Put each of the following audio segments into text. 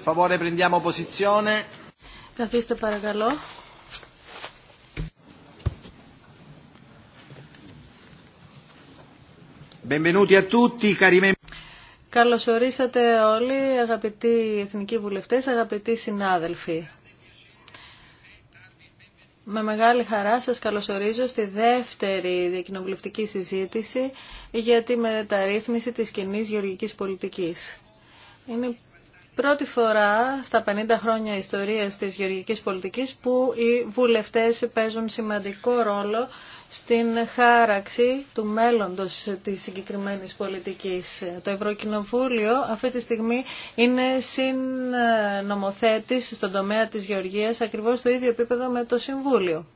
favore prendiamo posizione. Καθίστε παρακαλώ. Benvenuti a tutti, cari όλοι, αγαπητοί εθνικοί βουλευτές, αγαπητοί συνάδελφοι. Με μεγάλη χαρά σας καλωσορίζω στη δεύτερη διακοινοβουλευτική συζήτηση για τη μεταρρύθμιση της κοινή γεωργικής πολιτικής. Είναι πρώτη φορά στα 50 χρόνια ιστορίας της γεωργικής πολιτικής που οι βουλευτές παίζουν σημαντικό ρόλο στην χάραξη του μέλλοντος της συγκεκριμένης πολιτικής. Το Ευρωκοινοβούλιο αυτή τη στιγμή είναι συνομοθέτης στον τομέα της γεωργίας ακριβώς στο ίδιο επίπεδο με το Συμβούλιο.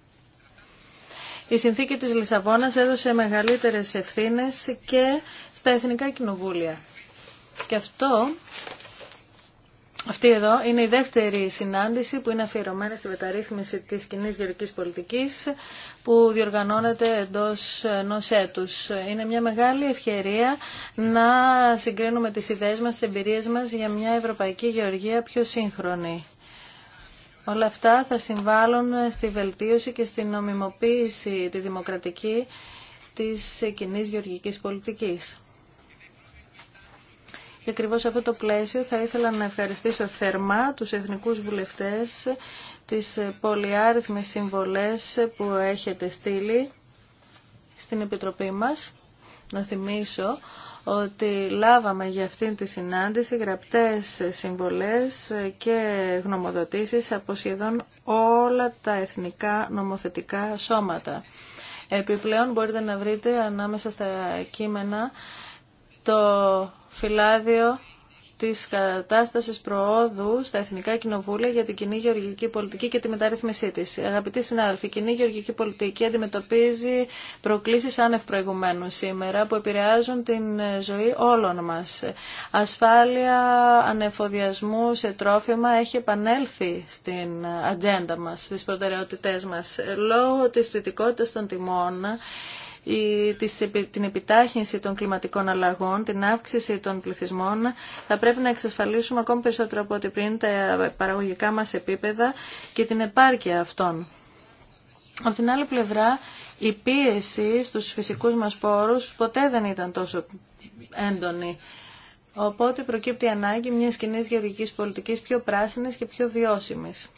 Η συνθήκη της Λισαβόνας έδωσε μεγαλύτερες ευθύνες και στα Εθνικά Κοινοβούλια. Και αυτό αυτή εδώ είναι η δεύτερη συνάντηση που είναι αφιερωμένη στη μεταρρύθμιση της κοινή γεωργικής πολιτικής που διοργανώνεται εντός ενός έτους. Είναι μια μεγάλη ευκαιρία να συγκρίνουμε τις ιδέες μας, τις εμπειρίες μας για μια ευρωπαϊκή γεωργία πιο σύγχρονη. Όλα αυτά θα συμβάλλουν στη βελτίωση και στη νομιμοποίηση τη δημοκρατική της κοινή γεωργικής πολιτικής. Και ακριβώς σε αυτό το πλαίσιο θα ήθελα να ευχαριστήσω θερμά τους εθνικούς βουλευτές τις πολυάριθμες συμβολές που έχετε στείλει στην Επιτροπή μας. Να θυμίσω ότι λάβαμε για αυτήν τη συνάντηση γραπτές συμβολές και γνωμοδοτήσεις από σχεδόν όλα τα εθνικά νομοθετικά σώματα. Επιπλέον μπορείτε να βρείτε ανάμεσα στα κείμενα το φυλάδιο της κατάστασης προόδου στα Εθνικά Κοινοβούλια για την κοινή γεωργική πολιτική και τη μεταρρύθμισή της. Αγαπητοί συνάδελφοι, η κοινή γεωργική πολιτική αντιμετωπίζει προκλήσεις άνευ προηγουμένου σήμερα που επηρεάζουν την ζωή όλων μας. Ασφάλεια ανεφοδιασμού σε τρόφιμα έχει επανέλθει στην ατζέντα μας, στις προτεραιότητές μας. Λόγω της πλητικότητας των τιμών, την επιτάχυνση των κλιματικών αλλαγών, την αύξηση των πληθυσμών, θα πρέπει να εξασφαλίσουμε ακόμη περισσότερο από ό,τι πριν τα παραγωγικά μας επίπεδα και την επάρκεια αυτών. Από την άλλη πλευρά, η πίεση στους φυσικούς μας πόρους ποτέ δεν ήταν τόσο έντονη. Οπότε προκύπτει ανάγκη μιας κοινή γεωργικής πολιτικής πιο πράσινης και πιο βιώσιμης.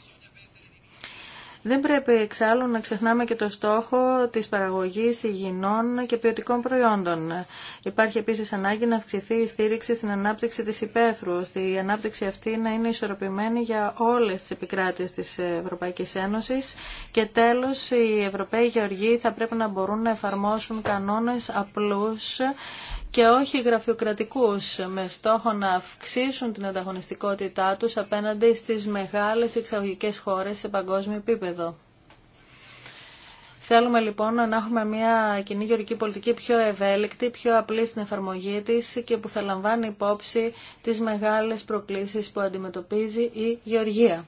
Δεν πρέπει εξάλλου να ξεχνάμε και το στόχο της παραγωγής υγιεινών και ποιοτικών προϊόντων. Υπάρχει επίσης ανάγκη να αυξηθεί η στήριξη στην ανάπτυξη της υπαίθρου, ώστε η ανάπτυξη αυτή να είναι ισορροπημένη για όλες τις επικράτειες της Ευρωπαϊκής Ένωσης και τέλος οι Ευρωπαίοι Γεωργοί θα πρέπει να μπορούν να εφαρμόσουν κανόνες απλούς και όχι γραφειοκρατικούς με στόχο να αυξήσουν την ανταγωνιστικότητά τους απέναντι στις μεγάλες εξαγωγικές χώρες σε παγκόσμιο επίπεδο. Θέλουμε λοιπόν να έχουμε μια κοινή γεωργική πολιτική πιο ευέλικτη, πιο απλή στην εφαρμογή της και που θα λαμβάνει υπόψη τις μεγάλες προκλήσεις που αντιμετωπίζει η γεωργία.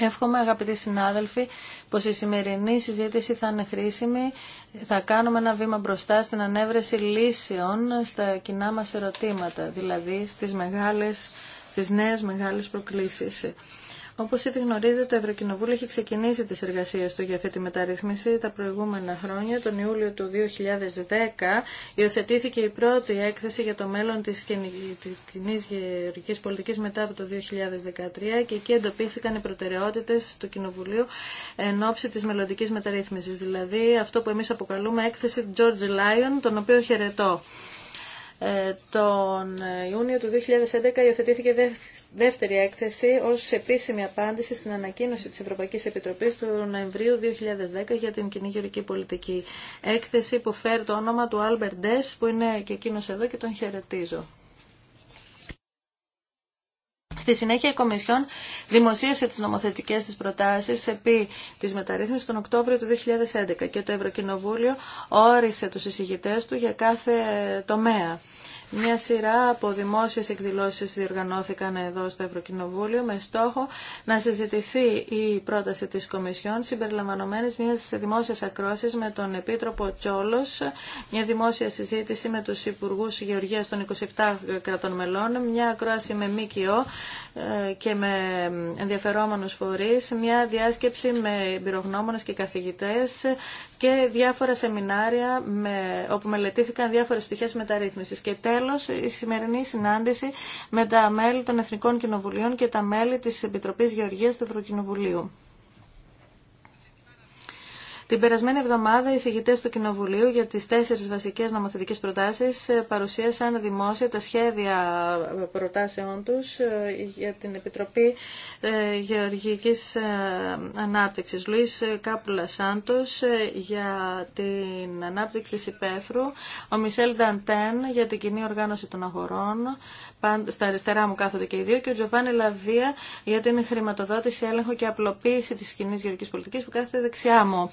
Εύχομαι αγαπητοί συνάδελφοι πως η σημερινή συζήτηση θα είναι χρήσιμη. Θα κάνουμε ένα βήμα μπροστά στην ανέβρεση λύσεων στα κοινά μας ερωτήματα, δηλαδή στις, μεγάλες, στις νέες μεγάλες προκλήσεις. Όπω ήδη γνωρίζετε, το Ευρωκοινοβούλιο έχει ξεκινήσει τι εργασίε του για αυτή τη μεταρρύθμιση τα προηγούμενα χρόνια. Τον Ιούλιο του 2010 υιοθετήθηκε η πρώτη έκθεση για το μέλλον τη κοινή γεωργική πολιτική μετά από το 2013 και εκεί εντοπίστηκαν οι προτεραιότητε του Κοινοβουλίου εν ώψη τη μελλοντική μεταρρύθμιση. Δηλαδή αυτό που εμεί αποκαλούμε έκθεση George Lyon, τον οποίο χαιρετώ. Ε, τον Ιούνιο του 2011 υιοθετήθηκε δεύτερη έκθεση ως επίσημη απάντηση στην ανακοίνωση της Ευρωπαϊκής Επιτροπής του Νοεμβρίου 2010 για την κοινή γεωρική πολιτική. Έκθεση που φέρει το όνομα του Άλμπερ Ντες που είναι και εκείνος εδώ και τον χαιρετίζω. Στη συνέχεια η Κομισιόν δημοσίευσε τις νομοθετικές της προτάσεις επί της μεταρρύθμισης τον Οκτώβριο του 2011 και το Ευρωκοινοβούλιο όρισε τους εισηγητές του για κάθε τομέα. Μια σειρά από δημόσιες εκδηλώσεις διοργανώθηκαν εδώ στο Ευρωκοινοβούλιο με στόχο να συζητηθεί η πρόταση της Κομισιόν συμπεριλαμβανομένης μιας δημόσιας ακρόσης με τον Επίτροπο Τσόλος, μια δημόσια συζήτηση με τους Υπουργούς Γεωργίας των 27 κρατών μελών, μια ακρόαση με ΜΚΟ, ε, και με ενδιαφερόμενους φορείς, μια διάσκεψη με εμπειρογνώμονες και καθηγητές και διάφορα σεμινάρια με, όπου μελετήθηκαν διάφορες πτυχές μεταρρύθμισης. Και τέλος, η σημερινή συνάντηση με τα μέλη των Εθνικών Κοινοβουλίων και τα μέλη της Επιτροπής Γεωργίας του Ευρωκοινοβουλίου. Την περασμένη εβδομάδα οι συγητές του Κοινοβουλίου για τις τέσσερις βασικές νομοθετικές προτάσεις ε, παρουσίασαν δημόσια τα σχέδια ε, προτάσεών τους ε, για την Επιτροπή Γεωργικής Ανάπτυξης. Λουίς Κάπουλα Σάντος για την ανάπτυξη Συπέθρου, ο Μισελ Νταντέν για την κοινή οργάνωση των αγορών, στα αριστερά μου κάθονται και οι δύο, και ο Τζοβάνι Λαβία για την χρηματοδότηση, έλεγχο και απλοποίηση της κοινή γεωργικής πολιτικής που κάθεται δεξιά μου.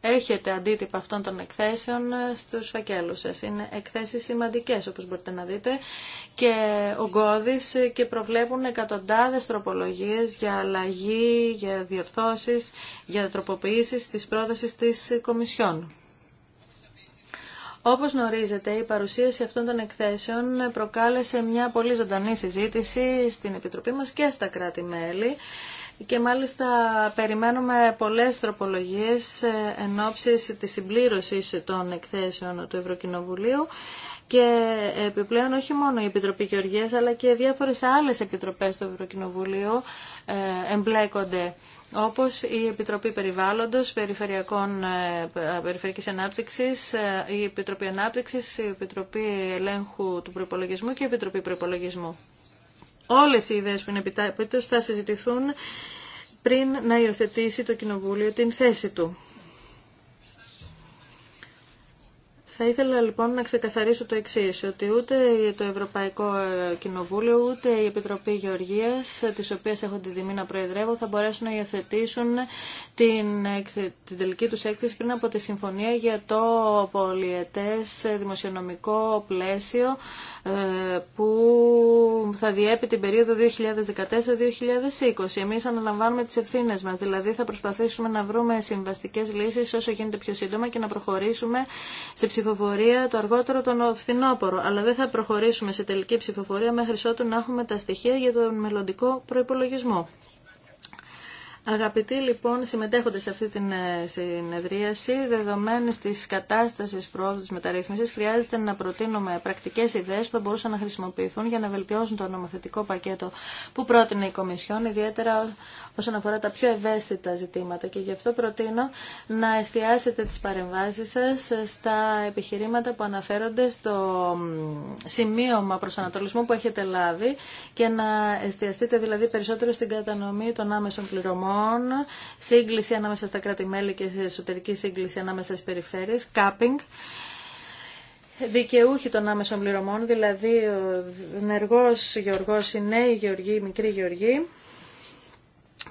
Έχετε αντίτυπα αυτών των εκθέσεων στους φακέλους σας. Είναι εκθέσεις σημαντικές όπως μπορείτε να δείτε και ογκώδεις ε, και προβλέπουν εκατοντάδες τροπολογίες για αλλαγή, για διορθώσεις, για τροποποιήσεις της πρότασης της Κομισιόν. Όπως γνωρίζετε, η παρουσίαση αυτών των εκθέσεων προκάλεσε μια πολύ ζωντανή συζήτηση στην Επιτροπή μας και στα κράτη-μέλη και μάλιστα περιμένουμε πολλές τροπολογίες ε, εν ώψη της συμπλήρωσης των εκθέσεων του Ευρωκοινοβουλίου και επιπλέον όχι μόνο η Επιτροπή Γεωργίας αλλά και διάφορες άλλες επιτροπές του Ευρωκοινοβουλίου ε, εμπλέκονται όπως η Επιτροπή Περιβάλλοντος, Περιφερειακών, ε, Περιφερειακής Ανάπτυξης, η Επιτροπή Ανάπτυξης, η Επιτροπή Ελέγχου του Προϋπολογισμού και η Επιτροπή Προϋπολογισμού όλες οι ιδέες που είναι επιτάπητος θα συζητηθούν πριν να υιοθετήσει το Κοινοβούλιο την θέση του. Θα ήθελα λοιπόν να ξεκαθαρίσω το εξή, ότι ούτε το Ευρωπαϊκό Κοινοβούλιο ούτε η Επιτροπή Γεωργία, τη οποία έχω την τιμή να προεδρεύω, θα μπορέσουν να υιοθετήσουν την, την τελική του έκθεση πριν από τη συμφωνία για το πολιετέ δημοσιονομικό πλαίσιο ε, που θα διέπει την περίοδο 2014-2020. Εμείς αναλαμβάνουμε τι ευθύνε μα. δηλαδή θα προσπαθήσουμε να βρούμε συμβαστικέ λύσει όσο γίνεται πιο σύντομα και να προχωρήσουμε σε ψηφοφορία το αργότερο τον φθινόπωρο, αλλά δεν θα προχωρήσουμε σε τελική ψηφοφορία μέχρι ότου να έχουμε τα στοιχεία για τον μελλοντικό προπολογισμό. Αγαπητοί λοιπόν συμμετέχοντες σε αυτή την ε, συνεδρίαση, δεδομένης τη κατάσταση πρόοδου τη μεταρρυθμίση, χρειάζεται να προτείνουμε πρακτικέ ιδέε που θα μπορούσαν να χρησιμοποιηθούν για να βελτιώσουν το νομοθετικό πακέτο που πρότεινε η Κομισιόν, ιδιαίτερα όσον αφορά τα πιο ευαίσθητα ζητήματα και γι' αυτό προτείνω να εστιάσετε τις παρεμβάσεις σας στα επιχειρήματα που αναφέρονται στο σημείωμα προσανατολισμού που έχετε λάβει και να εστιαστείτε δηλαδή περισσότερο στην κατανομή των άμεσων πληρωμών, σύγκληση ανάμεσα στα κράτη-μέλη και σε εσωτερική σύγκληση ανάμεσα στις περιφέρειες, κάπινγκ, δικαιούχοι των άμεσων πληρωμών, δηλαδή ο ενεργός γεωργός, οι νέοι γεωργοί, οι μικροί γεωργοί,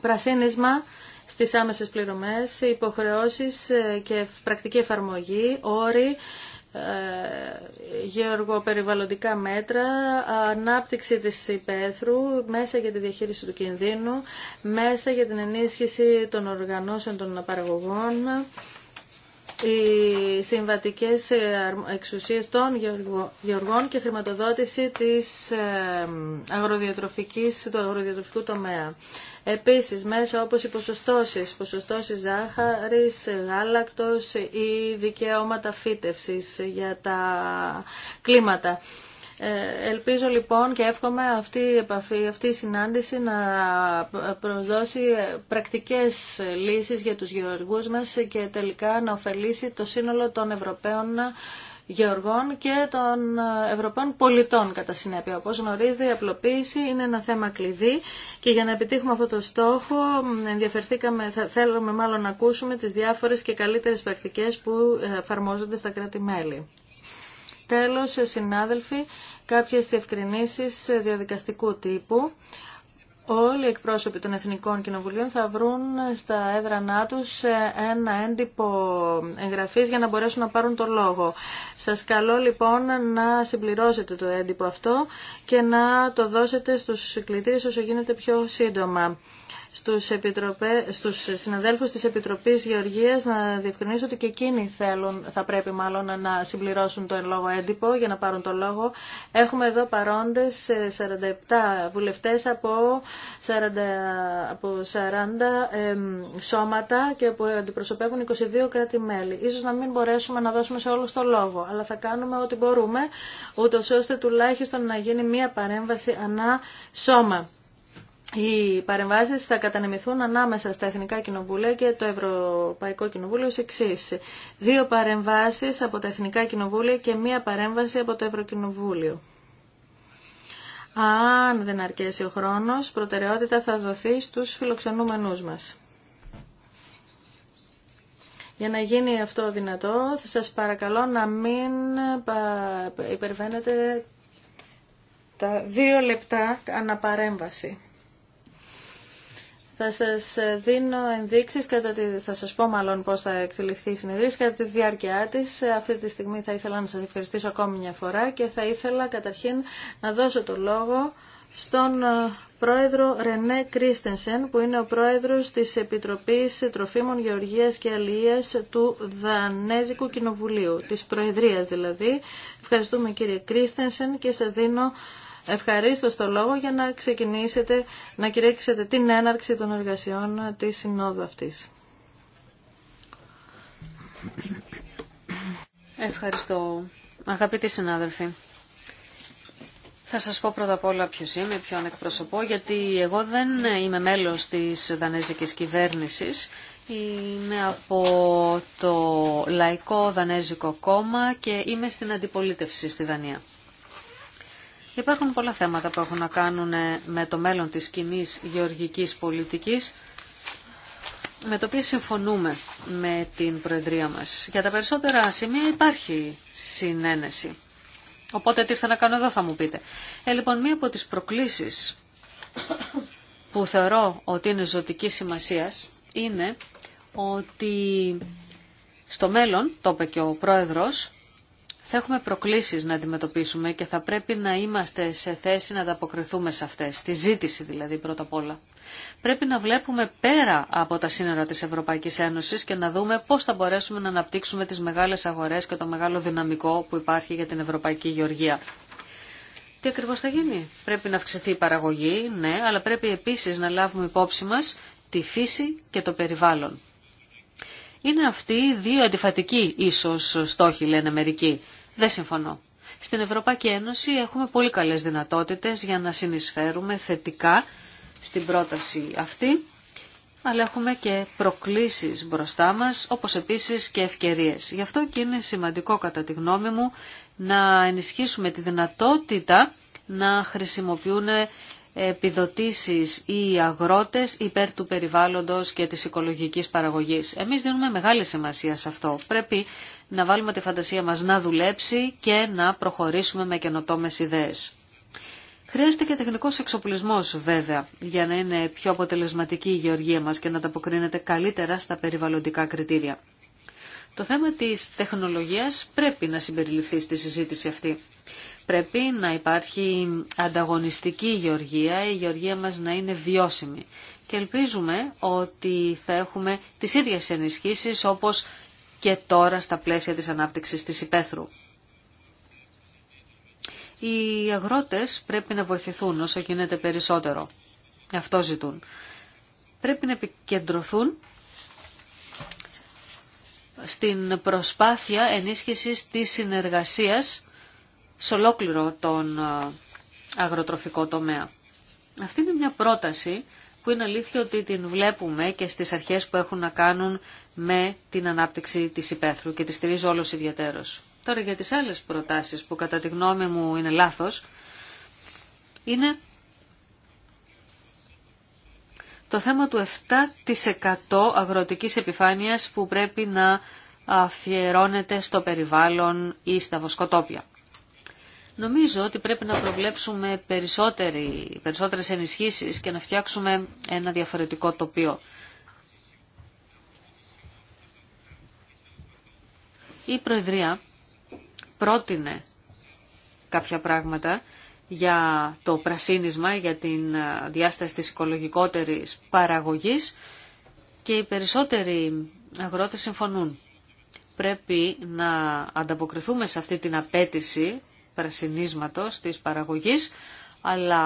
πρασίνισμα στις άμεσες πληρωμές, υποχρεώσεις ε, και πρακτική εφαρμογή, όροι, ε, γεωργοπεριβαλλοντικά μέτρα, ανάπτυξη της υπαίθρου, μέσα για τη διαχείριση του κινδύνου, μέσα για την ενίσχυση των οργανώσεων των παραγωγών, οι συμβατικές ε, εξουσίες των γεωργών και χρηματοδότηση της ε, αγροδιατροφικής, του αγροδιατροφικού τομέα. Επίσης, μέσα όπως οι ποσοστώσεις, ποσοστώσεις ζάχαρης, γάλακτος ή δικαιώματα φύτευσης για τα κλίματα. Ε, ελπίζω λοιπόν και εύχομαι αυτή η συνάντηση να προσδώσει ε, πρακτικές λύσεις για τους γεωργούς μας και τελικά να ωφελήσει το σύνολο των Ευρωπαίων γεωργών και των Ευρωπαίων πολιτών κατά συνέπεια. Όπως γνωρίζετε η απλοποίηση είναι ένα θέμα κλειδί και για να επιτύχουμε αυτό το στόχο ενδιαφερθήκαμε, θα, θέλουμε μάλλον να ακούσουμε τις διάφορες και καλύτερες πρακτικές που ε, εφαρμόζονται στα κράτη-μέλη. Τέλος, συνάδελφοι, κάποιες ευκρινήσεις διαδικαστικού τύπου. Όλοι οι εκπρόσωποι των Εθνικών Κοινοβουλίων θα βρουν στα έδρανά τους ένα έντυπο εγγραφής για να μπορέσουν να πάρουν το λόγο. Σας καλώ λοιπόν να συμπληρώσετε το έντυπο αυτό και να το δώσετε στους κλητήρες όσο γίνεται πιο σύντομα στους, επιτροπέ, στους συναδέλφους της Επιτροπής Γεωργίας να διευκρινίσω ότι και εκείνοι θέλουν, θα πρέπει μάλλον να συμπληρώσουν το εν λόγω έντυπο για να πάρουν το λόγο. Έχουμε εδώ παρόντες 47 ε, βουλευτές από 40, από σώματα και που αντιπροσωπεύουν 22 κράτη-μέλη. Ίσως να μην μπορέσουμε να δώσουμε σε όλους το λόγο, αλλά θα κάνουμε ό,τι μπορούμε, ούτως ώστε τουλάχιστον να γίνει μία παρέμβαση ανά σώμα οι παρεμβάσεις θα κατανεμηθούν ανάμεσα στα Εθνικά Κοινοβούλια και το Ευρωπαϊκό Κοινοβούλιο ως Δύο παρεμβάσεις από τα Εθνικά Κοινοβούλια και μία παρέμβαση από το Ευρωκοινοβούλιο. Αν δεν αρκέσει ο χρόνος, προτεραιότητα θα δοθεί στους φιλοξενούμενούς μας. Για να γίνει αυτό δυνατό, θα σας παρακαλώ να μην υπερβαίνετε τα δύο λεπτά αναπαρέμβαση. Θα σας δίνω ενδείξεις, κατά τη, θα σας πω μάλλον πώς θα εκτεληθεί η κατά τη διάρκεια της. Αυτή τη στιγμή θα ήθελα να σας ευχαριστήσω ακόμη μια φορά και θα ήθελα καταρχήν να δώσω το λόγο στον ε, πρόεδρο Ρενέ Κρίστενσεν, που είναι ο πρόεδρος της Επιτροπής Τροφίμων Γεωργίας και Αλληλείας του Δανέζικου Κοινοβουλίου, της Προεδρίας δηλαδή. Ευχαριστούμε κύριε Κρίστενσεν και σας δίνω Ευχαρίστω το λόγο για να ξεκινήσετε, να κηρύξετε την έναρξη των εργασιών της συνόδου αυτής. Ευχαριστώ. Αγαπητοί συνάδελφοι, θα σας πω πρώτα απ' όλα ποιος είμαι, ποιον εκπροσωπώ, γιατί εγώ δεν είμαι μέλος της δανέζικης κυβέρνησης. Είμαι από το Λαϊκό Δανέζικο Κόμμα και είμαι στην αντιπολίτευση στη Δανία. Υπάρχουν πολλά θέματα που έχουν να κάνουν ε, με το μέλλον της κοινή γεωργικής πολιτικής, με το οποίο συμφωνούμε με την Προεδρία μας. Για τα περισσότερα σημεία υπάρχει συνένεση. Οπότε τι ήρθα να κάνω εδώ θα μου πείτε. Ε, λοιπόν, μία από τις προκλήσεις που θεωρώ ότι είναι ζωτική σημασίας είναι ότι στο μέλλον, το είπε και ο Πρόεδρος, θα έχουμε προκλήσεις να αντιμετωπίσουμε και θα πρέπει να είμαστε σε θέση να ανταποκριθούμε σε αυτές, στη ζήτηση δηλαδή πρώτα απ' όλα. Πρέπει να βλέπουμε πέρα από τα σύνορα της Ευρωπαϊκής Ένωσης και να δούμε πώς θα μπορέσουμε να αναπτύξουμε τις μεγάλες αγορές και το μεγάλο δυναμικό που υπάρχει για την Ευρωπαϊκή Γεωργία. Τι ακριβώς θα γίνει. Πρέπει να αυξηθεί η παραγωγή, ναι, αλλά πρέπει επίσης να λάβουμε υπόψη μας τη φύση και το περιβάλλον. Είναι αυτοί δύο αντιφατικοί ίσως στόχοι, λένε μερικοί. Δεν συμφωνώ. Στην Ευρωπαϊκή Ένωση έχουμε πολύ καλές δυνατότητες για να συνεισφέρουμε θετικά στην πρόταση αυτή, αλλά έχουμε και προκλήσεις μπροστά μας, όπως επίσης και ευκαιρίες. Γι' αυτό και είναι σημαντικό κατά τη γνώμη μου να ενισχύσουμε τη δυνατότητα να χρησιμοποιούν επιδοτήσεις οι αγρότες υπέρ του περιβάλλοντος και της οικολογικής παραγωγής. Εμείς δίνουμε μεγάλη σημασία σε αυτό. Πρέπει να βάλουμε τη φαντασία μας να δουλέψει και να προχωρήσουμε με καινοτόμε ιδέες. Χρειάζεται και τεχνικός εξοπλισμός βέβαια για να είναι πιο αποτελεσματική η γεωργία μας και να τα αποκρίνεται καλύτερα στα περιβαλλοντικά κριτήρια. Το θέμα της τεχνολογίας πρέπει να συμπεριληφθεί στη συζήτηση αυτή. Πρέπει να υπάρχει ανταγωνιστική γεωργία, η γεωργία μας να είναι βιώσιμη. Και ελπίζουμε ότι θα έχουμε τις ίδιες ενισχύσεις όπως και τώρα στα πλαίσια της ανάπτυξης της υπαίθρου. Οι αγρότες πρέπει να βοηθηθούν όσο γίνεται περισσότερο. Αυτό ζητούν. Πρέπει να επικεντρωθούν στην προσπάθεια ενίσχυσης της συνεργασίας σε ολόκληρο τον ε, αγροτροφικό τομέα. Αυτή είναι μια πρόταση που είναι αλήθεια ότι την βλέπουμε και στις αρχές που έχουν να κάνουν με την ανάπτυξη της υπαίθρου και τη στηρίζω όλος ιδιαίτερος. Τώρα για τις άλλες προτάσεις που κατά τη γνώμη μου είναι λάθος, είναι το θέμα του 7% αγροτικής επιφάνειας που πρέπει να αφιερώνεται στο περιβάλλον ή στα βοσκοτόπια. Νομίζω ότι πρέπει να προβλέψουμε περισσότερη, περισσότερες ενισχύσεις και να φτιάξουμε ένα διαφορετικό τοπίο. Η Προεδρία πρότεινε κάποια πράγματα για το πρασίνισμα, για την διάσταση της οικολογικότερης παραγωγής και οι περισσότεροι αγρότες συμφωνούν. Πρέπει να ανταποκριθούμε σε αυτή την απέτηση πρασινίσματος της παραγωγής, αλλά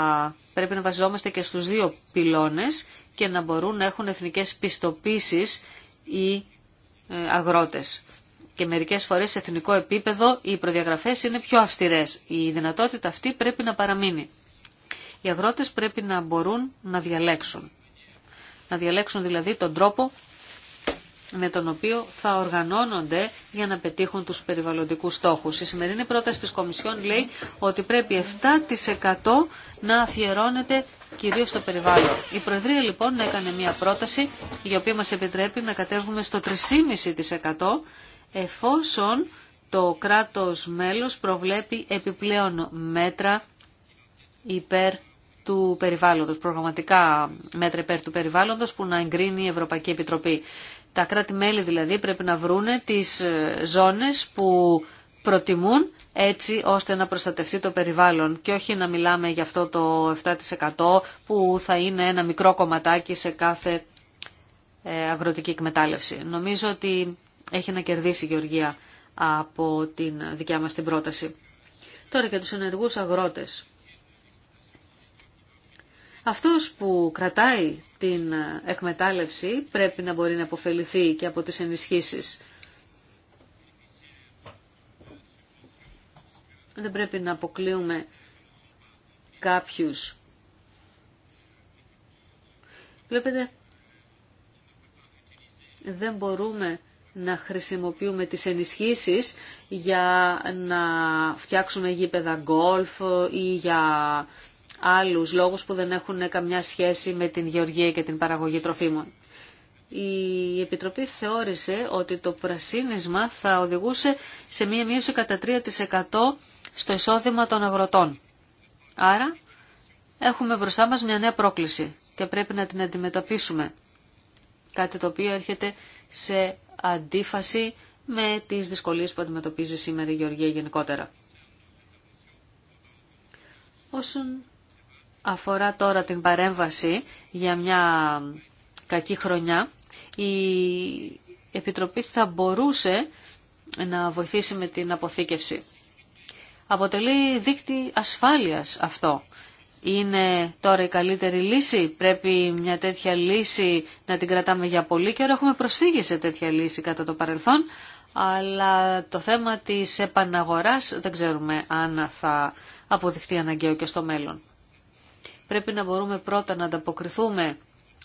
πρέπει να βασιζόμαστε και στους δύο πυλώνες και να μπορούν να έχουν εθνικές πιστοποίησεις οι ε, αγρότες. Και μερικές φορές σε εθνικό επίπεδο οι προδιαγραφές είναι πιο αυστηρές. Η δυνατότητα αυτή πρέπει να παραμείνει. Οι αγρότες πρέπει να μπορούν να διαλέξουν. Να διαλέξουν δηλαδή τον τρόπο με τον οποίο θα οργανώνονται για να πετύχουν τους περιβαλλοντικούς στόχους. Η σημερινή πρόταση της Κομισιόν λέει ότι πρέπει 7% να αφιερώνεται κυρίως στο περιβάλλον. Η Προεδρία λοιπόν έκανε μια πρόταση η οποία μας επιτρέπει να κατέβουμε στο 3,5% εφόσον το κράτος μέλος προβλέπει επιπλέον μέτρα υπέρ του περιβάλλοντος, προγραμματικά μέτρα υπέρ του περιβάλλοντος που να εγκρίνει η Ευρωπαϊκή Επιτροπή. Τα κράτη-μέλη δηλαδή πρέπει να βρούνε τις ε, ζώνες που προτιμούν έτσι ώστε να προστατευτεί το περιβάλλον και όχι να μιλάμε για αυτό το 7% που θα είναι ένα μικρό κομματάκι σε κάθε ε, αγροτική εκμετάλλευση. Νομίζω ότι έχει να κερδίσει η Γεωργία από την δικιά μας την πρόταση. Τώρα για τους ενεργούς αγρότες. Αυτός που κρατάει την ε, εκμετάλλευση πρέπει να μπορεί να αποφεληθεί και από τις ενισχύσεις. Δεν πρέπει να αποκλείουμε κάποιους. Βλέπετε, δεν μπορούμε να χρησιμοποιούμε τις ενισχύσεις για να φτιάξουμε γήπεδα γκολφ ή για άλλους λόγους που δεν έχουν καμιά σχέση με την γεωργία και την παραγωγή τροφίμων. Η Επιτροπή θεώρησε ότι το πρασίνισμα θα οδηγούσε σε μία μείωση κατά 3% στο εισόδημα των αγροτών. Άρα έχουμε μπροστά μας μια νέα πρόκληση και πρέπει να την αντιμετωπίσουμε. Κάτι το οποίο έρχεται σε αντίφαση με τις δυσκολίες που αντιμετωπίζει σήμερα η Γεωργία γενικότερα. Όσον αφορά τώρα την παρέμβαση για μια κακή χρονιά, η Επιτροπή θα μπορούσε να βοηθήσει με την αποθήκευση. Αποτελεί δίκτυ ασφάλειας αυτό. Είναι τώρα η καλύτερη λύση, πρέπει μια τέτοια λύση να την κρατάμε για πολύ καιρό. Έχουμε προσφύγει σε τέτοια λύση κατά το παρελθόν, αλλά το θέμα της επαναγοράς δεν ξέρουμε αν θα αποδειχθεί αναγκαίο και στο μέλλον. Πρέπει να μπορούμε πρώτα να ανταποκριθούμε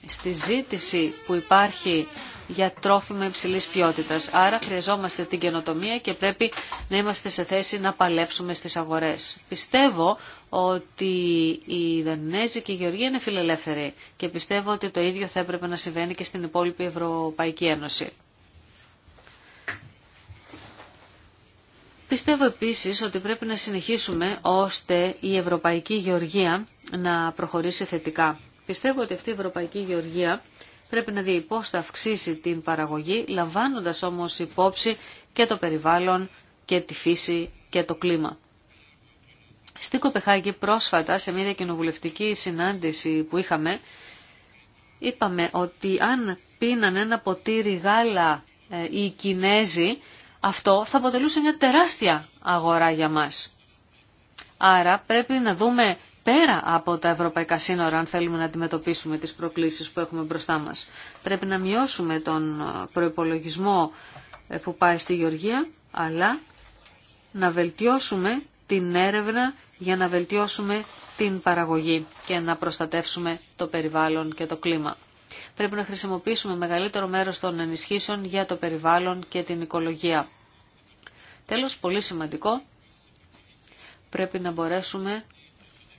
στη ζήτηση που υπάρχει για τρόφιμα υψηλής ποιότητας. Άρα χρειαζόμαστε την καινοτομία και πρέπει να είμαστε σε θέση να παλέψουμε στις αγορές. Πιστεύω ότι η Δανέζοι και η Γεωργοί είναι φιλελεύθεροι και πιστεύω ότι το ίδιο θα έπρεπε να συμβαίνει και στην υπόλοιπη Ευρωπαϊκή Ένωση. Πιστεύω επίσης ότι πρέπει να συνεχίσουμε ώστε η Ευρωπαϊκή Γεωργία να προχωρήσει θετικά. Πιστεύω ότι αυτή η Ευρωπαϊκή Γεωργία πρέπει να δει πώς θα αυξήσει την παραγωγή, λαμβάνοντας όμως υπόψη και το περιβάλλον και τη φύση και το κλίμα. Στην Κοπεχάγη πρόσφατα σε μια κοινοβουλευτική συνάντηση που είχαμε, είπαμε ότι αν πίνανε ένα ποτήρι γάλα ε, οι Κινέζοι, αυτό θα αποτελούσε μια τεράστια αγορά για μας. Άρα πρέπει να δούμε πέρα από τα ευρωπαϊκά σύνορα αν θέλουμε να αντιμετωπίσουμε τις προκλήσεις που έχουμε μπροστά μας. Πρέπει να μειώσουμε τον ε, προϋπολογισμό ε, που πάει στη Γεωργία, αλλά να βελτιώσουμε την έρευνα για να βελτιώσουμε την παραγωγή και να προστατεύσουμε το περιβάλλον και το κλίμα. Πρέπει να χρησιμοποιήσουμε μεγαλύτερο μέρος των ενισχύσεων για το περιβάλλον και την οικολογία. Τέλος, πολύ σημαντικό, πρέπει να μπορέσουμε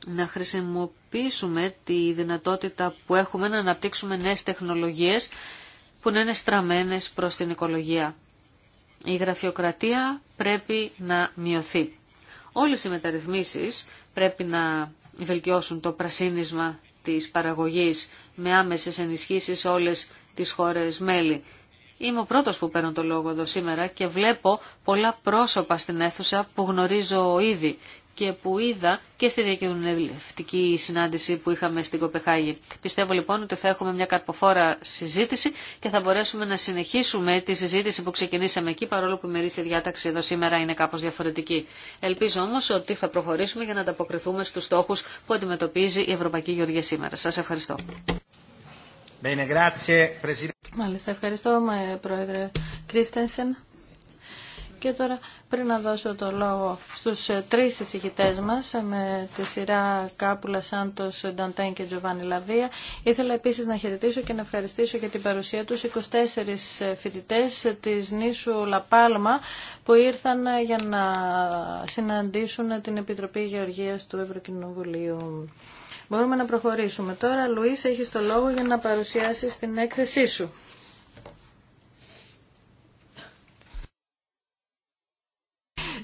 να χρησιμοποιήσουμε τη δυνατότητα που έχουμε να αναπτύξουμε νέες τεχνολογίες που να είναι στραμμένες προς την οικολογία. Η γραφειοκρατία πρέπει να μειωθεί. Όλες οι μεταρρυθμίσεις πρέπει να βελτιώσουν το πρασίνισμα της παραγωγής με άμεσες ενισχύσεις σε όλες τις χώρες μέλη. Είμαι ο πρώτο που παίρνω το λόγο εδώ σήμερα και βλέπω πολλά πρόσωπα στην αίθουσα που γνωρίζω ήδη και που είδα και στη διακοινωνευτική συνάντηση που είχαμε στην Κοπεχάγη. Πιστεύω λοιπόν ότι θα έχουμε μια καρποφόρα συζήτηση και θα μπορέσουμε να συνεχίσουμε τη συζήτηση που ξεκινήσαμε εκεί, παρόλο που η μερίσια διάταξη εδώ σήμερα είναι κάπως διαφορετική. Ελπίζω όμως ότι θα προχωρήσουμε για να ανταποκριθούμε στους στόχους που αντιμετωπίζει η Ευρωπαϊκή Γεωργία σήμερα. Σας ευχαριστώ. Μάλιστα, ευχαριστώ Πρόεδρε Κρίστενσεν. Και τώρα πριν να δώσω το λόγο στους ε, τρεις εισηγητές μας ε, με τη σειρά Κάπουλα, Σάντος, Νταντέν και Τζοβάνι Λαβία ήθελα επίσης να χαιρετήσω και να ευχαριστήσω για την παρουσία τους 24 ε, φοιτητές της νήσου Λαπάλμα που ήρθαν για να συναντήσουν την Επιτροπή Γεωργίας του Ευρωκοινοβουλίου. Μπορούμε να προχωρήσουμε. Τώρα, Λουίς, έχεις το λόγο για να παρουσιάσεις την έκθεσή σου.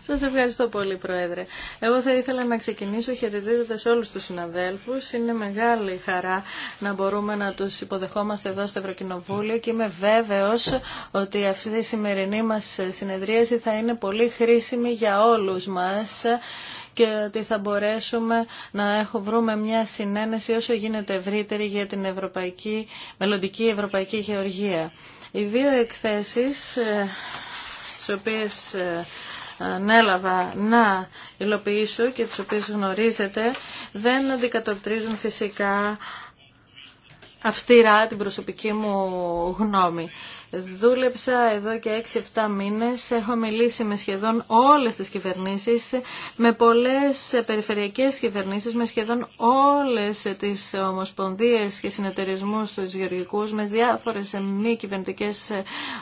Σας ευχαριστώ πολύ, Πρόεδρε. Εγώ θα ήθελα να ξεκινήσω χαιρετίζοντα όλους τους συναδέλφους. Είναι μεγάλη χαρά να μπορούμε να τους υποδεχόμαστε εδώ στο Ευρωκοινοβούλιο και είμαι βέβαιος ότι αυτή η σημερινή μας συνεδρίαση θα είναι πολύ χρήσιμη για όλους μας και ότι θα μπορέσουμε να έχω, βρούμε μια συνένεση όσο γίνεται ευρύτερη για την ευρωπαϊκή, μελλοντική ευρωπαϊκή γεωργία. Οι δύο εκθέσεις, ε, τις οποίες ε, ανέλαβα να υλοποιήσω και τις οποίες γνωρίζετε, δεν αντικατοπτρίζουν φυσικά αυστηρά την προσωπική μου γνώμη. Δούλεψα εδώ και 6-7 μήνες, έχω μιλήσει με σχεδόν όλες τις κυβερνήσεις, με πολλές περιφερειακές κυβερνήσεις, με σχεδόν όλες τις ομοσπονδίες και συνεταιρισμούς του γεωργικούς, με διάφορες μη κυβερνητικέ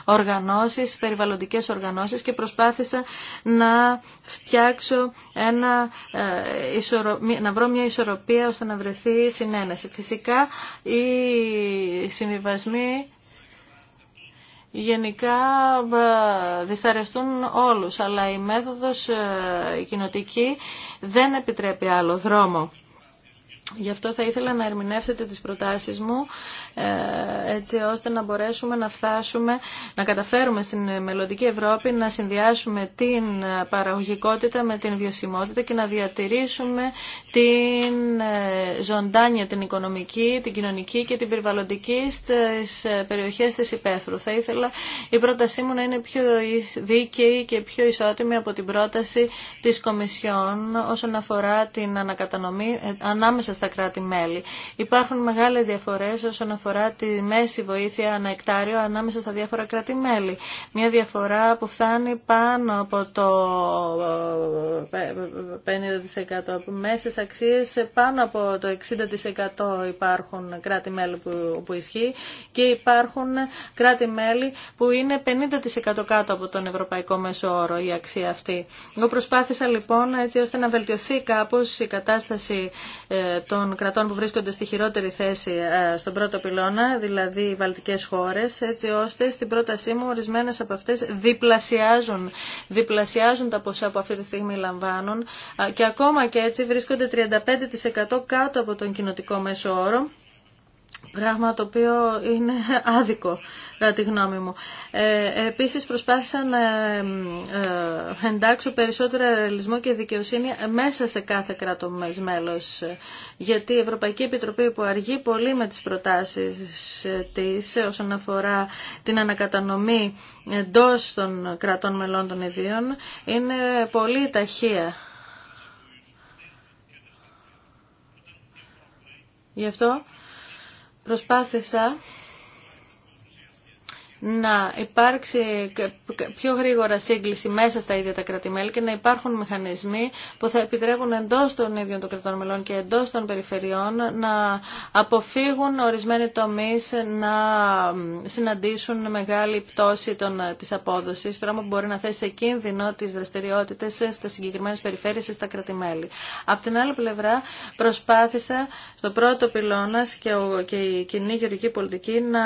οργανώσεις, περιβαλλοντικές οργανώσεις και προσπάθησα να φτιάξω ένα, ε, να βρω μια ισορροπία ώστε να βρεθεί συνένεση. Φυσικά οι συμβιβασμοί γενικά ε, δυσαρεστούν όλους, αλλά η μέθοδος ε, κοινοτική δεν επιτρέπει άλλο δρόμο. Γι' αυτό θα ήθελα να ερμηνεύσετε τις προτάσεις μου ε, έτσι ώστε να μπορέσουμε να φτάσουμε, να καταφέρουμε στην μελλοντική Ευρώπη να συνδυάσουμε την παραγωγικότητα με την βιωσιμότητα και να διατηρήσουμε την ε, ζωντάνια, την οικονομική, την κοινωνική και την περιβαλλοντική στις ε, περιοχές της υπαίθρου. Θα ήθελα η πρότασή μου να είναι πιο δίκαιη και πιο ισότιμη από την πρόταση της Κομισιόν όσον αφορά την ανακατανομή ανάμεσα στα κράτη-μέλη. Υπάρχουν μεγάλες διαφορές όσον αφορά τη μέση βοήθεια ανά εκτάριο ανάμεσα στα διάφορα κράτη-μέλη. Μια διαφορά που φτάνει πάνω από το 50% ε, ε, ε, από μέσες αξίες πάνω από το 60% υπάρχουν κράτη-μέλη που, που ισχύει και υπάρχουν κράτη-μέλη που είναι 50% κάτω από τον ευρωπαϊκό μέσο όρο η αξία αυτή. Εγώ προσπάθησα λοιπόν έτσι ώστε να βελτιωθεί κάπως η κατάσταση των κρατών που βρίσκονται στη χειρότερη θέση ε, στον πρώτο πυλώνα, δηλαδή οι βαλτικές χώρες, έτσι ώστε στην πρότασή μου ορισμένες από αυτές διπλασιάζουν, διπλασιάζουν τα ποσά που αυτή τη στιγμή λαμβάνουν ε, και ακόμα και έτσι βρίσκονται 35% κάτω από τον κοινοτικό μέσο όρο Πράγμα το οποίο είναι άδικο, κατά τη γνώμη μου. Ε, επίσης προσπάθησα να ε, εντάξω περισσότερο ρεαλισμό και δικαιοσύνη μέσα σε κάθε κράτο μέλος. Γιατί η Ευρωπαϊκή Επιτροπή που αργεί πολύ με τις προτάσεις της όσον αφορά την ανακατανομή εντό των κρατών μελών των ιδίων είναι πολύ ταχεία. Γι' αυτό προσπάθησα να υπάρξει πιο γρήγορα σύγκληση μέσα στα ίδια τα κρατημέλη και να υπάρχουν μηχανισμοί που θα επιτρέπουν εντός των ίδιων των κρατών μελών και εντός των περιφερειών να αποφύγουν ορισμένοι τομείς να συναντήσουν μεγάλη πτώση των, της απόδοσης, πράγμα που μπορεί να θέσει σε κίνδυνο τις δραστηριότητες στα συγκεκριμένες περιφέρειες ή στα κρατημέλη. Απ' την άλλη πλευρά προσπάθησα στο πρώτο πυλώνας και, ο, και η κοινή γεωργική πολιτική να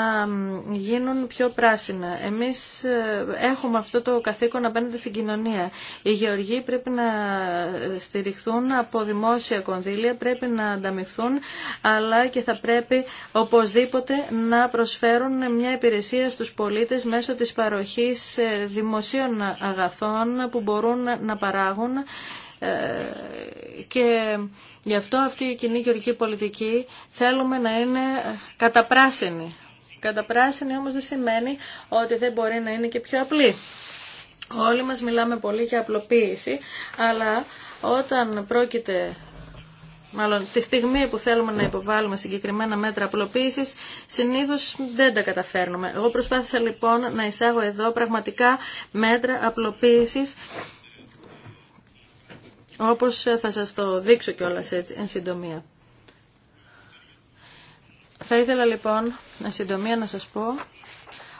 γίνουν πιο πράγματα πράσινα. Εμείς ε, έχουμε αυτό το καθήκον απέναντι στην κοινωνία. Οι γεωργοί πρέπει να στηριχθούν από δημόσια κονδύλια, πρέπει να ανταμυφθούν, αλλά και θα πρέπει οπωσδήποτε να προσφέρουν μια υπηρεσία στους πολίτες μέσω της παροχή ε, δημοσίων αγαθών που μπορούν να παράγουν ε, και γι' αυτό αυτή η κοινή γεωργική πολιτική θέλουμε να είναι καταπράσινη καταπράσινη όμως δεν σημαίνει ότι δεν μπορεί να είναι και πιο απλή. Όλοι μας μιλάμε πολύ για απλοποίηση, αλλά όταν πρόκειται Μάλλον τη στιγμή που θέλουμε να υποβάλουμε συγκεκριμένα μέτρα απλοποίηση, συνήθω δεν τα καταφέρνουμε. Εγώ προσπάθησα λοιπόν να εισάγω εδώ πραγματικά μέτρα απλοποίηση, όπω θα σα το δείξω κιόλα έτσι εν συντομία. Θα ήθελα λοιπόν, συντομία να σας πω,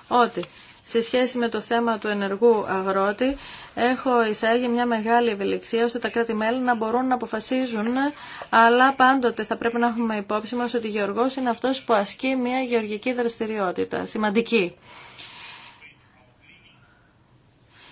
ότι σε σχέση με το θέμα του ενεργού αγρότη έχω εισάγει μια μεγάλη ευελιξία ώστε τα κράτη-μέλη να μπορούν να αποφασίζουν αλλά πάντοτε θα πρέπει να έχουμε υπόψη μας ότι γεωργός είναι αυτός που ασκεί μια γεωργική δραστηριότητα, σημαντική.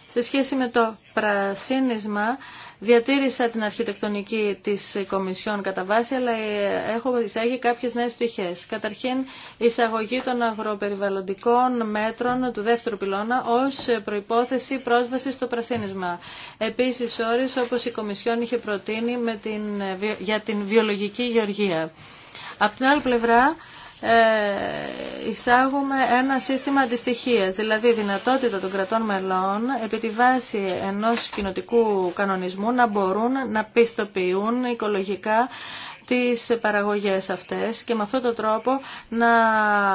Σε σχέση με το πρασίνισμα Διατήρησα την αρχιτεκτονική της Κομισιόν κατά βάση, αλλά ε, έχω εισάγει κάποιες νέες πτυχές. Καταρχήν, εισαγωγή των αγροπεριβαλλοντικών μέτρων του δεύτερου πυλώνα ως προϋπόθεση πρόσβασης στο πρασίνισμα. Επίσης, όρες όπως η Κομισιόν είχε προτείνει με την, ε, για την βιολογική γεωργία. Από την άλλη πλευρά, ε, εισάγουμε ένα σύστημα αντιστοιχίας, δηλαδή δυνατότητα των κρατών μελών επί τη βάση ενός κοινοτικού κανονισμού να μπορούν να πιστοποιούν οικολογικά τις παραγωγές αυτές και με αυτόν τον τρόπο να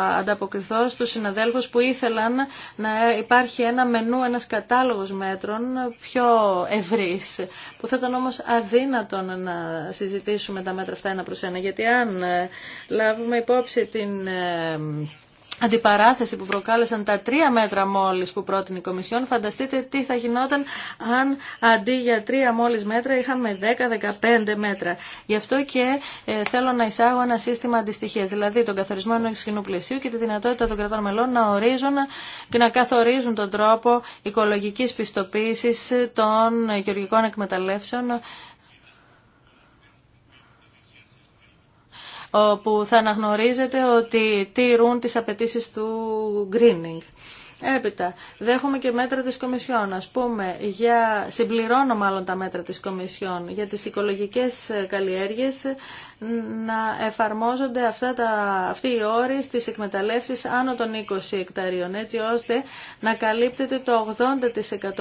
ανταποκριθώ στους συναδέλφους που ήθελαν να υπάρχει ένα μενού, ένας κατάλογος μέτρων πιο ευρύς που θα ήταν όμως αδύνατον να συζητήσουμε τα μέτρα αυτά ένα προς ένα γιατί αν ε, λάβουμε υπόψη την ε, αντιπαράθεση που προκάλεσαν τα τρία μέτρα μόλις που πρότεινε η Κομισιόν, φανταστείτε τι θα γινόταν αν αντί για τρία μόλις μέτρα είχαμε 10-15 μέτρα. Γι' αυτό και ε, θέλω να εισάγω ένα σύστημα αντιστοιχίας, δηλαδή τον καθορισμό ενός κοινού πλαισίου και τη δυνατότητα των κρατών μελών να ορίζουν και να καθορίζουν τον τρόπο οικολογικής πιστοποίησης των γεωργικών εκμεταλλεύσεων όπου θα αναγνωρίζεται ότι τηρούν τις απαιτήσεις του greening. Έπειτα, δέχομαι και μέτρα της Κομισιόν, ας πούμε, για, συμπληρώνω μάλλον τα μέτρα της Κομισιόν για τις οικολογικές ε, καλλιέργειες να εφαρμόζονται αυτά τα, αυτοί οι όροι στις εκμεταλλεύσεις άνω των 20 εκταρίων, έτσι ώστε να καλύπτεται το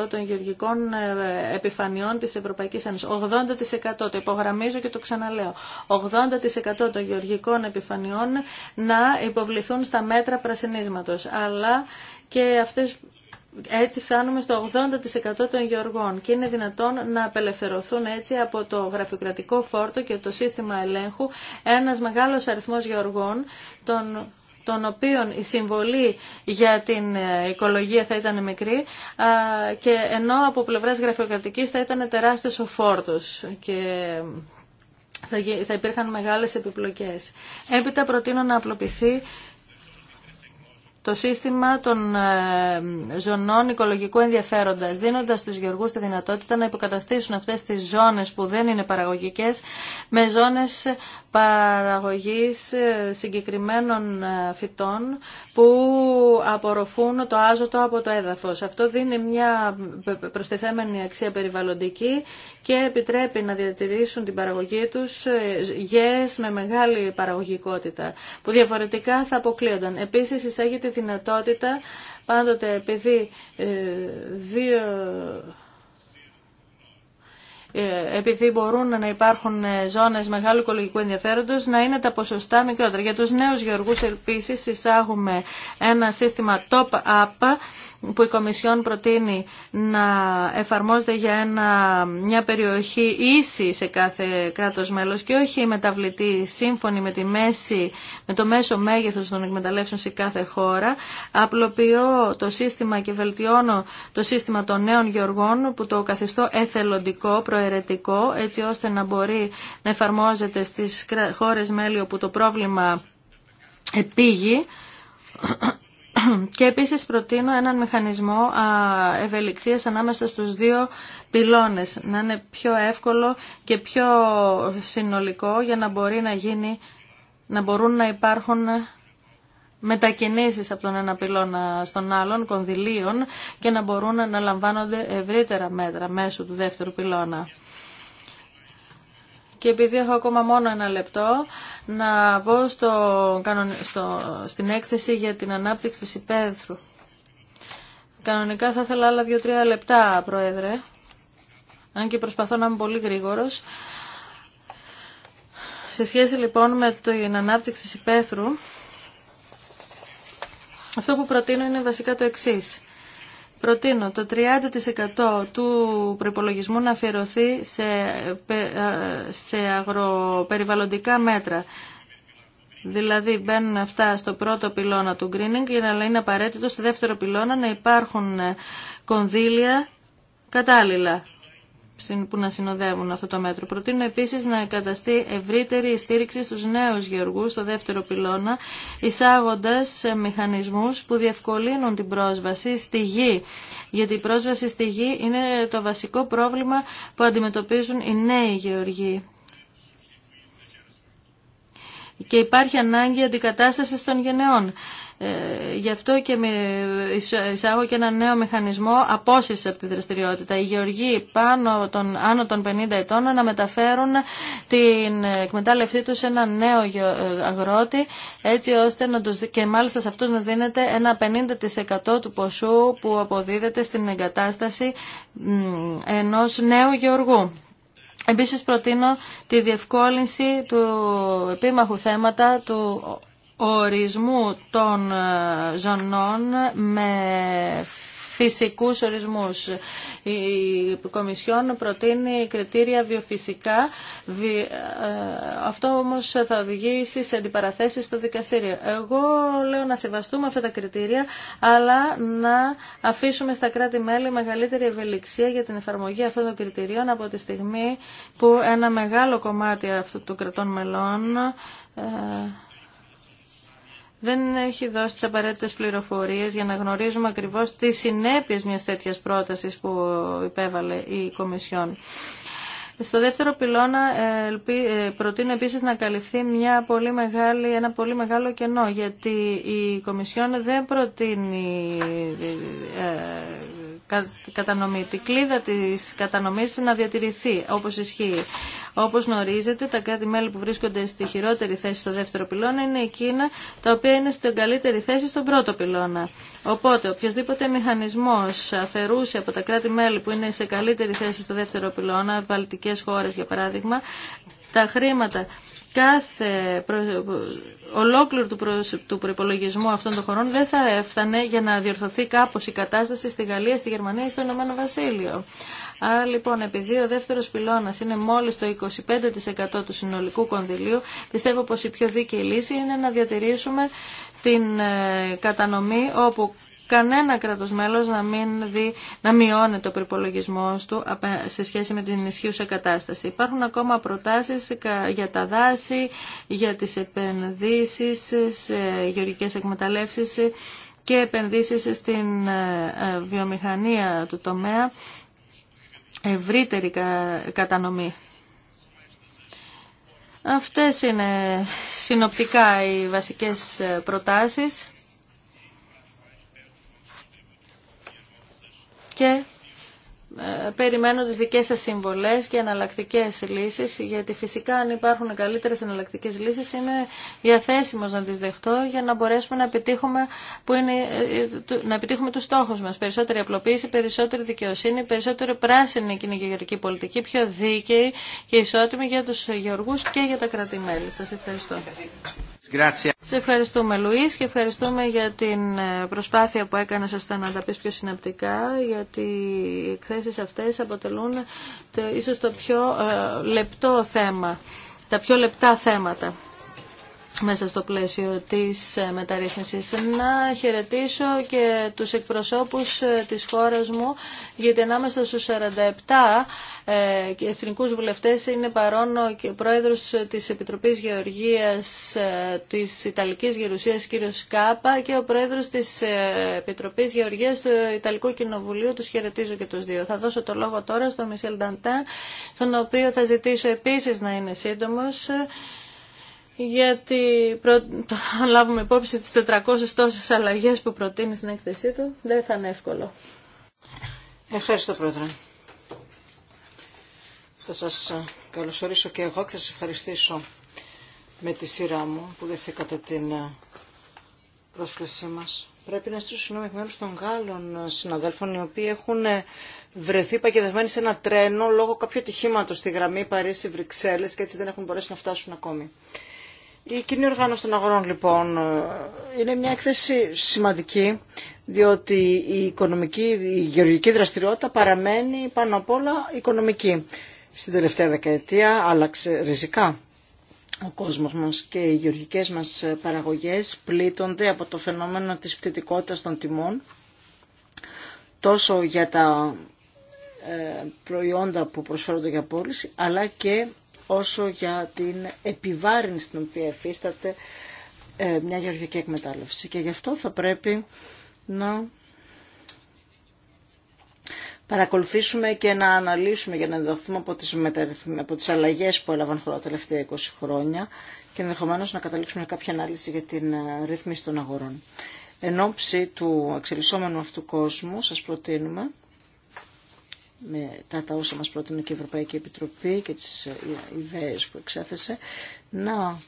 80% των γεωργικών ε, επιφανειών της Ευρωπαϊκής Ένωσης. 80% το υπογραμμίζω και το ξαναλέω. 80% των γεωργικών επιφανειών να υποβληθούν στα μέτρα πρασινίσματος. Αλλά και αυτές έτσι φτάνουμε στο 80% των γεωργών και είναι δυνατόν να απελευθερωθούν έτσι από το γραφειοκρατικό φόρτο και το σύστημα ελέγχου ένας μεγάλος αριθμός γεωργών των των οποίων η συμβολή για την ε, οικολογία θα ήταν μικρή και ενώ από πλευράς γραφειοκρατικής θα ήταν τεράστιος ο φόρτος και θα υπήρχαν μεγάλες επιπλοκές. Έπειτα προτείνω να απλοποιηθεί το σύστημα των ε, ζωνών οικολογικού ενδιαφέροντας, δίνοντας στους γεωργούς τη δυνατότητα να υποκαταστήσουν αυτές τις ζώνες που δεν είναι παραγωγικές με ζώνες παραγωγής ε, συγκεκριμένων ε, φυτών που απορροφούν το άζωτο από το έδαφος. Αυτό δίνει μια προστιθέμενη αξία περιβαλλοντική και επιτρέπει να διατηρήσουν την παραγωγή τους ε, γες με μεγάλη παραγωγικότητα που διαφορετικά θα αποκλείονταν. Επίσης εισάγεται δυνατότητα πάντοτε επειδή ε, δύο ε, επειδή μπορούν να υπάρχουν ε, ζώνες μεγάλου οικολογικού ενδιαφέροντος, να είναι τα ποσοστά μικρότερα. Για τους νέους γεωργούς επίσης εισάγουμε ένα σύστημα top-up που η Κομισιόν προτείνει να εφαρμόζεται για μια περιοχή ίση σε κάθε κράτος μέλος και όχι μεταβλητή σύμφωνη με, τη μέση, με το μέσο μέγεθος των εκμεταλλεύσεων σε κάθε χώρα. Απλοποιώ το σύστημα και βελτιώνω το σύστημα των νέων γεωργών που το καθιστώ εθελοντικό, προαιρετικό έτσι ώστε να μπορεί να εφαρμόζεται στις χώρες μέλη όπου το πρόβλημα επίγει και επίσης προτείνω έναν μηχανισμό ευελιξίας ανάμεσα στους δύο πυλώνες να είναι πιο εύκολο και πιο συνολικό για να μπορεί να γίνει να μπορούν να υπάρχουν μετακινήσεις από τον ένα πυλώνα στον άλλον κονδυλίων και να μπορούν να λαμβάνονται ευρύτερα μέτρα μέσω του δεύτερου πυλώνα. Και επειδή έχω ακόμα μόνο ένα λεπτό, να πω στο, στο, στην έκθεση για την ανάπτυξη της υπαίθρου. Κανονικά θα ήθελα άλλα δύο-τρία λεπτά, Πρόεδρε, αν και προσπαθώ να είμαι πολύ γρήγορος. Σε σχέση λοιπόν με την ανάπτυξη της υπαίθρου, αυτό που προτείνω είναι βασικά το εξή. Προτείνω το 30% του προπολογισμού να αφιερωθεί σε, ε, σε αγροπεριβαλλοντικά μέτρα. Δηλαδή μπαίνουν αυτά στο πρώτο πυλώνα του greening, αλλά είναι απαραίτητο στο δεύτερο πυλώνα να υπάρχουν κονδύλια κατάλληλα που να συνοδεύουν αυτό το μέτρο. Προτείνω επίσης να εγκαταστεί ευρύτερη στήριξη στους νέους γεωργού στο δεύτερο πυλώνα, εισάγοντα ε, μηχανισμούς που διευκολύνουν την πρόσβαση στη γη. Γιατί η πρόσβαση στη γη είναι το βασικό πρόβλημα που αντιμετωπίζουν οι νέοι γεωργοί και υπάρχει ανάγκη αντικατάστασης των γενεών. Ε, γι' αυτό και με, εισάγω και ένα νέο μηχανισμό απόσυρση από τη δραστηριότητα. Οι γεωργοί πάνω των, άνω των 50 ετών να μεταφέρουν την ε, εκμετάλλευτή του σε ένα νέο ε, αγρότη, έτσι ώστε να τους, και μάλιστα σε αυτού να δίνεται ένα 50% του ποσού που αποδίδεται στην εγκατάσταση ενό νέου γεωργού. Επίσης προτείνω τη διευκόλυνση του επίμαχου θέματα του ορισμού των ε, ζωνών με φυσικού ορισμούς. Η Κομισιόν προτείνει κριτήρια βιοφυσικά. Ε, αυτό όμως θα οδηγήσει σε αντιπαραθέσεις στο δικαστήριο. Εγώ λέω να σεβαστούμε αυτά τα κριτήρια, αλλά να αφήσουμε στα κράτη-μέλη μεγαλύτερη ευελιξία για την εφαρμογή αυτών των κριτηρίων από τη στιγμή που ένα μεγάλο κομμάτι αυτού του κρατών μελών ε, δεν έχει δώσει τις απαραίτητες πληροφορίες για να γνωρίζουμε ακριβώς τις συνέπειες μιας τέτοιας πρότασης που υπέβαλε η Κομισιόν. Στο δεύτερο πυλώνα ε, ε, προτείνω επίσης να καλυφθεί μια πολύ μεγάλη, ένα πολύ μεγάλο κενό γιατί η Κομισιόν δεν προτείνει ε, κατανομή. Η κλίδα της κατανομής να διατηρηθεί όπως ισχύει. Όπως γνωρίζετε, τα κράτη-μέλη που βρίσκονται στη χειρότερη θέση στο δεύτερο πυλώνα είναι εκείνα τα οποία είναι στην καλύτερη θέση στον πρώτο πυλώνα. Οπότε, οποιοδήποτε μηχανισμός αφαιρούσε από τα κράτη-μέλη που είναι σε καλύτερη θέση στο δεύτερο πυλώνα, βαλτικέ χώρε, για παράδειγμα, τα χρήματα κάθε ολόκληρο του, προ... του προπολογισμού αυτών των χωρών δεν θα έφτανε για να διορθωθεί κάπως η κατάσταση στη Γαλλία, στη Γερμανία ή στο Ηνωμένο Βασίλειο. Άρα λοιπόν, επειδή ο δεύτερος πυλώνας είναι μόλις το 25% του συνολικού κονδυλίου, πιστεύω πως η πιο δίκαιη λύση είναι να διατηρήσουμε την ε, κατανομή όπου κανένα κράτος μέλος να, μην δει, να μειώνει το προπολογισμό του σε σχέση με την ισχύουσα κατάσταση. Υπάρχουν ακόμα προτάσεις για τα δάση, για τις επενδύσεις σε γεωργικές εκμεταλλεύσεις και επενδύσεις στην ε, ε, βιομηχανία του τομέα, ευρύτερη κατανομή. Αυτές είναι συνοπτικά οι βασικές ε, προτάσεις. και ε, περιμένω τις δικές σας συμβολές και εναλλακτικέ λύσεις γιατί φυσικά αν υπάρχουν καλύτερες εναλλακτικέ λύσεις είμαι διαθέσιμος να τις δεχτώ για να μπορέσουμε να επιτύχουμε, που είναι, ε, να επιτύχουμε τους στόχους μας περισσότερη απλοποίηση, περισσότερη δικαιοσύνη περισσότερη πράσινη κυνηγερική πολιτική πιο δίκαιη και ισότιμη για τους γεωργούς και για τα κρατημέλη Σας ευχαριστώ σε ευχαριστούμε Λουίς και ευχαριστούμε για την ε, προσπάθεια που έκανα σας να τα πεις πιο συναπτικά γιατί οι εκθέσεις αυτές αποτελούν το, ίσως το πιο ε, λεπτό θέμα, τα πιο λεπτά θέματα μέσα στο πλαίσιο της ε, μεταρρύθμισης. Να χαιρετήσω και τους εκπροσώπους ε, της χώρας μου, γιατί ανάμεσα στους 47 ε, εθνικούς βουλευτές είναι παρόν ο πρόεδρος της Επιτροπής Γεωργίας της Ιταλικής Γερουσίας κ. Κάπα και ο πρόεδρος της Επιτροπής Γεωργίας του Ιταλικού Κοινοβουλίου. Τους χαιρετίζω και τους δύο. Θα δώσω το λόγο τώρα στον Μισελ Νταντάν, στον οποίο θα ζητήσω επίσης να είναι σύντομος γιατί προ... αν λάβουμε υπόψη τις 400 τόσες αλλαγές που προτείνει στην έκθεσή του, δεν θα είναι εύκολο. Ευχαριστώ Πρόεδρε. Θα σας ε, καλωσορίσω και εγώ και θα σας ευχαριστήσω με τη σειρά μου που δεχθήκατε την ε, πρόσκλησή μας. Πρέπει να στήσω συγγνώμη εκ των Γάλλων ε, συναδέλφων, οι οποίοι έχουν βρεθεί παγιδευμένοι σε ένα τρένο λόγω κάποιου τυχήματος στη γραμμή Παρίσι-Βρυξέλλε και έτσι δεν έχουν μπορέσει να φτάσουν ακόμη. Η κοινή οργάνωση των αγορών λοιπόν είναι μια έκθεση σημαντική διότι η οικονομική, η γεωργική δραστηριότητα παραμένει πάνω απ' όλα οικονομική. Στην τελευταία δεκαετία άλλαξε ριζικά ο κόσμος μας και οι γεωργικές μας παραγωγές πλήττονται από το φαινόμενο της πτυτικότητας των τιμών τόσο για τα ε, προϊόντα που προσφέρονται για πώληση αλλά και όσο για την επιβάρυνση στην οποία εφίσταται ε, μια γεωργική εκμετάλλευση. Και γι' αυτό θα πρέπει να παρακολουθήσουμε και να αναλύσουμε για να ενδοθούμε από τις, από τις αλλαγές που έλαβαν χώρα τα τελευταία 20 χρόνια και ενδεχομένω να καταλήξουμε κάποια ανάλυση για την ε, ρύθμιση των αγορών. Εν του εξελισσόμενου αυτού κόσμου σας προτείνουμε με τα όσα μας πρότεινε και η Ευρωπαϊκή Επιτροπή και τις ε, ιδέες που εξέθεσε, να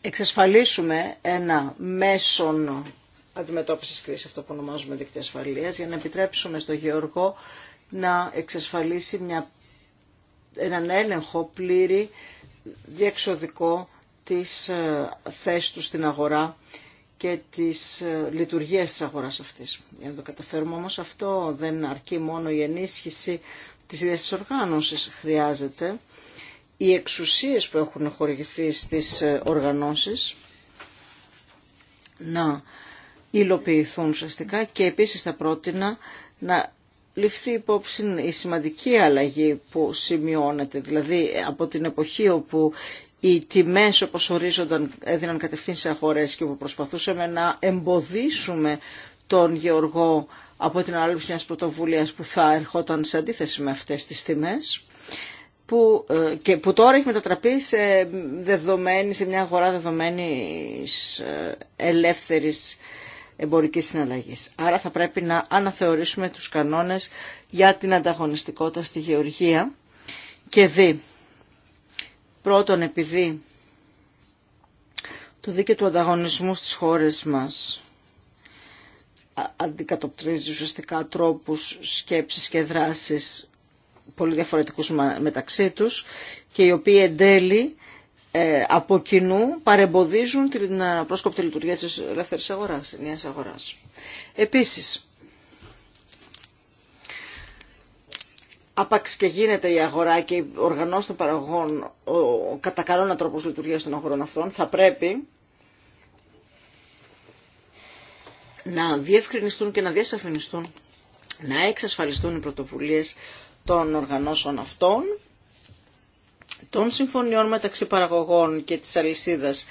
εξασφαλίσουμε ένα μέσον αντιμετώπισης κρίση αυτό που ονομάζουμε δίκτυα ασφαλεία, για να επιτρέψουμε στο Γεωργό να εξασφαλίσει μια, έναν έλεγχο πλήρη διεξοδικό της ε, θέσης του στην αγορά και τις ε, λειτουργίες της αγοράς αυτής. Για να το καταφέρουμε όμως αυτό δεν αρκεί μόνο η ενίσχυση της ίδιας της οργάνωσης. Χρειάζεται οι εξουσίες που έχουν χορηγηθεί στις ε, οργανώσεις να υλοποιηθούν ουσιαστικά και επίσης θα πρότεινα να ληφθεί υπόψη η σημαντική αλλαγή που σημειώνεται. Δηλαδή από την εποχή όπου οι τιμέ όπω ορίζονταν έδιναν κατευθύνσει σε αγορές και που προσπαθούσαμε να εμποδίσουμε τον Γεωργό από την ανάληψη μια πρωτοβουλία που θα ερχόταν σε αντίθεση με αυτές τις τιμέ που, ε, και που τώρα έχει μετατραπεί σε, δεδομένη, σε μια αγορά δεδομένης ε, ελεύθερης εμπορικής συναλλαγή. Άρα θα πρέπει να αναθεωρήσουμε τους κανόνε για την ανταγωνιστικότητα στη γεωργία και δι' Πρώτον, επειδή το δίκαιο του ανταγωνισμού στις χώρες μας αντικατοπτρίζει ουσιαστικά τρόπους σκέψης και δράσεις πολύ διαφορετικούς μεταξύ τους και οι οποίοι εν τέλει ε, από κοινού παρεμποδίζουν την ε, πρόσκοπτη λειτουργία της ελεύθερης αγοράς, νέας αγοράς. Επίσης, άπαξ και γίνεται η αγορά και οι οργανώσει των παραγωγών, ο, ο κατά κανόνα τρόπο λειτουργία των αγορών αυτών, θα πρέπει να διευκρινιστούν και να διασαφινιστούν, να εξασφαλιστούν οι πρωτοβουλίε των οργανώσεων αυτών, των συμφωνιών μεταξύ παραγωγών και της αλυσίδας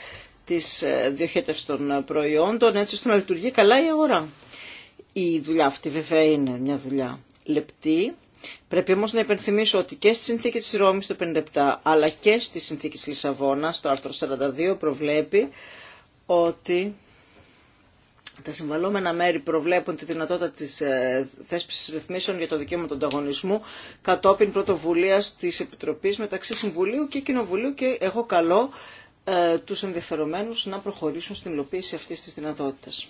της ε, διοχέτευσης των ε, προϊόντων, έτσι ώστε να λειτουργεί καλά η αγορά. Η δουλειά αυτή βέβαια είναι μια δουλειά λεπτή, Πρέπει όμως να υπενθυμίσω ότι και στη συνθήκη της Ρώμης το 57 αλλά και στη συνθήκη της Λισαβόνας το άρθρο 42 προβλέπει ότι τα συμβαλόμενα μέρη προβλέπουν τη δυνατότητα της ε, θέσπισης ρυθμίσεων για το δικαίωμα του ανταγωνισμού κατόπιν πρωτοβουλίας της Επιτροπής μεταξύ Συμβουλίου και Κοινοβουλίου και εγώ καλώ ε, τους ενδιαφερομένους να προχωρήσουν στην υλοποίηση αυτής της δυνατότητας.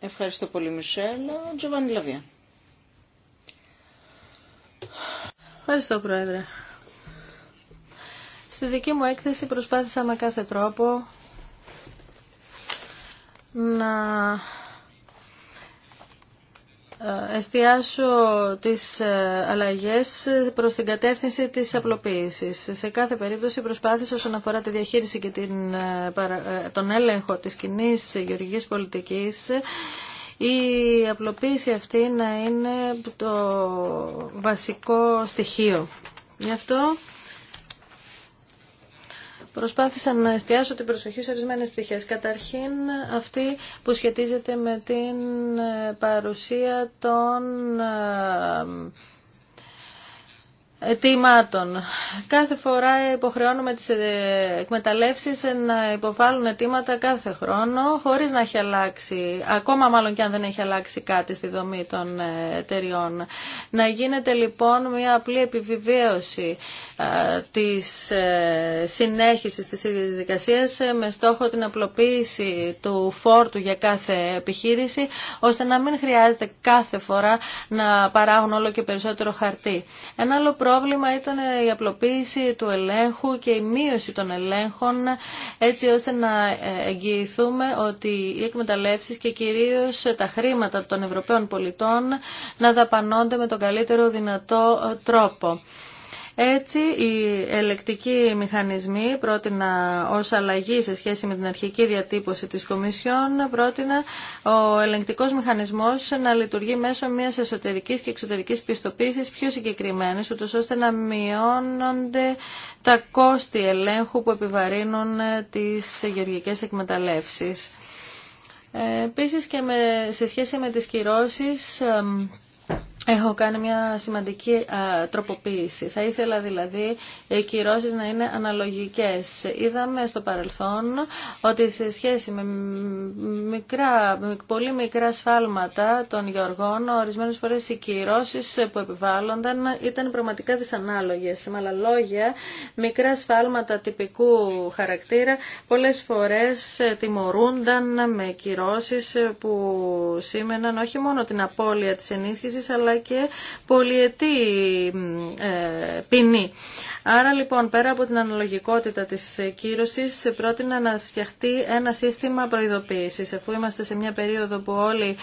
Ευχαριστώ πολύ Μισελ. Τζοβάνι Λαβία. Ευχαριστώ, Πρόεδρε. Στη δική μου έκθεση προσπάθησα με κάθε τρόπο να ε, εστιάσω τις ε, αλλαγές προς την κατεύθυνση της απλοποίησης. Σε κάθε περίπτωση προσπάθησα όσον αφορά τη διαχείριση και την, ε, τον έλεγχο της κοινή γεωργικής πολιτικής η απλοποίηση αυτή να είναι το βασικό στοιχείο. Γι' αυτό προσπάθησα να εστιάσω την προσοχή σε ορισμένες πτυχές. Καταρχήν αυτή που σχετίζεται με την παρουσία των ε, αιτήματων. Κάθε φορά υποχρεώνουμε τις ε, εκμεταλλεύσεις να υποβάλουν αιτήματα κάθε χρόνο χωρίς να έχει αλλάξει, ακόμα μάλλον και αν δεν έχει αλλάξει κάτι στη δομή των ε, εταιριών. Να γίνεται λοιπόν μια απλή επιβιβαίωση της ε, συνέχισης της ίδιας δικασίας με στόχο την απλοποίηση του φόρτου για κάθε επιχείρηση ώστε να μην χρειάζεται κάθε φορά να παράγουν όλο και περισσότερο χαρτί. Ένα άλλο πρόβλημα ήταν η απλοποίηση του ελέγχου και η μείωση των ελέγχων έτσι ώστε να εγγυηθούμε ότι οι εκμεταλλεύσεις και κυρίως τα χρήματα των Ευρωπαίων πολιτών να δαπανώνται με τον καλύτερο δυνατό τρόπο. Έτσι, οι ελεκτικοί μηχανισμοί πρότεινα ως αλλαγή σε σχέση με την αρχική διατύπωση της Κομισιόν, πρότεινα ο ελεκτικός μηχανισμός να λειτουργεί μέσω μιας εσωτερικής και εξωτερικής πιστοποίησης πιο συγκεκριμένης, ούτως ώστε να μειώνονται τα κόστη ελέγχου που επιβαρύνουν τις γεωργικές εκμεταλλεύσεις. Ε, επίσης, και σε σχέση με τις κυρώσεις Έχω κάνει μια σημαντική τροποποίηση. Θα ήθελα δηλαδή οι κυρώσεις να είναι αναλογικές. Είδαμε στο παρελθόν ότι σε σχέση με μικρά, πολύ μικρά σφάλματα των γεωργών, ορισμένες φορές οι κυρώσεις που επιβάλλονταν ήταν πραγματικά δυσανάλογες. Με άλλα λόγια, μικρά σφάλματα τυπικού χαρακτήρα πολλές φορές τιμωρούνταν με κυρώσεις που σήμαιναν όχι μόνο την απώλεια της ενίσχυσης, αλλά και πολυετή ε, ποινή. Άρα λοιπόν πέρα από την αναλογικότητα της κύρωσης πρότεινα να φτιαχτεί ένα σύστημα προειδοποίησης αφού είμαστε σε μια περίοδο που όλοι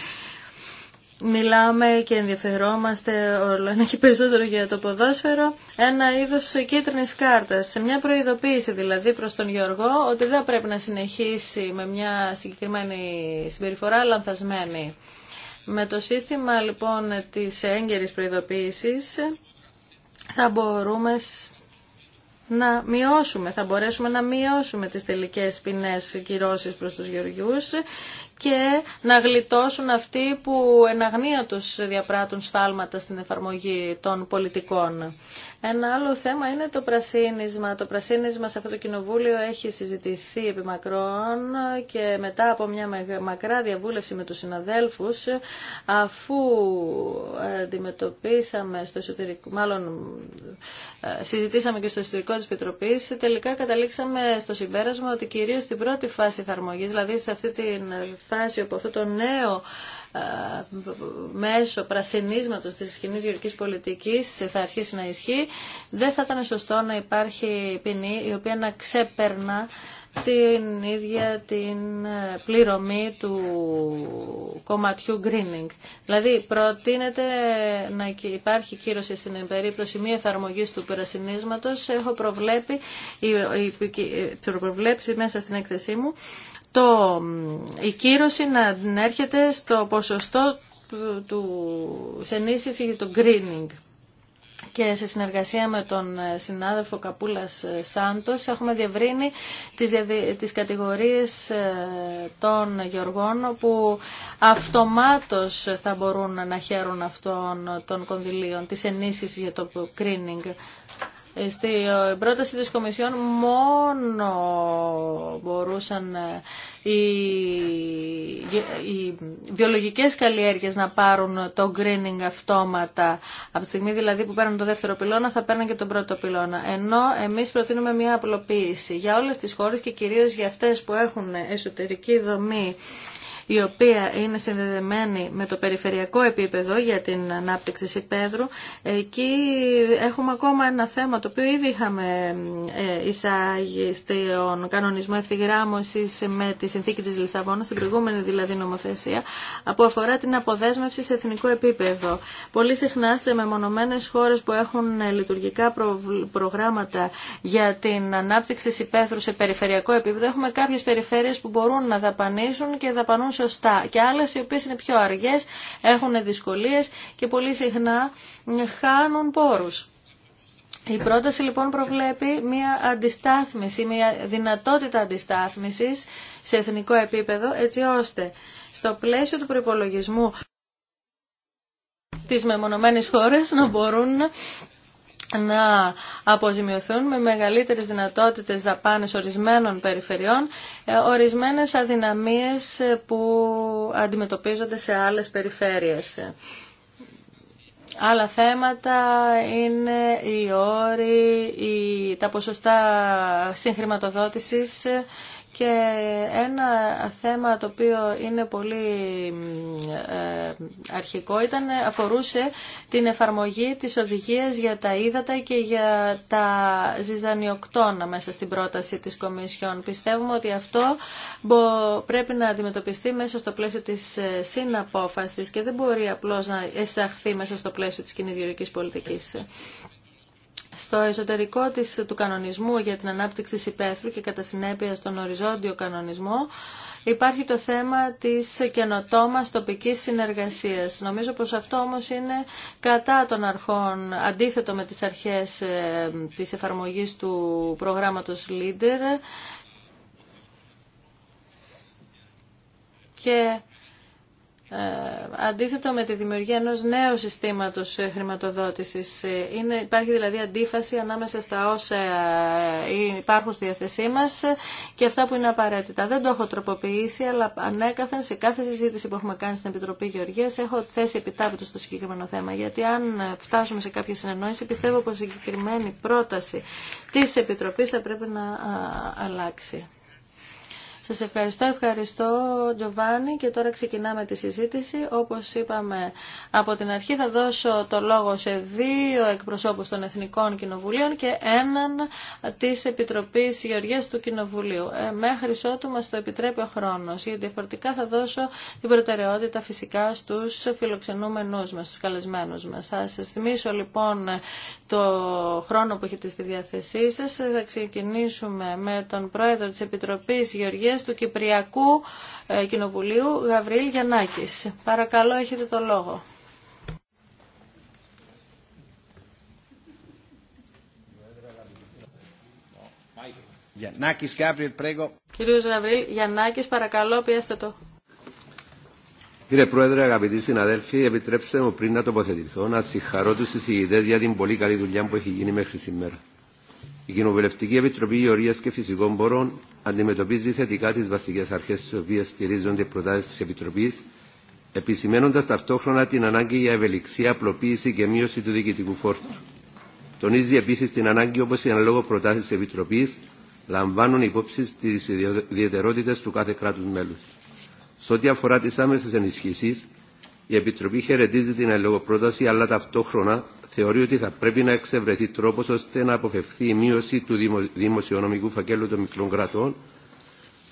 μιλάμε και ενδιαφερόμαστε όλο ένα και περισσότερο για το ποδόσφαιρο, ένα είδος κίτρινης κάρτας, σε μια προειδοποίηση δηλαδή προς τον Γιώργο ότι δεν πρέπει να συνεχίσει με μια συγκεκριμένη συμπεριφορά λανθασμένη. Με το σύστημα λοιπόν της έγκαιρης προειδοποίησης θα μπορούμε να μειώσουμε, θα μπορέσουμε να μειώσουμε τις τελικές ποινές κυρώσεις προς τους γεωργιούς και να γλιτώσουν αυτοί που εν αγνία διαπράττουν σφάλματα στην εφαρμογή των πολιτικών. Ένα άλλο θέμα είναι το πρασίνισμα. Το πρασίνισμα σε αυτό το κοινοβούλιο έχει συζητηθεί επί μακρόν και μετά από μια μακρά διαβούλευση με τους συναδέλφους, αφού αντιμετωπίσαμε στο εσωτερικό, μάλλον ε, συζητήσαμε και στο εσωτερικό της Επιτροπής, τελικά καταλήξαμε στο συμπέρασμα ότι κυρίως στην πρώτη φάση εφαρμογής, δηλαδή σε αυτή την φάση όπου αυτό το νέο μέσο πρασινίσματος της κοινή γεωργικής πολιτικής θα αρχίσει να ισχύει, δεν θα ήταν σωστό να υπάρχει ποινή η οποία να ξεπερνά την ίδια την πληρωμή του κομματιού greening. Δηλαδή προτείνεται να υπάρχει κύρωση στην περίπτωση μη εφαρμογή του περασινίσματος. Έχω προβλέψει μέσα στην έκθεσή μου το, η κύρωση να έρχεται στο ποσοστό του, ενίσχυση για το greening. Και σε συνεργασία με τον ε, συνάδελφο Καπούλας ε, Σάντος έχουμε διευρύνει τις, τις κατηγορίες ε, των γεωργών που αυτομάτως θα μπορούν να χαίρουν αυτών των κονδυλίων, της ενίσχυσης για το greening. Ε, Στην ε, πρόταση της Κομισιόν μόνο μπορούσαν ε, οι, οι βιολογικές καλλιέργειες να πάρουν το greening αυτόματα. Από τη στιγμή δηλαδή που παίρνουν το δεύτερο πυλώνα θα παίρνουν και τον πρώτο πυλώνα. Ενώ εμείς προτείνουμε μια απλοποίηση για όλες τις χώρες και κυρίως για αυτές που έχουν εσωτερική δομή η οποία είναι συνδεδεμένη με το περιφερειακό επίπεδο για την ανάπτυξη Σιπέδρου. εκεί έχουμε ακόμα ένα θέμα το οποίο ήδη είχαμε ε, εισάγει στον κανονισμό ευθυγράμμωση με τη συνθήκη τη Λισαβόνα την προηγούμενη δηλαδή νομοθεσία, που αφορά την αποδέσμευση σε εθνικό επίπεδο. Πολύ συχνά σε μεμονωμένε χώρε που έχουν ε, λειτουργικά προγράμματα για την ανάπτυξη Σιπέδρου σε περιφερειακό επίπεδο, έχουμε κάποιε περιφέρειες που μπορούν να δαπανίσουν και δαπανούν και άλλες οι οποίες είναι πιο αργές, έχουν δυσκολίες και πολύ συχνά χάνουν πόρους. Η πρόταση λοιπόν προβλέπει μια αντιστάθμιση, μια δυνατότητα αντιστάθμισης σε εθνικό επίπεδο έτσι ώστε στο πλαίσιο του προϋπολογισμού της μεμονωμένης χώρες να μπορούν να αποζημιωθούν με μεγαλύτερες δυνατότητες δαπάνες ορισμένων περιφερειών, ε, ορισμένες αδυναμίες ε, που αντιμετωπίζονται σε άλλες περιφέρειες. Άλλα θέματα είναι οι όροι, τα ποσοστά συγχρηματοδότησης και ένα θέμα το οποίο είναι πολύ ε, αρχικό ήταν, αφορούσε την εφαρμογή της οδηγίας για τα ύδατα και για τα ζυζανιοκτώνα μέσα στην πρόταση της Κομισιόν. Πιστεύουμε ότι αυτό πρέπει να αντιμετωπιστεί μέσα στο πλαίσιο της ε, συναπόφασης και δεν μπορεί απλώς να εισαχθεί μέσα στο πλαίσιο της κοινή γεωργικής πολιτικής στο εσωτερικό της, του κανονισμού για την ανάπτυξη της υπαίθρου και κατά συνέπεια στον οριζόντιο κανονισμό υπάρχει το θέμα της καινοτόμας τοπικής συνεργασίας. Νομίζω πως αυτό όμως είναι κατά των αρχών, αντίθετο με τις αρχές ε, της εφαρμογής του προγράμματος LEADER και ε, αντίθετο με τη δημιουργία ενός νέου συστήματος ε, χρηματοδότησης. Ε, υπάρχει δηλαδή αντίφαση ανάμεσα στα όσα υπάρχουν στη διαθεσή μας και αυτά που είναι απαραίτητα. Δεν το έχω τροποποιήσει, αλλά ανέκαθεν σε κάθε συζήτηση που έχουμε κάνει στην Επιτροπή Γεωργίας έχω θέσει επιτάπητο στο συγκεκριμένο θέμα. Γιατί αν φτάσουμε σε κάποια συνεννόηση, πιστεύω πως η συγκεκριμένη πρόταση της Επιτροπής θα πρέπει να αλλάξει. Σας ευχαριστώ, ευχαριστώ Τζοβάνι και τώρα ξεκινάμε τη συζήτηση. Όπως είπαμε από την αρχή θα δώσω το λόγο σε δύο εκπροσώπους των Εθνικών Κοινοβουλίων και έναν της Επιτροπής Γεωργίας του Κοινοβουλίου. Ε, μέχρι ότου μας το επιτρέπει ο χρόνος, γιατί διαφορετικά θα δώσω την προτεραιότητα φυσικά στους φιλοξενούμενούς μας, στους καλεσμένους μας. Θα σας θυμίσω λοιπόν το χρόνο που έχετε στη διάθεσή σας. Θα ξεκινήσουμε με τον Πρόεδρο της Επιτροπής Γεωργίας του Κυπριακού ε, Κοινοβουλίου, Γαβρίλ Γιαννάκης. Παρακαλώ, έχετε το λόγο. Γιαννάκης πρέγω. Κύριος Γαβρίλ Γιαννάκης, παρακαλώ, πιέστε το. Κύριε Πρόεδρε, αγαπητοί συναδέλφοι, επιτρέψτε μου πριν να τοποθετηθώ να συγχαρώ του συζητητέ για την πολύ καλή δουλειά που έχει γίνει μέχρι σήμερα. Η Κοινοβουλευτική Επιτροπή Γεωργία και Φυσικών Μπορών αντιμετωπίζει θετικά τι βασικέ αρχέ στι οποίε στηρίζονται οι προτάσει τη Επιτροπή, επισημένοντα ταυτόχρονα την ανάγκη για ευελιξία, απλοποίηση και μείωση του διοικητικού φόρτου. Τονίζει επίση την ανάγκη όπω οι αναλόγω προτάσει τη Επιτροπή λαμβάνουν υπόψη τι ιδιαιτερότητε του κάθε κράτου μέλου. Σε ό,τι αφορά τι άμεσε ενισχύσει, η Επιτροπή χαιρετίζει την αλληλογοπρόταση, αλλά ταυτόχρονα θεωρεί ότι θα πρέπει να εξευρεθεί τρόπος ώστε να αποφευθεί η μείωση του δημοσιονομικού φακέλου των μικρών κρατών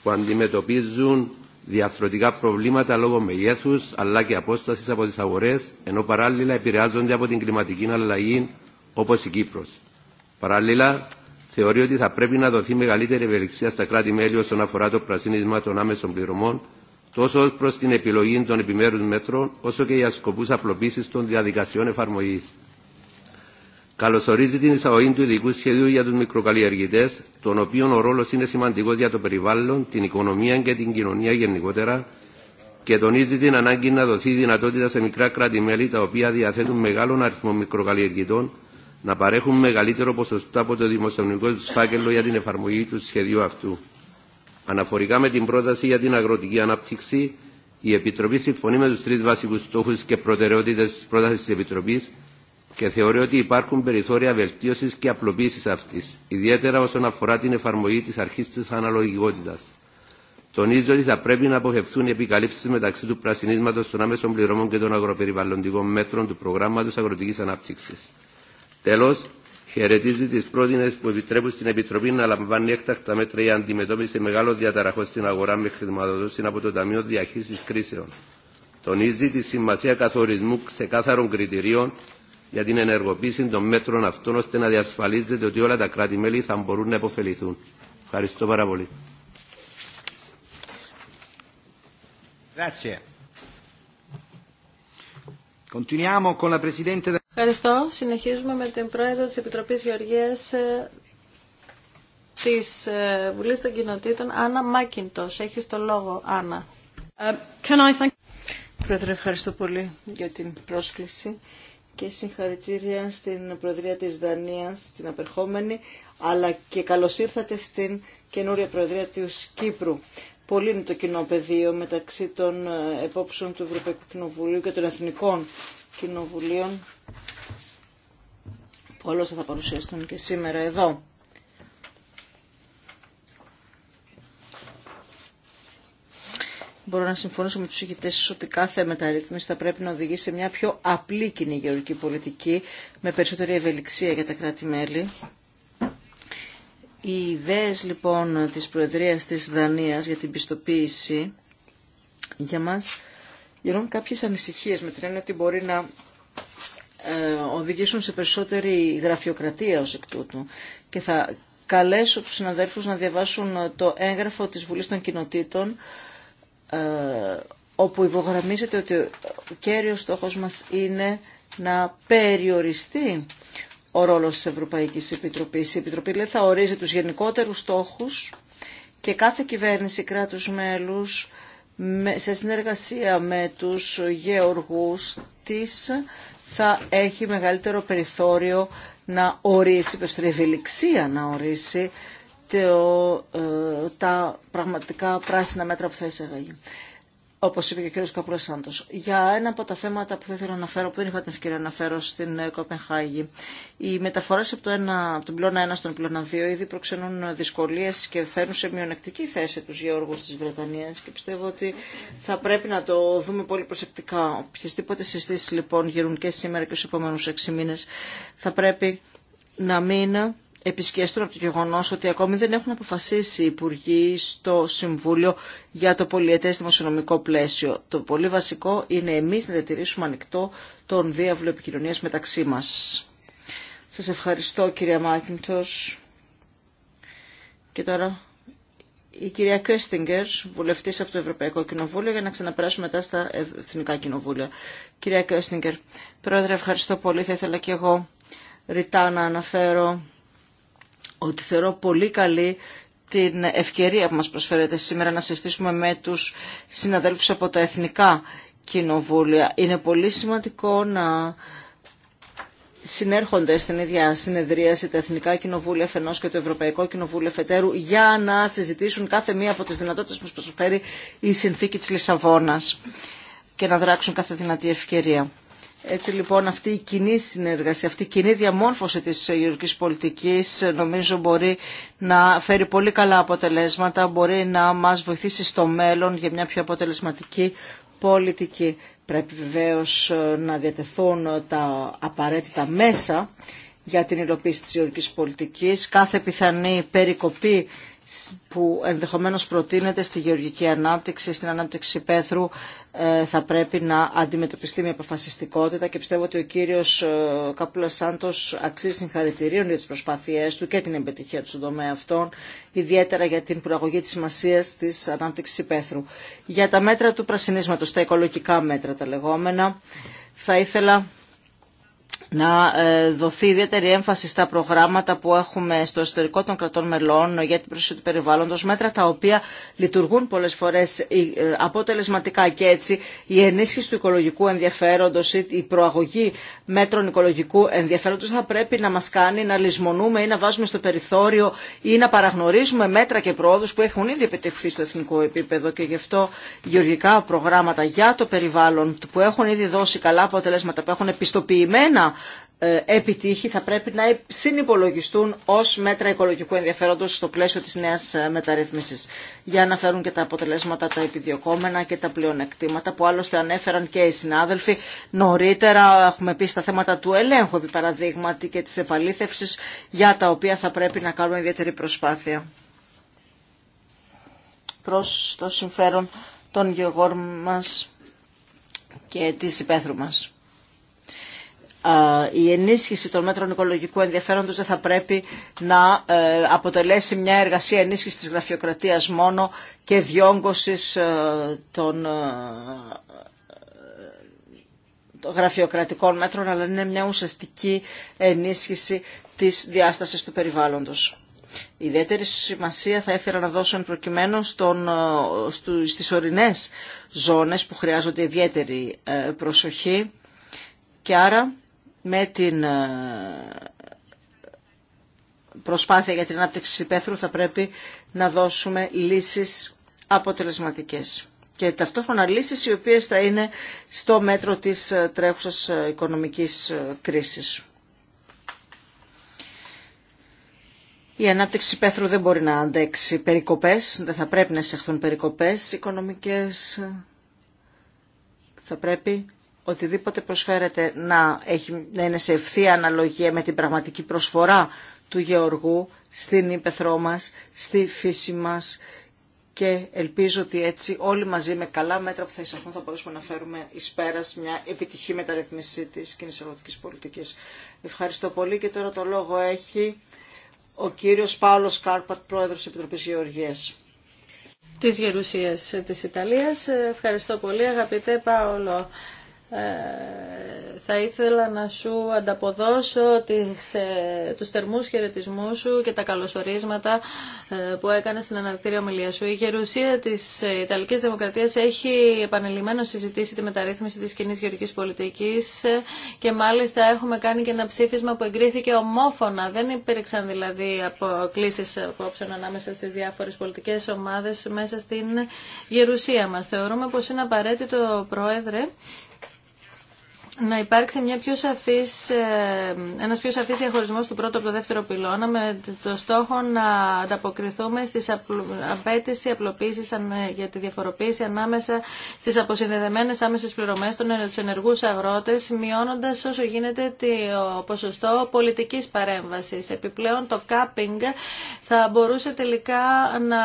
που αντιμετωπίζουν διαθροτικά προβλήματα λόγω μεγέθους αλλά και απόστασης από τις αγορές ενώ παράλληλα επηρεάζονται από την κλιματική αλλαγή όπως η Κύπρος. Παράλληλα, θεωρεί ότι θα πρέπει να δοθεί μεγαλύτερη ευελιξία στα κράτη-μέλη όσον αφορά το πρασίνισμα των άμεσων πληρωμών τόσο ω προ την επιλογή των επιμέρου μέτρων, όσο και για σκοπού απλοποίηση των διαδικασιών εφαρμογή. Καλωσορίζει την εισαγωγή του ειδικού σχεδίου για του μικροκαλλιεργητέ, των οποίων ο ρόλο είναι σημαντικό για το περιβάλλον, την οικονομία και την κοινωνία γενικότερα, και τονίζει την ανάγκη να δοθεί δυνατότητα σε μικρά κράτη-μέλη τα οποία διαθέτουν μεγάλων αριθμό μικροκαλλιεργητών να παρέχουν μεγαλύτερο ποσοστό από το δημοσιονομικό του φάκελο για την εφαρμογή του σχεδίου αυτού. Αναφορικά με την πρόταση για την αγροτική ανάπτυξη, η Επιτροπή συμφωνεί με του τρει βασικού στόχου και προτεραιότητε τη πρόταση τη Επιτροπή και θεωρεί ότι υπάρχουν περιθώρια βελτίωσης και απλοποίησης αυτής, ιδιαίτερα όσον αφορά την εφαρμογή της αρχής της αναλογικότητας. Τονίζει ότι θα πρέπει να αποφευθούν οι επικαλύψει μεταξύ του πρασινίσματο των άμεσων πληρωμών και των αγροπεριβαλλοντικών μέτρων του προγράμματο αγροτική ανάπτυξη. Τέλο, χαιρετίζει τι πρότεινε που επιτρέπουν στην Επιτροπή να λαμβάνει έκτακτα μέτρα για αντιμετώπιση μεγάλων διαταραχών στην αγορά με χρηματοδότηση από το Ταμείο Διαχείριση Κρίσεων. Τονίζει τη σημασία καθορισμού ξεκάθαρων κριτηρίων για την ενεργοποίηση των μέτρων αυτών ώστε να διασφαλίζεται ότι όλα τα κράτη-μέλη θα μπορούν να υποφεληθούν. Ευχαριστώ πάρα πολύ. Ευχαριστώ. Συνεχίζουμε με την Πρόεδρο της Επιτροπής Γεωργίας ε, της ε, Βουλής των Κοινοτήτων, Άννα Μάκιντος. Έχεις το λόγο, Άννα. Ε, Πρόεδρε, ευχαριστώ πολύ για την πρόσκληση και συγχαρητήρια στην Προεδρία της Δανίας, την απερχόμενη, αλλά και καλώς ήρθατε στην καινούρια Προεδρία της Κύπρου. Πολύ είναι το κοινό πεδίο μεταξύ των ε, επόψεων του Ευρωπαϊκού Κοινοβουλίου και των Εθνικών Κοινοβουλίων. όλός θα παρουσιαστούν και σήμερα εδώ. Μπορώ να συμφωνήσω με τους ηγητές ότι κάθε μεταρρύθμιση θα πρέπει να οδηγήσει σε μια πιο απλή κοινή πολιτική με περισσότερη ευελιξία για τα κράτη-μέλη. Οι ιδέες λοιπόν της Προεδρίας της Δανίας για την πιστοποίηση για μας γεννούν κάποιες ανησυχίες με την έννοια ότι μπορεί να ε, οδηγήσουν σε περισσότερη γραφειοκρατία ως εκ τούτου και θα καλέσω τους συναδέλφους να διαβάσουν το έγγραφο της Βουλής των Κοινοτήτων ε, όπου υπογραμμίζεται ότι ο κέριος στόχος μας είναι να περιοριστεί ο ρόλος της Ευρωπαϊκής Επιτροπής. Η Επιτροπή λέει, θα ορίζει τους γενικότερους στόχους και κάθε κυβέρνηση κράτους μέλους σε συνεργασία με τους γεωργούς της θα έχει μεγαλύτερο περιθώριο να ορίσει, προς την να ορίσει το, ε, τα πραγματικά πράσινα μέτρα που θα εισαγαγεί. Όπω είπε και ο κ. Καπούλα Για ένα από τα θέματα που θα ήθελα να αναφέρω, που δεν είχα την ευκαιρία να αναφέρω στην ε, Κοπενχάγη, οι μεταφορέ από, το από τον πλώνα 1 στον πλώνα 2 ήδη προξενούν δυσκολίε και φέρνουν σε μειονεκτική θέση του γεώργου τη Βρετανία και πιστεύω ότι θα πρέπει να το δούμε πολύ προσεκτικά. Οποιασδήποτε συστήσει λοιπόν γίνουν και σήμερα και στου επόμενου 6 μήνε θα πρέπει να μην επισκέστον από το γεγονό ότι ακόμη δεν έχουν αποφασίσει οι υπουργοί στο Συμβούλιο για το πολιετέ δημοσιονομικό πλαίσιο. Το πολύ βασικό είναι εμεί να διατηρήσουμε ανοιχτό τον διάβλο επικοινωνία μεταξύ μα. Σα ευχαριστώ κυρία Μάκιντο. Και τώρα η κυρία Κέστιγκερ, βουλευτή από το Ευρωπαϊκό Κοινοβούλιο, για να ξαναπεράσουμε μετά στα Εθνικά Κοινοβούλια. Κυρία Κέστιγκερ, πρόεδρε, ευχαριστώ πολύ. Θα ήθελα και εγώ ρητά να αναφέρω ότι θεωρώ πολύ καλή την ευκαιρία που μας προσφέρεται σήμερα να συστήσουμε με τους συναδέλφους από τα εθνικά κοινοβούλια. Είναι πολύ σημαντικό να συνέρχονται στην ίδια συνεδρίαση τα Εθνικά Κοινοβούλια Φενό και το Ευρωπαϊκό Κοινοβούλιο Φετέρου για να συζητήσουν κάθε μία από τις δυνατότητες που μας προσφέρει η συνθήκη της Λισαβόνας και να δράξουν κάθε δυνατή ευκαιρία. Έτσι λοιπόν αυτή η κοινή συνεργασία, αυτή η κοινή διαμόρφωση της γεωργικής πολιτικής νομίζω μπορεί να φέρει πολύ καλά αποτελέσματα, μπορεί να μας βοηθήσει στο μέλλον για μια πιο αποτελεσματική πολιτική. Πρέπει βεβαίω να διατεθούν τα απαραίτητα μέσα για την υλοποίηση της γεωργικής πολιτικής. Κάθε πιθανή περικοπή που ενδεχομένως προτείνεται στη γεωργική ανάπτυξη, στην ανάπτυξη πέθρου, ε, θα πρέπει να αντιμετωπιστεί με αποφασιστικότητα και πιστεύω ότι ο κύριος ε, Καπούλα Σάντος αξίζει συγχαρητηρίων για τις προσπάθειές του και την επιτυχία του στον τομέα αυτών, ιδιαίτερα για την προαγωγή της σημασίας της ανάπτυξης υπαίθρου. Για τα μέτρα του πρασινίσματος, τα οικολογικά μέτρα τα λεγόμενα, θα ήθελα να ε, δοθεί ιδιαίτερη έμφαση στα προγράμματα που έχουμε στο εσωτερικό των κρατών μελών για την προστασία του περιβάλλοντος, μέτρα τα οποία λειτουργούν πολλές φορές ε, αποτελεσματικά και έτσι η ενίσχυση του οικολογικού ενδιαφέροντος ή η προαγωγή μέτρων οικολογικού ενδιαφέροντος θα πρέπει να μας κάνει να λησμονούμε ή να βάζουμε στο περιθώριο ή να παραγνωρίζουμε μέτρα και προόδους που έχουν ήδη επιτευχθεί στο εθνικό επίπεδο και γι' αυτό γεωργικά προγράμματα για το περιβάλλον που έχουν ήδη δώσει καλά αποτελέσματα, που έχουν επιστοποιημένα ε, επιτύχει θα πρέπει να συνυπολογιστούν ως μέτρα οικολογικού ενδιαφέροντος στο πλαίσιο της νέας ε, μεταρρύθμισης για να φέρουν και τα αποτελέσματα τα επιδιωκόμενα και τα πλεονεκτήματα που άλλωστε ανέφεραν και οι συνάδελφοι νωρίτερα έχουμε πει στα θέματα του ελέγχου επί παραδείγματι και της επαλήθευσης για τα οποία θα πρέπει να κάνουμε ιδιαίτερη προσπάθεια προς το συμφέρον των γεωγόρων μας και της υπαίθρου μας η ενίσχυση των μέτρων οικολογικού ενδιαφέροντος δεν θα πρέπει να ε, αποτελέσει μια εργασία ενίσχυσης της γραφειοκρατίας μόνο και διόγκωσης ε, ε, των γραφειοκρατικών μέτρων, αλλά είναι μια ουσιαστική ενίσχυση της διάστασης του περιβάλλοντος. Ιδιαίτερη σημασία θα ήθελα να δώσω εν προκειμένου στον, ορεινέ στις ορεινές ζώνες που χρειάζονται ιδιαίτερη προσοχή και άρα με την ε, προσπάθεια για την ανάπτυξη υπαίθρου θα πρέπει να δώσουμε λύσεις αποτελεσματικές και ταυτόχρονα λύσεις οι οποίες θα είναι στο μέτρο της ε, τρέχουσας ε, οικονομικής κρίσης. Η ανάπτυξη πέθρου δεν μπορεί να αντέξει περικοπές, δεν θα πρέπει να εισεχθούν περικοπές οικονομικές. Θα πρέπει οτιδήποτε προσφέρεται να, έχει, να είναι σε ευθεία αναλογία με την πραγματική προσφορά του Γεωργού στην ύπεθρό μας, στη φύση μας και ελπίζω ότι έτσι όλοι μαζί με καλά μέτρα που θα εισαχθούν θα μπορέσουμε να φέρουμε εις πέρας μια επιτυχή μεταρρυθμίση της κοινής αγροτικής πολιτικής. Ευχαριστώ πολύ και τώρα το λόγο έχει ο κύριος Πάολος Κάρπατ, πρόεδρος της Επιτροπής Γεωργίας της Γερουσίας της Ιταλίας. Ευχαριστώ πολύ αγαπητέ Πάολο. Ε, θα ήθελα να σου ανταποδώσω τις, ε, τους θερμούς χαιρετισμού σου και τα καλωσορίσματα ε, που έκανε στην αναρτήρια ομιλία σου. Η γερουσία της Ιταλικής Δημοκρατίας έχει επανελειμμένως συζητήσει τη μεταρρύθμιση της κοινή γεωργικής πολιτικής και μάλιστα έχουμε κάνει και ένα ψήφισμα που εγκρίθηκε ομόφωνα. Δεν υπήρξαν δηλαδή αποκλήσεις απόψεων ανάμεσα στις διάφορες πολιτικές ομάδες μέσα στην γερουσία μας. Θεωρούμε πως είναι απαραίτητο, Πρόεδρε, να υπάρξει μια πιο σαφής, ε, ένας πιο σαφής διαχωρισμός του πρώτου από το δεύτερο πυλώνα με το στόχο να ανταποκριθούμε στις απλου, απέτηση απλοποίησης ε, για τη διαφοροποίηση ανάμεσα στις αποσυνδεδεμένες άμεσες πληρωμές των ενεργούς αγρότες μειώνοντας όσο γίνεται το ποσοστό πολιτικής παρέμβασης. Επιπλέον το κάπινγκ θα μπορούσε τελικά να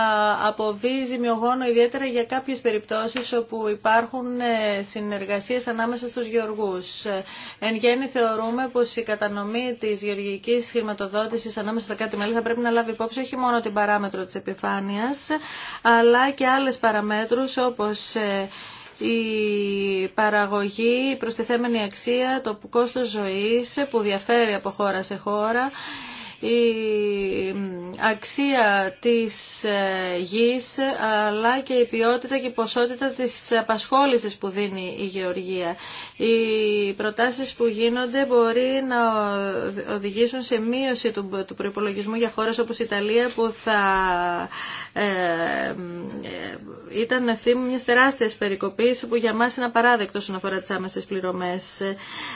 αποβεί ζημιογόνο ιδιαίτερα για κάποιες περιπτώσεις όπου υπάρχουν ε, συνεργασίες ανάμεσα στους γεωργούς. Εν γέννη θεωρούμε πως η κατανομή της γεωργικής χρηματοδότησης ανάμεσα στα κάτι μέλη θα πρέπει να λάβει υπόψη όχι μόνο την παράμετρο της επιφάνειας, αλλά και άλλες παραμέτρους όπως ε, η παραγωγή, η προστιθέμενη αξία, το κόστος ζωής που διαφέρει από χώρα σε χώρα, η αξία της ε, γης αλλά και η ποιότητα και η ποσότητα της απασχόλησης που δίνει η γεωργία. Οι προτάσεις που γίνονται μπορεί να οδηγήσουν σε μείωση του, προϋπολογισμού για χώρες όπως η Ιταλία που θα ε, ε, ήταν θύμα μια τεράστια περικοπής που για μας είναι απαράδεκτο όσον αφορά τις άμεσες πληρωμές.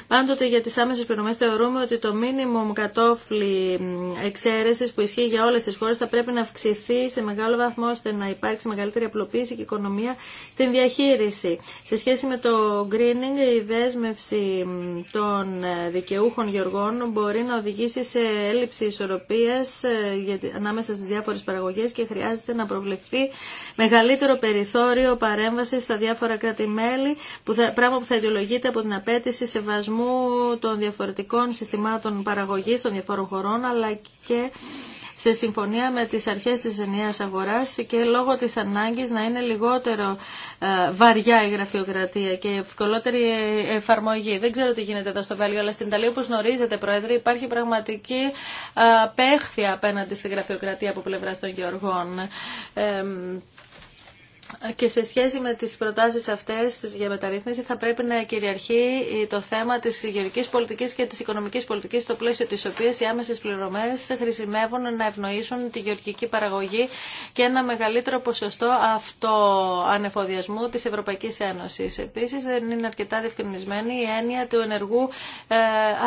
Πάντοτε για τις άμεσες πληρωμές θεωρούμε ότι το μίνιμουμ κατόφλι εξαίρεση που ισχύει για όλε τι χώρε θα πρέπει να αυξηθεί σε μεγάλο βαθμό ώστε να υπάρξει μεγαλύτερη απλοποίηση και οικονομία στην διαχείριση. Σε σχέση με το greening, η δέσμευση των ε, δικαιούχων γεωργών μπορεί να οδηγήσει σε έλλειψη ισορροπία ε, ανάμεσα στι διάφορε παραγωγέ και χρειάζεται να προβλεφθεί μεγαλύτερο περιθώριο παρέμβαση στα διάφορα κράτη-μέλη, πράγμα που θα ιδιολογείται από την απέτηση σεβασμού των διαφορετικών συστημάτων παραγωγή των διαφορών χωρών, αλλά και σε συμφωνία με τις αρχές της ενιαίας αγοράς και λόγω της ανάγκης να είναι λιγότερο ε, βαριά η γραφειοκρατία και ευκολότερη εφαρμογή. Δεν ξέρω τι γίνεται εδώ στο Βέλγιο, αλλά στην Ιταλία, όπως γνωρίζετε, Πρόεδρε, υπάρχει πραγματική ε, απέχθεια απέναντι στη γραφειοκρατία από πλευρά των Γεωργών. Ε, και σε σχέση με τις προτάσεις αυτές για μεταρρύθμιση θα πρέπει να κυριαρχεί το θέμα της γεωργικής πολιτικής και της οικονομικής πολιτικής στο πλαίσιο της οποίας οι άμεσες πληρωμές χρησιμεύουν να ευνοήσουν τη γεωργική παραγωγή και ένα μεγαλύτερο ποσοστό αυτοανεφοδιασμού της Ευρωπαϊκής Ένωσης. Επίσης δεν είναι αρκετά διευκρινισμένη η έννοια του ενεργού ε,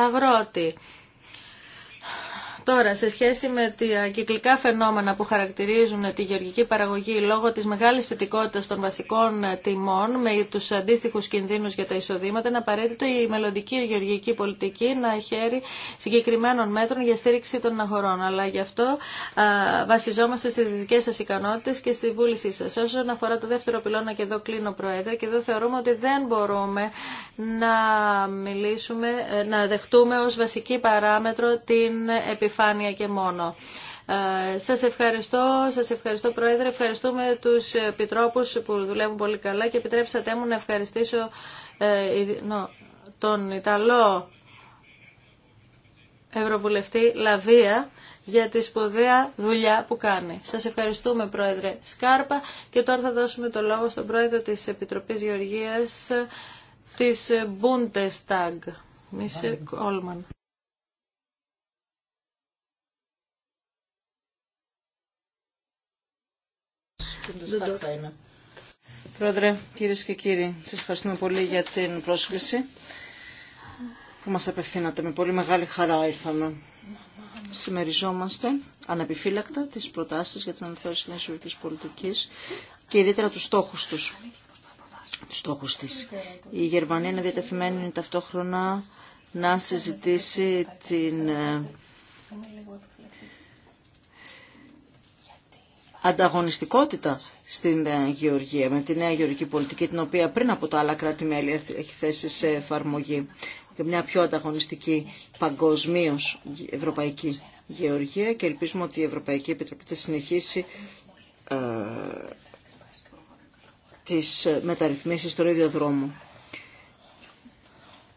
αγρότη. Τώρα, σε σχέση με τα κυκλικά φαινόμενα που χαρακτηρίζουν τη γεωργική παραγωγή λόγω της μεγάλης θετικότητας των βασικών ε, τιμών με τους αντίστοιχους κινδύνους για τα εισοδήματα, είναι απαραίτητο η μελλοντική γεωργική πολιτική να χαίρει συγκεκριμένων μέτρων για στήριξη των αγορών. Αλλά γι' αυτό βασιζόμαστε στις δικές σας ικανότητες και στη βούλησή σας. Όσον αφορά το δεύτερο πυλώνα και εδώ κλείνω Προέδρε και εδώ θεωρούμε ότι δεν μπορούμε να μιλήσουμε, ε, να δεχτούμε ως βασική παράμετρο την επιφάνεια Σα και μόνο. Ε, σας ευχαριστώ, σας ευχαριστώ Πρόεδρε, ευχαριστούμε τους επιτρόπους που δουλεύουν πολύ καλά και επιτρέψατε μου να ευχαριστήσω ε, τον Ιταλό Ευρωβουλευτή Λαβία για τη σπουδαία δουλειά που κάνει. Σας ευχαριστούμε Πρόεδρε Σκάρπα και τώρα θα δώσουμε το λόγο στον Πρόεδρο της Επιτροπής Γεωργίας της Bundestag, Μίσερ Κόλμαν. Πρόεδρε, κυρίε και κύριοι, σα ευχαριστούμε πολύ για την πρόσκληση που μα απευθύνατε. Με πολύ μεγάλη χαρά ήρθαμε. Συμμεριζόμαστε ανεπιφύλακτα τι προτάσει για την αναθεώρηση τη πολιτική και ιδιαίτερα του στόχου του. Τους στόχους της. Η Γερμανία είναι διατεθειμένη ταυτόχρονα να συζητήσει την ε, ανταγωνιστικότητα στην ε, Γεωργία, με τη νέα γεωργική πολιτική, την οποία πριν από τα άλλα κράτη-μέλη έχει θέσει σε εφαρμογή και μια πιο ανταγωνιστική παγκοσμίω ευρωπαϊκή γεωργία και ελπίζουμε ότι η Ευρωπαϊκή Επιτροπή θα συνεχίσει ε, τις μεταρρυθμίσεις στον ίδιο δρόμο.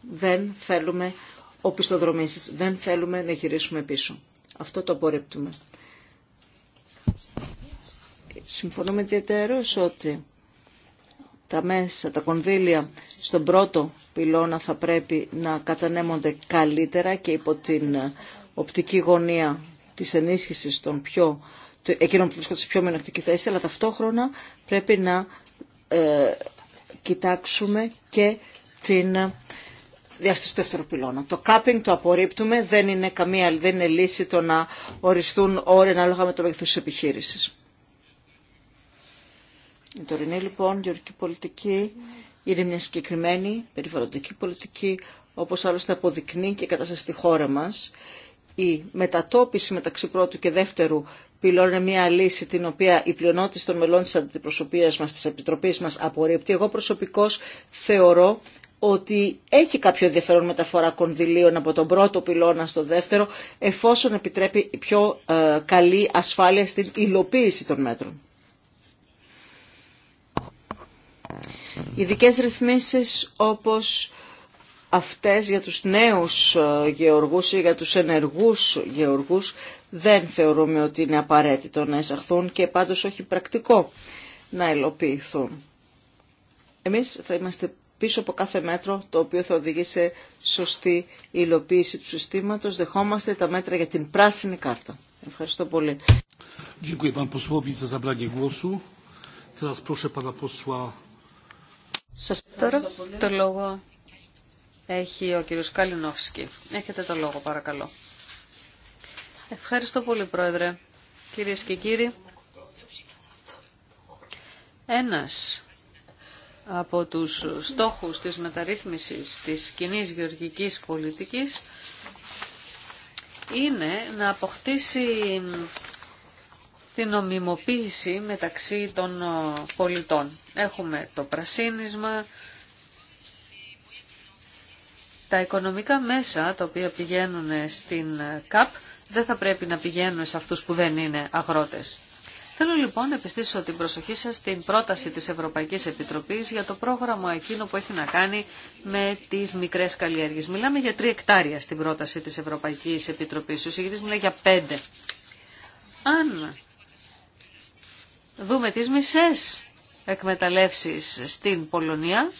Δεν θέλουμε οπισθοδρομήσεις, δεν θέλουμε να γυρίσουμε πίσω. Αυτό το απορρίπτουμε. Συμφωνούμε ιδιαίτερως ότι τα μέσα, τα κονδύλια στον πρώτο πυλώνα θα πρέπει να κατανέμονται καλύτερα και υπό την οπτική γωνία της ενίσχυσης των πιο, εκείνων που βρίσκονται σε πιο μειονεκτική θέση, αλλά ταυτόχρονα πρέπει να ε, κοιτάξουμε και την ε, διάσταση του δεύτερου πυλώνα. Το κάπινγκ το απορρίπτουμε, δεν είναι, καμία, δεν λύση το να οριστούν όρια ανάλογα με το μέγεθο τη επιχείρησης. Η τωρινή λοιπόν γεωργική πολιτική είναι μια συγκεκριμένη περιβαλλοντική πολιτική, όπως άλλωστε αποδεικνύει και η κατάσταση στη χώρα μας. Η μετατόπιση μεταξύ πρώτου και δεύτερου πυλών είναι μια λύση την οποία η πλειονότητα των μελών της αντιπροσωπείας μας, της επιτροπής μας απορρίπτει. Εγώ προσωπικώς θεωρώ ότι έχει κάποιο ενδιαφέρον μεταφορά κονδυλίων από τον πρώτο πυλώνα στο δεύτερο, εφόσον επιτρέπει πιο ε, καλή ασφάλεια στην υλοποίηση των μέτρων. Ειδικέ ρυθμίσεις όπως αυτές για τους νέους ε, γεωργούς ή για τους ενεργούς γεωργούς δεν θεωρούμε ότι είναι απαραίτητο να εισαχθούν και πάντως όχι πρακτικό να υλοποιηθούν. Εμείς θα είμαστε πίσω από κάθε μέτρο το οποίο θα οδηγήσει σε σωστή υλοποίηση του συστήματος. Δεχόμαστε τα μέτρα για την πράσινη κάρτα. Ευχαριστώ πολύ. Dziękuję panu posłowi za zabranie głosu. Teraz proszę pana posła σας τώρα το λόγο έχει ο κύριος Καλινόφσκι. Έχετε το λόγο παρακαλώ. Ευχαριστώ πολύ Πρόεδρε. Κυρίες και κύριοι, ένας από τους στόχους της μεταρρύθμισης της κοινή γεωργικής πολιτικής είναι να αποκτήσει την νομιμοποίηση μεταξύ των ε, πολιτών. Έχουμε το πρασίνισμα, τα οικονομικά μέσα τα οποία πηγαίνουν στην ε, ΚΑΠ δεν θα πρέπει να πηγαίνουν σε αυτούς που δεν είναι αγρότες. Θέλω λοιπόν να επιστήσω την προσοχή σας στην πρόταση της Ευρωπαϊκής Επιτροπής για το πρόγραμμα εκείνο που έχει να κάνει με τις μικρές καλλιέργειες. Μιλάμε για τρία εκτάρια στην πρόταση της Ευρωπαϊκής Επιτροπής. Ο μιλάει για πέντε δούμε τις μισές εκμεταλλεύσεις στην Πολωνία,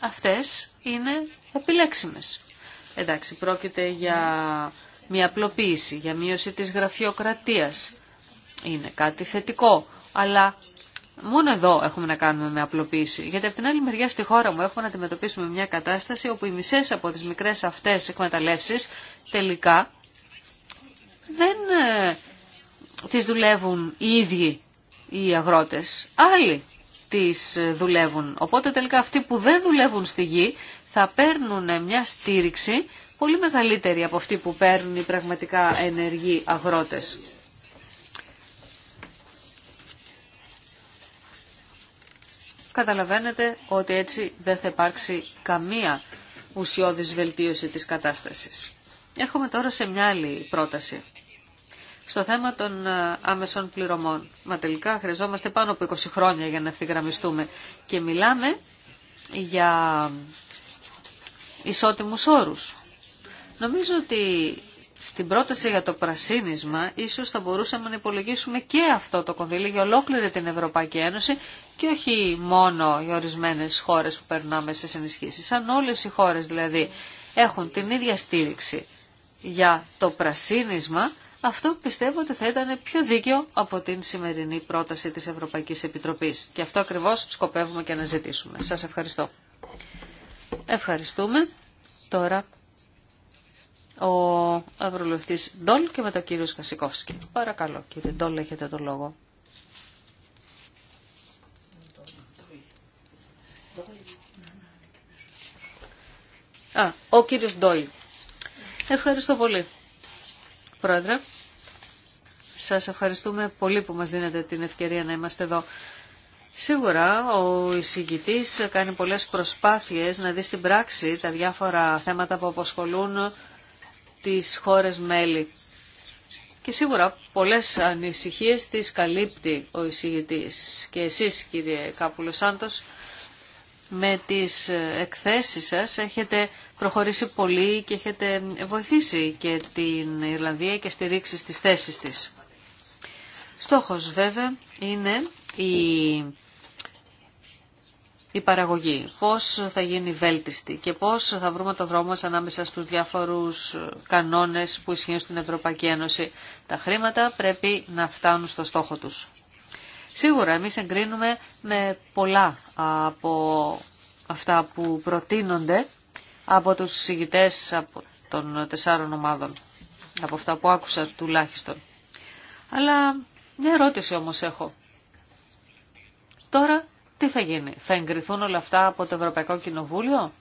αυτές είναι επιλέξιμες. Εντάξει, πρόκειται για μια απλοποίηση, για μείωση της γραφειοκρατίας. Είναι κάτι θετικό, αλλά μόνο εδώ έχουμε να κάνουμε με απλοποίηση. Γιατί από την άλλη μεριά στη χώρα μου έχουμε να αντιμετωπίσουμε μια κατάσταση όπου οι μισές από τις μικρές αυτές εκμεταλλεύσεις τελικά δεν ε, τις δουλεύουν οι ίδιοι οι αγρότες. Άλλοι τις ε, δουλεύουν. Οπότε τελικά αυτοί που δεν δουλεύουν στη γη θα παίρνουν ε, μια στήριξη πολύ μεγαλύτερη από αυτή που παίρνουν οι πραγματικά ενεργοί αγρότες. Καταλαβαίνετε ότι έτσι δεν θα υπάρξει καμία ουσιώδης βελτίωση της κατάστασης. Έρχομαι τώρα σε μια άλλη πρόταση στο θέμα των ε, άμεσων πληρωμών. Μα τελικά χρειαζόμαστε πάνω από 20 χρόνια για να ευθυγραμμιστούμε. Και μιλάμε για ισότιμους όρους. Νομίζω ότι στην πρόταση για το πρασίνισμα ίσως θα μπορούσαμε να υπολογίσουμε και αυτό το κονδύλι για ολόκληρη την Ευρωπαϊκή Ένωση και όχι μόνο για ορισμένες χώρες που περνάμε σε ενισχύσεις. Αν όλες οι χώρες δηλαδή έχουν την ίδια στήριξη για το πρασίνισμα, αυτό πιστεύω ότι θα ήταν πιο δίκαιο από την σημερινή πρόταση της Ευρωπαϊκής Επιτροπής. Και αυτό ακριβώς σκοπεύουμε και να ζητήσουμε. Σας ευχαριστώ. Ευχαριστούμε. Τώρα ο Ευρωβουλευτής Ντόλ και μετά ο κύριος Κασικόφσκι. Παρακαλώ κύριε Ντόλ, έχετε το λόγο. Α, ο κύριος Ντόλ. Ευχαριστώ πολύ. Πρόεδρε. Σας ευχαριστούμε πολύ που μας δίνετε την ευκαιρία να είμαστε εδώ. Σίγουρα ο εισηγητής κάνει πολλές προσπάθειες να δει στην πράξη τα διάφορα θέματα που αποσχολούν τις χώρες μέλη. Και σίγουρα πολλές ανησυχίες τις καλύπτει ο εισηγητής. Και εσείς κύριε Κάπουλο Σάντος με τις εκθέσεις σας έχετε προχωρήσει πολύ και έχετε βοηθήσει και την Ιρλανδία και στηρίξει στις θέσεις της. Στόχος βέβαια είναι η, η παραγωγή. Πώς θα γίνει βέλτιστη και πώς θα βρούμε το δρόμο μας ανάμεσα στους διάφορους κανόνες που ισχύουν στην Ευρωπαϊκή Ένωση. Τα χρήματα πρέπει να φτάνουν στο στόχο τους. Σίγουρα εμείς εγκρίνουμε με πολλά από αυτά που προτείνονται από τους συγητές από των τεσσάρων ομάδων, από αυτά που άκουσα τουλάχιστον. Αλλά μια ερώτηση όμως έχω. Τώρα τι θα γίνει, θα εγκριθούν όλα αυτά από το Ευρωπαϊκό Κοινοβούλιο?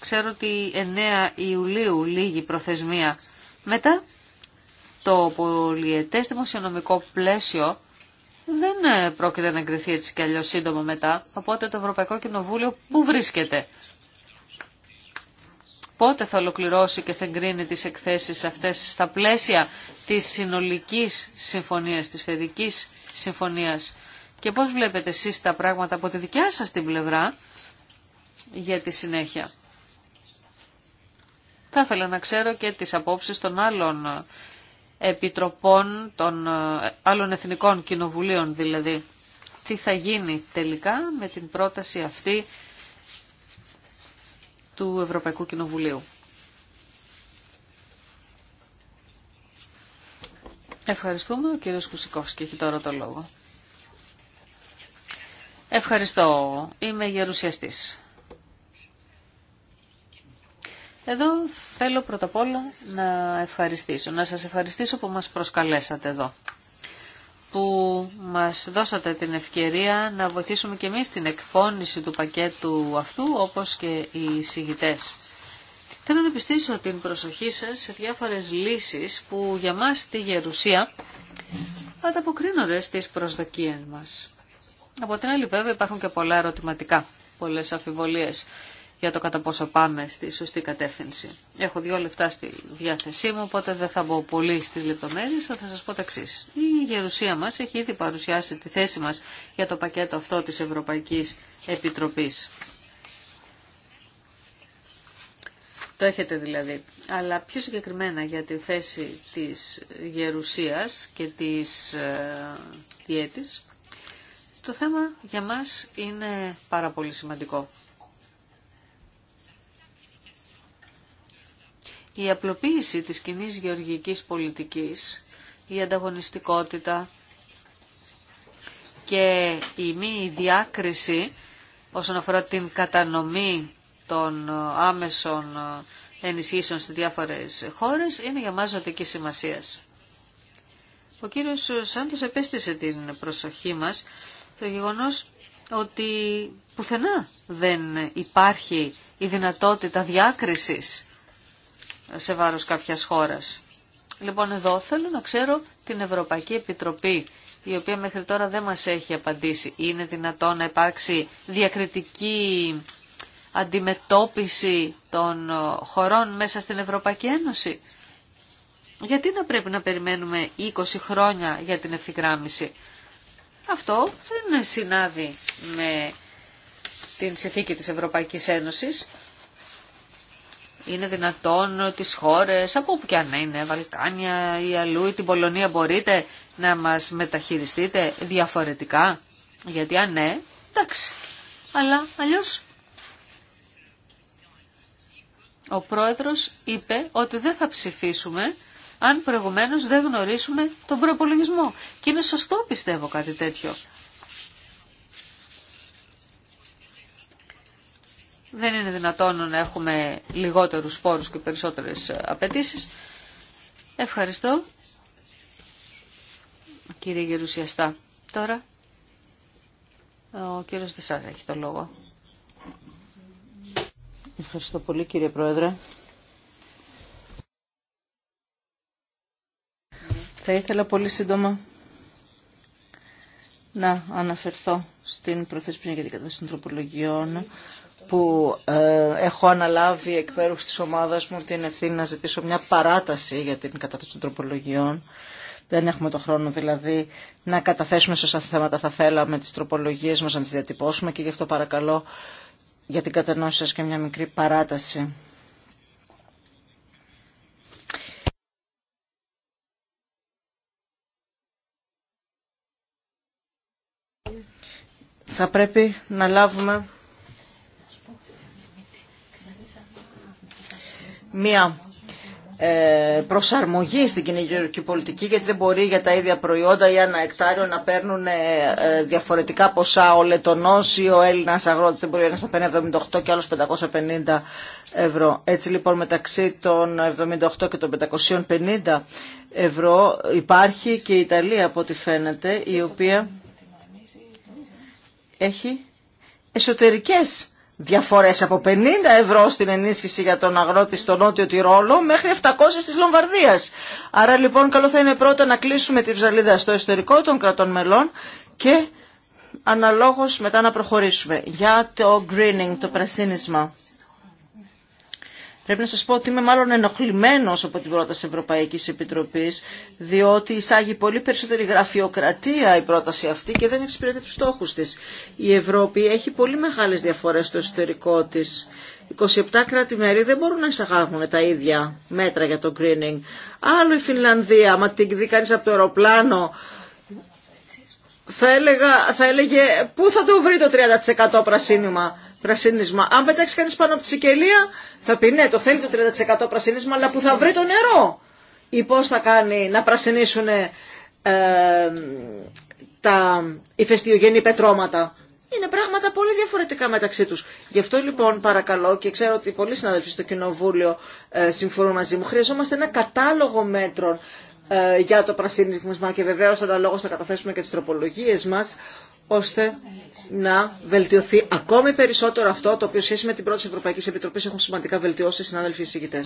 Ξέρω ότι 9 Ιουλίου λίγη προθεσμία. Μετά το πολιετές δημοσιονομικό πλαίσιο δεν πρόκειται να εγκριθεί έτσι κι αλλιώς σύντομα μετά. Οπότε το Ευρωπαϊκό Κοινοβούλιο πού βρίσκεται. Πότε θα ολοκληρώσει και θα εγκρίνει τις εκθέσεις αυτές στα πλαίσια της συνολικής συμφωνίας, της φαιδικής συμφωνίας. Και πώς βλέπετε εσείς τα πράγματα από τη δικιά σας την πλευρά για τη συνέχεια. Θα ήθελα να ξέρω και τις απόψεις των άλλων επιτροπών των ε, άλλων εθνικών κοινοβουλίων δηλαδή. Τι θα γίνει τελικά με την πρόταση αυτή του Ευρωπαϊκού Κοινοβουλίου. Ευχαριστούμε. Ο κύριος Κουσικόφσκι έχει τώρα το λόγο. Ευχαριστώ. Είμαι γερουσιαστής. Εδώ θέλω πρώτα απ' όλα να ευχαριστήσω, να σας ευχαριστήσω που μας προσκαλέσατε εδώ, που μας δώσατε την ευκαιρία να βοηθήσουμε και εμείς την εκπόνηση του πακέτου αυτού, όπως και οι συγητές. Θέλω να πιστήσω την προσοχή σας σε διάφορες λύσεις που για μας στη Γερουσία ανταποκρίνονται στις προσδοκίες μας. Από την άλλη βέβαια υπάρχουν και πολλά ερωτηματικά, πολλές αφιβολίες για το κατά πόσο πάμε στη σωστή κατεύθυνση. Έχω δύο λεφτά στη διάθεσή μου, οπότε δεν θα μπω πολύ στις λεπτομέρειες, αλλά θα σας πω τα Η γερουσία μας έχει ήδη παρουσιάσει τη θέση μας για το πακέτο αυτό της Ευρωπαϊκής Επιτροπής. Το έχετε δηλαδή. Αλλά πιο συγκεκριμένα για τη θέση της γερουσίας και τη ε, διέτης, το θέμα για μας είναι πάρα πολύ σημαντικό. η απλοποίηση της κοινή γεωργικής πολιτικής, η ανταγωνιστικότητα και η μη διάκριση όσον αφορά την κατανομή των άμεσων ενισχύσεων στις διάφορες χώρες είναι για μας ζωτική σημασία. Ο κύριος Σάντος επέστησε την προσοχή μας το γεγονός ότι πουθενά δεν υπάρχει η δυνατότητα διάκρισης σε βάρος κάποιας χώρας. Λοιπόν, εδώ θέλω να ξέρω την Ευρωπαϊκή Επιτροπή, η οποία μέχρι τώρα δεν μας έχει απαντήσει. Είναι δυνατόν να υπάρξει διακριτική αντιμετώπιση των ε, χωρών μέσα στην Ευρωπαϊκή Ένωση. Γιατί να πρέπει να περιμένουμε 20 χρόνια για την ευθυγράμμιση. Αυτό δεν συνάδει με την συνθήκη της Ευρωπαϊκής Ένωσης είναι δυνατόν τις χώρες, από όπου και αν είναι, Βαλκάνια ή αλλού ή την Πολωνία μπορείτε να μας μεταχειριστείτε διαφορετικά. Γιατί αν ναι, εντάξει. Αλλά αλλιώς ο πρόεδρος είπε ότι δεν θα ψηφίσουμε αν προηγουμένως δεν γνωρίσουμε τον προπολογισμό. Και είναι σωστό πιστεύω κάτι τέτοιο. Δεν είναι δυνατόν να έχουμε λιγότερους σπόρους και περισσότερες απαιτήσει. Ευχαριστώ. Κύριε Γερουσιαστά, τώρα ο κύριος Δησάς έχει το λόγο. Ευχαριστώ πολύ κύριε Πρόεδρε. Θα ήθελα πολύ σύντομα να αναφερθώ στην προθεσμία για την κατάσταση των τροπολογιών που ε, έχω αναλάβει εκ μέρους της ομάδας μου την ευθύνη να ζητήσω μια παράταση για την κατάθεση των τροπολογιών. Δεν έχουμε το χρόνο δηλαδή να καταθέσουμε σε αυτά τα θέματα θα θέλαμε τις τροπολογίες μας να τις διατυπώσουμε και γι' αυτό παρακαλώ για την κατανόηση σας και μια μικρή παράταση. Θα πρέπει να λάβουμε μια ε, προσαρμογή στην κοινωνική πολιτική γιατί δεν μπορεί για τα ίδια προϊόντα ή ένα εκτάριο να παίρνουν ε, ε, διαφορετικά ποσά ο Λετωνός ή ο Έλληνας αγρότης δεν μπορεί ένας να παίρνει 78 και άλλος 550 ευρώ. Έτσι λοιπόν μεταξύ των 78 και των 550 ευρώ υπάρχει και η Ιταλία από ό,τι φαίνεται η οποία έχει εσωτερικές διαφορές από 50 ευρώ στην ενίσχυση για τον αγρότη στο νότιο Τυρόλο μέχρι 700 της Λομβαρδίας. Άρα λοιπόν καλό θα είναι πρώτα να κλείσουμε τη ψαλίδα στο ιστορικό των κρατών μελών και αναλόγως μετά να προχωρήσουμε για το greening, το πρασίνισμα. Πρέπει να σας πω ότι είμαι μάλλον ενοχλημένος από την πρόταση Ευρωπαϊκής Επιτροπής, διότι εισάγει πολύ περισσότερη γραφειοκρατία η πρόταση αυτή και δεν εξυπηρετεί τους στόχους της. Η Ευρώπη έχει πολύ μεγάλες διαφορές στο εσωτερικό της. 27 κράτη-μέρη δεν μπορούν να εισαγάγουν τα ίδια μέτρα για το greening. Άλλο η Φινλανδία, μα την δει κανείς από το αεροπλάνο, θα, έλεγα, θα έλεγε πού θα το βρει το 30% πρασίνημα πρασίνισμα. Αν πετάξει κανεί πάνω από τη Σικελία, θα πει ναι, το θέλει το 30% πρασίνισμα, αλλά που θα βρει το νερό. Ή πώ θα κάνει να πρασινίσουν ε, τα ηφαιστειογενή πετρώματα. Είναι πράγματα πολύ διαφορετικά μεταξύ τους. Γι' αυτό λοιπόν παρακαλώ και ξέρω ότι πολλοί συναδελφοί στο Κοινοβούλιο ε, συμφωνούν μαζί μου. Χρειαζόμαστε ένα κατάλογο μέτρων ε, για το πρασίνισμα και βεβαίω αναλόγω θα καταθέσουμε και τι τροπολογίε μα ώστε να βελτιωθεί ακόμη περισσότερο αυτό το οποίο σχέση με την πρώτη Ευρωπαϊκή Επιτροπή έχουν σημαντικά βελτιώσει οι συνάδελφοι εισηγητέ.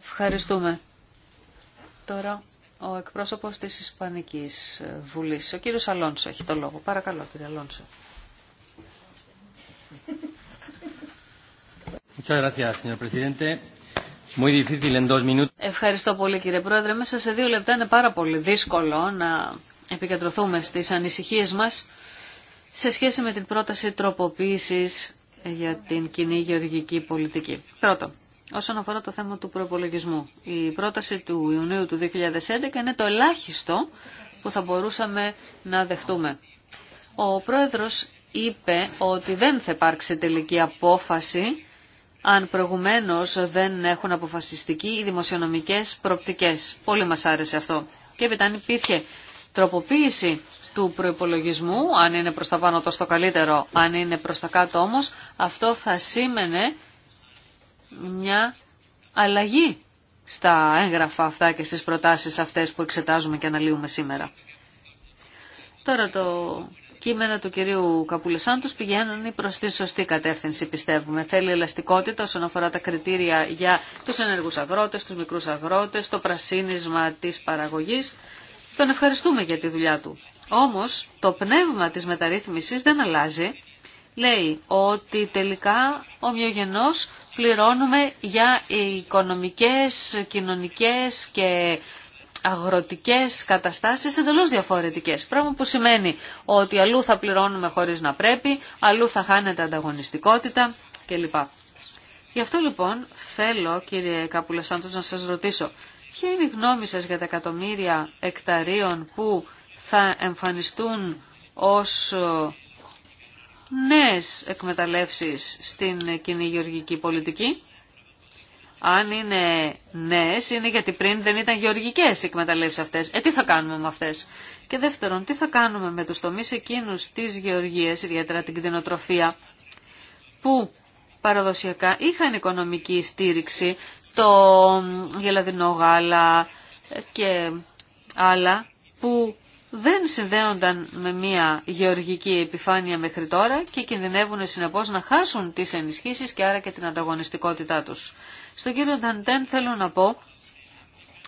Ευχαριστούμε. Τώρα ο εκπρόσωπο τη Ισπανική Βουλή, ο κύριο Αλόνσο, έχει το λόγο. Παρακαλώ, κύριε Αλόνσο. Ευχαριστώ πολύ κύριε Πρόεδρε. Μέσα σε δύο λεπτά είναι πάρα πολύ δύσκολο να επικεντρωθούμε στις ανησυχίες μας σε σχέση με την πρόταση τροποποίησης για την κοινή γεωργική πολιτική. Πρώτο, όσον αφορά το θέμα του προπολογισμού. Η πρόταση του Ιουνίου του 2011 είναι το ελάχιστο που θα μπορούσαμε να δεχτούμε. Ο Πρόεδρος είπε ότι δεν θα υπάρξει τελική απόφαση αν προηγουμένω δεν έχουν αποφασιστική οι δημοσιονομικές προπτικές. Πολύ μας άρεσε αυτό. Και επειδή αν υπήρχε τροποποίηση του προπολογισμού, αν είναι προ τα πάνω τόσο καλύτερο, αν είναι προ τα κάτω όμως, αυτό θα σήμαινε μια αλλαγή στα έγγραφα αυτά και στις προτάσεις αυτές που εξετάζουμε και αναλύουμε σήμερα. Τώρα το κείμενα του κυρίου καπουλεσάντου πηγαίνουν προ τη σωστή κατεύθυνση πιστεύουμε. Θέλει ελαστικότητα όσον αφορά τα κριτήρια για τους ενεργούς αγρότες, τους μικρούς αγρότες, το πρασίνισμα τη παραγωγής. Τον ευχαριστούμε για τη δουλειά του. Όμως το πνεύμα της μεταρρύθμισης δεν αλλάζει. Λέει ότι τελικά ομοιογενώς πληρώνουμε για οικονομικές, κοινωνικές και αγροτικές καταστάσεις εντελώς διαφορετικές. Πράγμα που σημαίνει ότι αλλού θα πληρώνουμε χωρίς να πρέπει, αλλού θα χάνεται ανταγωνιστικότητα κλπ. Γι' αυτό λοιπόν θέλω κύριε Κάπουλα Σάντος να σας ρωτήσω ποια είναι η γνώμη σας για τα εκατομμύρια εκταρίων που θα εμφανιστούν ως ε, νέες εκμεταλλεύσεις στην κοινή γεωργική πολιτική. Αν είναι νέε, είναι γιατί πριν δεν ήταν γεωργικές οι εκμεταλλεύσεις αυτές. Ε, τι θα κάνουμε με αυτές. Και δεύτερον, τι θα κάνουμε με του τομεί εκείνου τη γεωργίας, ιδιαίτερα την κτηνοτροφία, που παραδοσιακά είχαν οικονομική στήριξη, το γελαδινό γάλα και άλλα, που δεν συνδέονταν με μια γεωργική επιφάνεια μέχρι τώρα και κινδυνεύουν συνεπώς να χάσουν τις ενισχύσεις και άρα και την ανταγωνιστικότητά τους. Στον κύριο Νταντέν θέλω να πω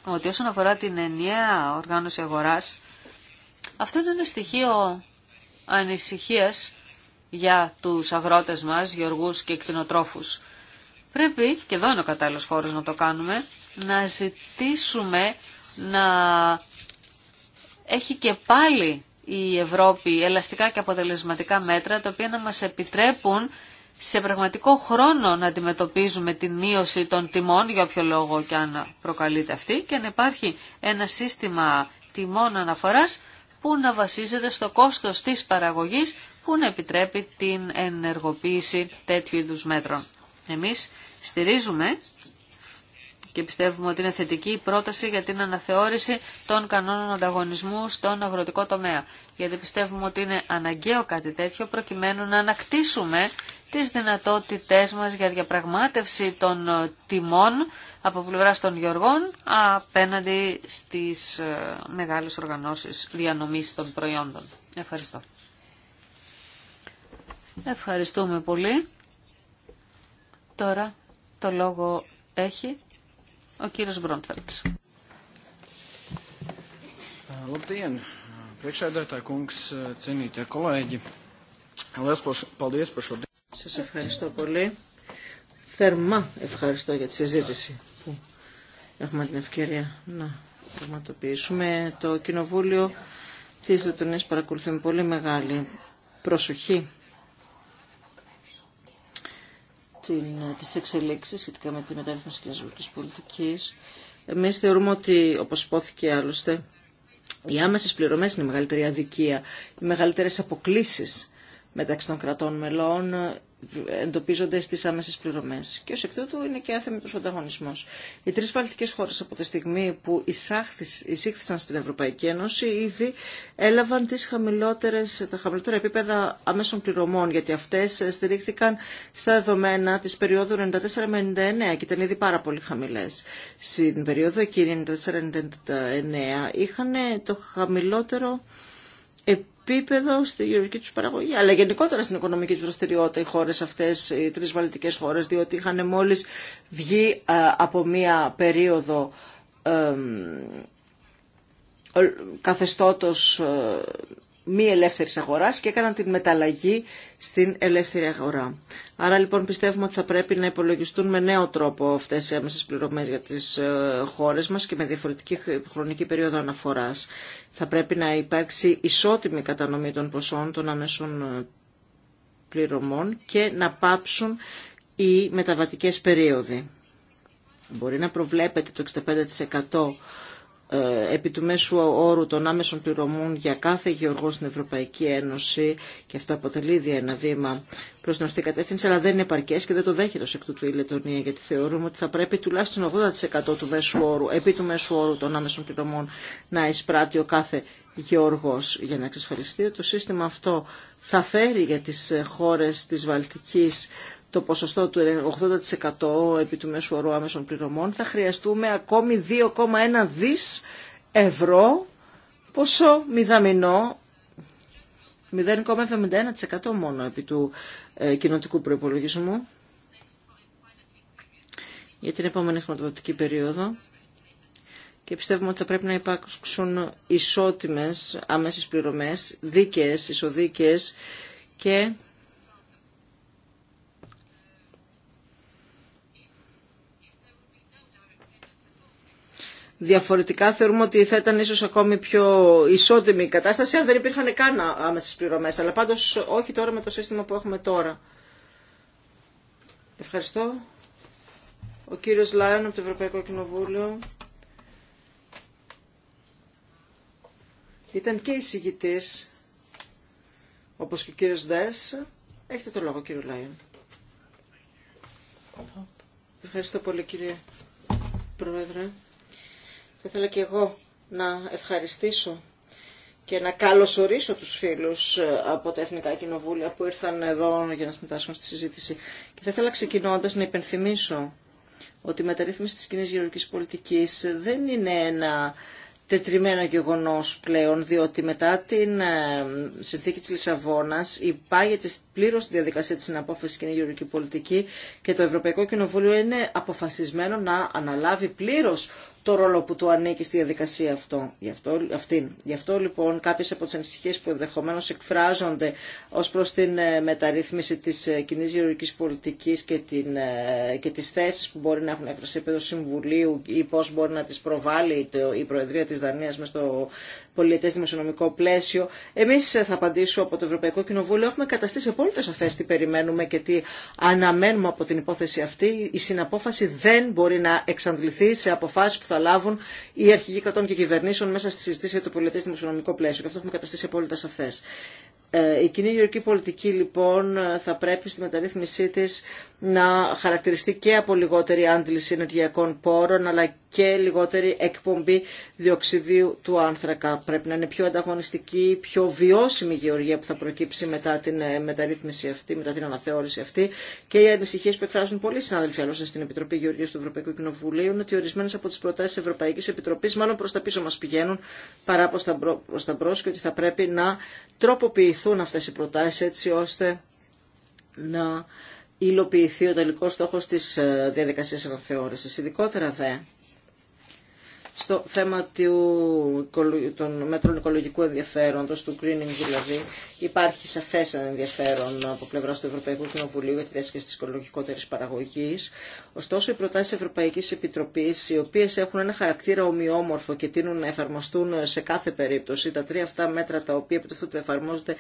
ότι όσον αφορά την ενιαία οργάνωση αγοράς, αυτό είναι ένα στοιχείο ανησυχίας για τους αγρότες μας, γεωργούς και εκτινοτρόφους. Πρέπει, και εδώ είναι ο κατάλληλος χώρος να το κάνουμε, να ζητήσουμε να έχει και πάλι η Ευρώπη ελαστικά και αποτελεσματικά μέτρα, τα οποία να μας επιτρέπουν σε πραγματικό χρόνο να αντιμετωπίζουμε την μείωση των τιμών, για όποιο λόγο και αν προκαλείται αυτή, και να υπάρχει ένα σύστημα τιμών αναφοράς που να βασίζεται στο κόστος της παραγωγής που να επιτρέπει την ενεργοποίηση τέτοιου είδους μέτρων. Εμείς στηρίζουμε και πιστεύουμε ότι είναι θετική η πρόταση για την αναθεώρηση των κανόνων ανταγωνισμού στον αγροτικό τομέα. Γιατί πιστεύουμε ότι είναι αναγκαίο κάτι τέτοιο προκειμένου να ανακτήσουμε τις δυνατότητές μας για διαπραγμάτευση των ε, τιμών από πλευρά των γεωργών απέναντι στις ε, μεγάλες οργανώσεις διανομής των προϊόντων. Ευχαριστώ. Ευχαριστούμε πολύ. Τώρα το λόγο έχει ο κύριος Μπρόντφελτς. Labdien, priekšēdētāji kungs, cienītie kolēģi. Liels paldies σας ευχαριστώ πολύ. Θερμά ευχαριστώ για τη συζήτηση που έχουμε την ευκαιρία να πραγματοποιήσουμε. Το Κοινοβούλιο της Λετωνίας παρακολουθεί με πολύ μεγάλη προσοχή τις εξελίξεις σχετικά με τη μεταρρύθμιση κοινωνικής πολιτικής. Εμείς θεωρούμε ότι, όπως υπόθηκε άλλωστε, οι άμεσες πληρωμές είναι η μεγαλύτερη αδικία, οι μεγαλύτερες αποκλήσεις μεταξύ των κρατών μελών εντοπίζονται στις άμεσες πληρωμές. Και ως εκ τούτου είναι και άθεμητος ο ανταγωνισμός. Οι τρεις βαλτικές χώρες από τη στιγμή που εισήχθησαν στην Ευρωπαϊκή Ένωση ήδη έλαβαν τις χαμηλότερες, τα χαμηλότερα επίπεδα αμέσων πληρωμών γιατί αυτές στηρίχθηκαν στα δεδομένα της περίοδου 94 με 99 και ήταν ήδη πάρα πολύ χαμηλές. Στην περίοδο εκείνη 94-99 είχαν το χαμηλότερο επίπεδο επίπεδο, στη γεωργική του παραγωγή, αλλά γενικότερα στην οικονομική του δραστηριότητα οι χώρε αυτέ, οι τρει βαλτικέ χώρε, διότι είχαν μόλι βγει ε, από μία περίοδο καθεστώτος ε, μη ελεύθερης αγοράς και έκαναν την μεταλλαγή στην ελεύθερη αγορά. Άρα λοιπόν πιστεύουμε ότι θα πρέπει να υπολογιστούν με νέο τρόπο αυτές οι άμεσες πληρωμές για τις ε, χώρες μας και με διαφορετική χρονική περίοδο αναφοράς. Θα πρέπει να υπάρξει ισότιμη κατανομή των ποσών των αμέσων ε, πληρωμών και να πάψουν οι μεταβατικές περίοδοι. Μπορεί να προβλέπετε το 65% ε, επί του μέσου όρου των άμεσων πληρωμών για κάθε γεωργό στην Ευρωπαϊκή Ένωση και αυτό αποτελεί ήδη ένα βήμα προ την ορθή κατεύθυνση, αλλά δεν είναι επαρκέ και δεν το δέχεται ω εκ τούτου η Λετωνία, γιατί θεωρούμε ότι θα πρέπει τουλάχιστον 80% του μέσου όρου, επί του μέσου όρου των άμεσων πληρωμών να εισπράττει ο κάθε γεώργο για να εξασφαλιστεί ότι το σύστημα αυτό θα φέρει για τι χώρε τη Βαλτική το ποσοστό του 80% επί του μέσου ορού άμεσων πληρωμών, θα χρειαστούμε ακόμη 2,1 δις ευρώ, ποσό μηδαμινό, 0,71% μόνο επί του ε, κοινοτικού προϋπολογισμού για την επόμενη χρηματοδοτική περίοδο και πιστεύουμε ότι θα πρέπει να υπάρξουν ισότιμες άμεσες πληρωμές, δίκαιες, ισοδίκαιες και Διαφορετικά θεωρούμε ότι θα ήταν ίσως ακόμη πιο ισότιμη η κατάσταση αν δεν υπήρχαν καν άμεσες πληρωμές. Αλλά πάντως όχι τώρα με το σύστημα που έχουμε τώρα. Ευχαριστώ. Ο κύριος Λάιον από το Ευρωπαϊκό Κοινοβούλιο. Ήταν και εισηγητής, όπως και ο κύριος Ντέ, Έχετε το λόγο κύριο Λάιον. Ευχαριστώ πολύ κύριε Πρόεδρε. Θα ήθελα και εγώ να ευχαριστήσω και να καλωσορίσω τους φίλους ε, από τα Εθνικά Κοινοβούλια που ήρθαν εδώ για να συμμετάσχουν στη συζήτηση. Και θα ήθελα ξεκινώντας να υπενθυμίσω ότι η μεταρρύθμιση της κοινή γεωργικής πολιτικής δεν είναι ένα τετριμένο γεγονός πλέον, διότι μετά την ε, συνθήκη της Λισαβόνας υπάγεται πλήρως τη διαδικασία της συναπόφασης κοινή γεωργική πολιτική και το Ευρωπαϊκό Κοινοβούλιο είναι αποφασισμένο να αναλάβει πλήρως το ρόλο που του ανήκει στη διαδικασία αυτό. Γι αυτό, αυτήν. Γι' αυτό λοιπόν κάποιες από τις ανησυχίε που ενδεχομένω εκφράζονται ως προς την ε, μεταρρύθμιση της ε, κοινή γεωργικής πολιτικής και, την, ε, και τις θέσεις που μπορεί να έχουν εκφραστεί επίπεδο Συμβουλίου ή πώς μπορεί να τις προβάλλει η Προεδρία της Δανίας μες στο πολιετές δημοσιονομικό πλαίσιο. Εμείς θα απαντήσω από το Ευρωπαϊκό Κοινοβούλιο. Έχουμε καταστήσει απόλυτα σαφέ τι περιμένουμε και τι αναμένουμε από την υπόθεση αυτή. Η συναπόφαση δεν μπορεί να εξαντληθεί σε αποφάσεις που θα λάβουν οι αρχηγοί κρατών και κυβερνήσεων μέσα στη συζήτηση για το πολιτέ δημοσιονομικό πλαίσιο. Και αυτό έχουμε καταστήσει απόλυτα σαφέ. Ε, η κοινή γεωργική πολιτική λοιπόν θα πρέπει στη μεταρρύθμισή της να χαρακτηριστεί και από λιγότερη άντληση ενεργειακών πόρων αλλά και λιγότερη εκπομπή διοξιδίου του άνθρακα. Πρέπει να είναι πιο ανταγωνιστική, πιο βιώσιμη η γεωργία που θα προκύψει μετά την ε, μεταρρύθμιση αυτή, μετά την αναθεώρηση αυτή. Και οι ανησυχίε που εκφράζουν πολλοί συνάδελφοι άλλωστε στην Επιτροπή Γεωργία του Ευρωπαϊκού Κοινοβουλίου είναι ότι ορισμένε από τι προτάσει τη Ευρωπαϊκή Επιτροπή μάλλον προ τα πίσω μα πηγαίνουν παρά προ τα μπρο και ότι θα πρέπει να τροποποιηθούν υλοποιηθούν αυτές οι προτάσεις έτσι ώστε να υλοποιηθεί ο τελικός στόχος της ε, διαδικασίας αναθεώρησης. Ειδικότερα δε στο θέμα του, των μέτρων οικολογικού ενδιαφέροντος, του greening δηλαδή, υπάρχει σαφέ ενδιαφέρον από πλευρά του Ευρωπαϊκού Κοινοβουλίου για τη διάσκεψη τη οικολογικότερη παραγωγή. Ωστόσο, οι προτάσει Ευρωπαϊκή Επιτροπή, οι οποίε έχουν ένα χαρακτήρα ομοιόμορφο και τείνουν να εφαρμοστούν σε κάθε περίπτωση, τα τρία αυτά μέτρα τα οποία επιτεθούνται εφαρμόζονται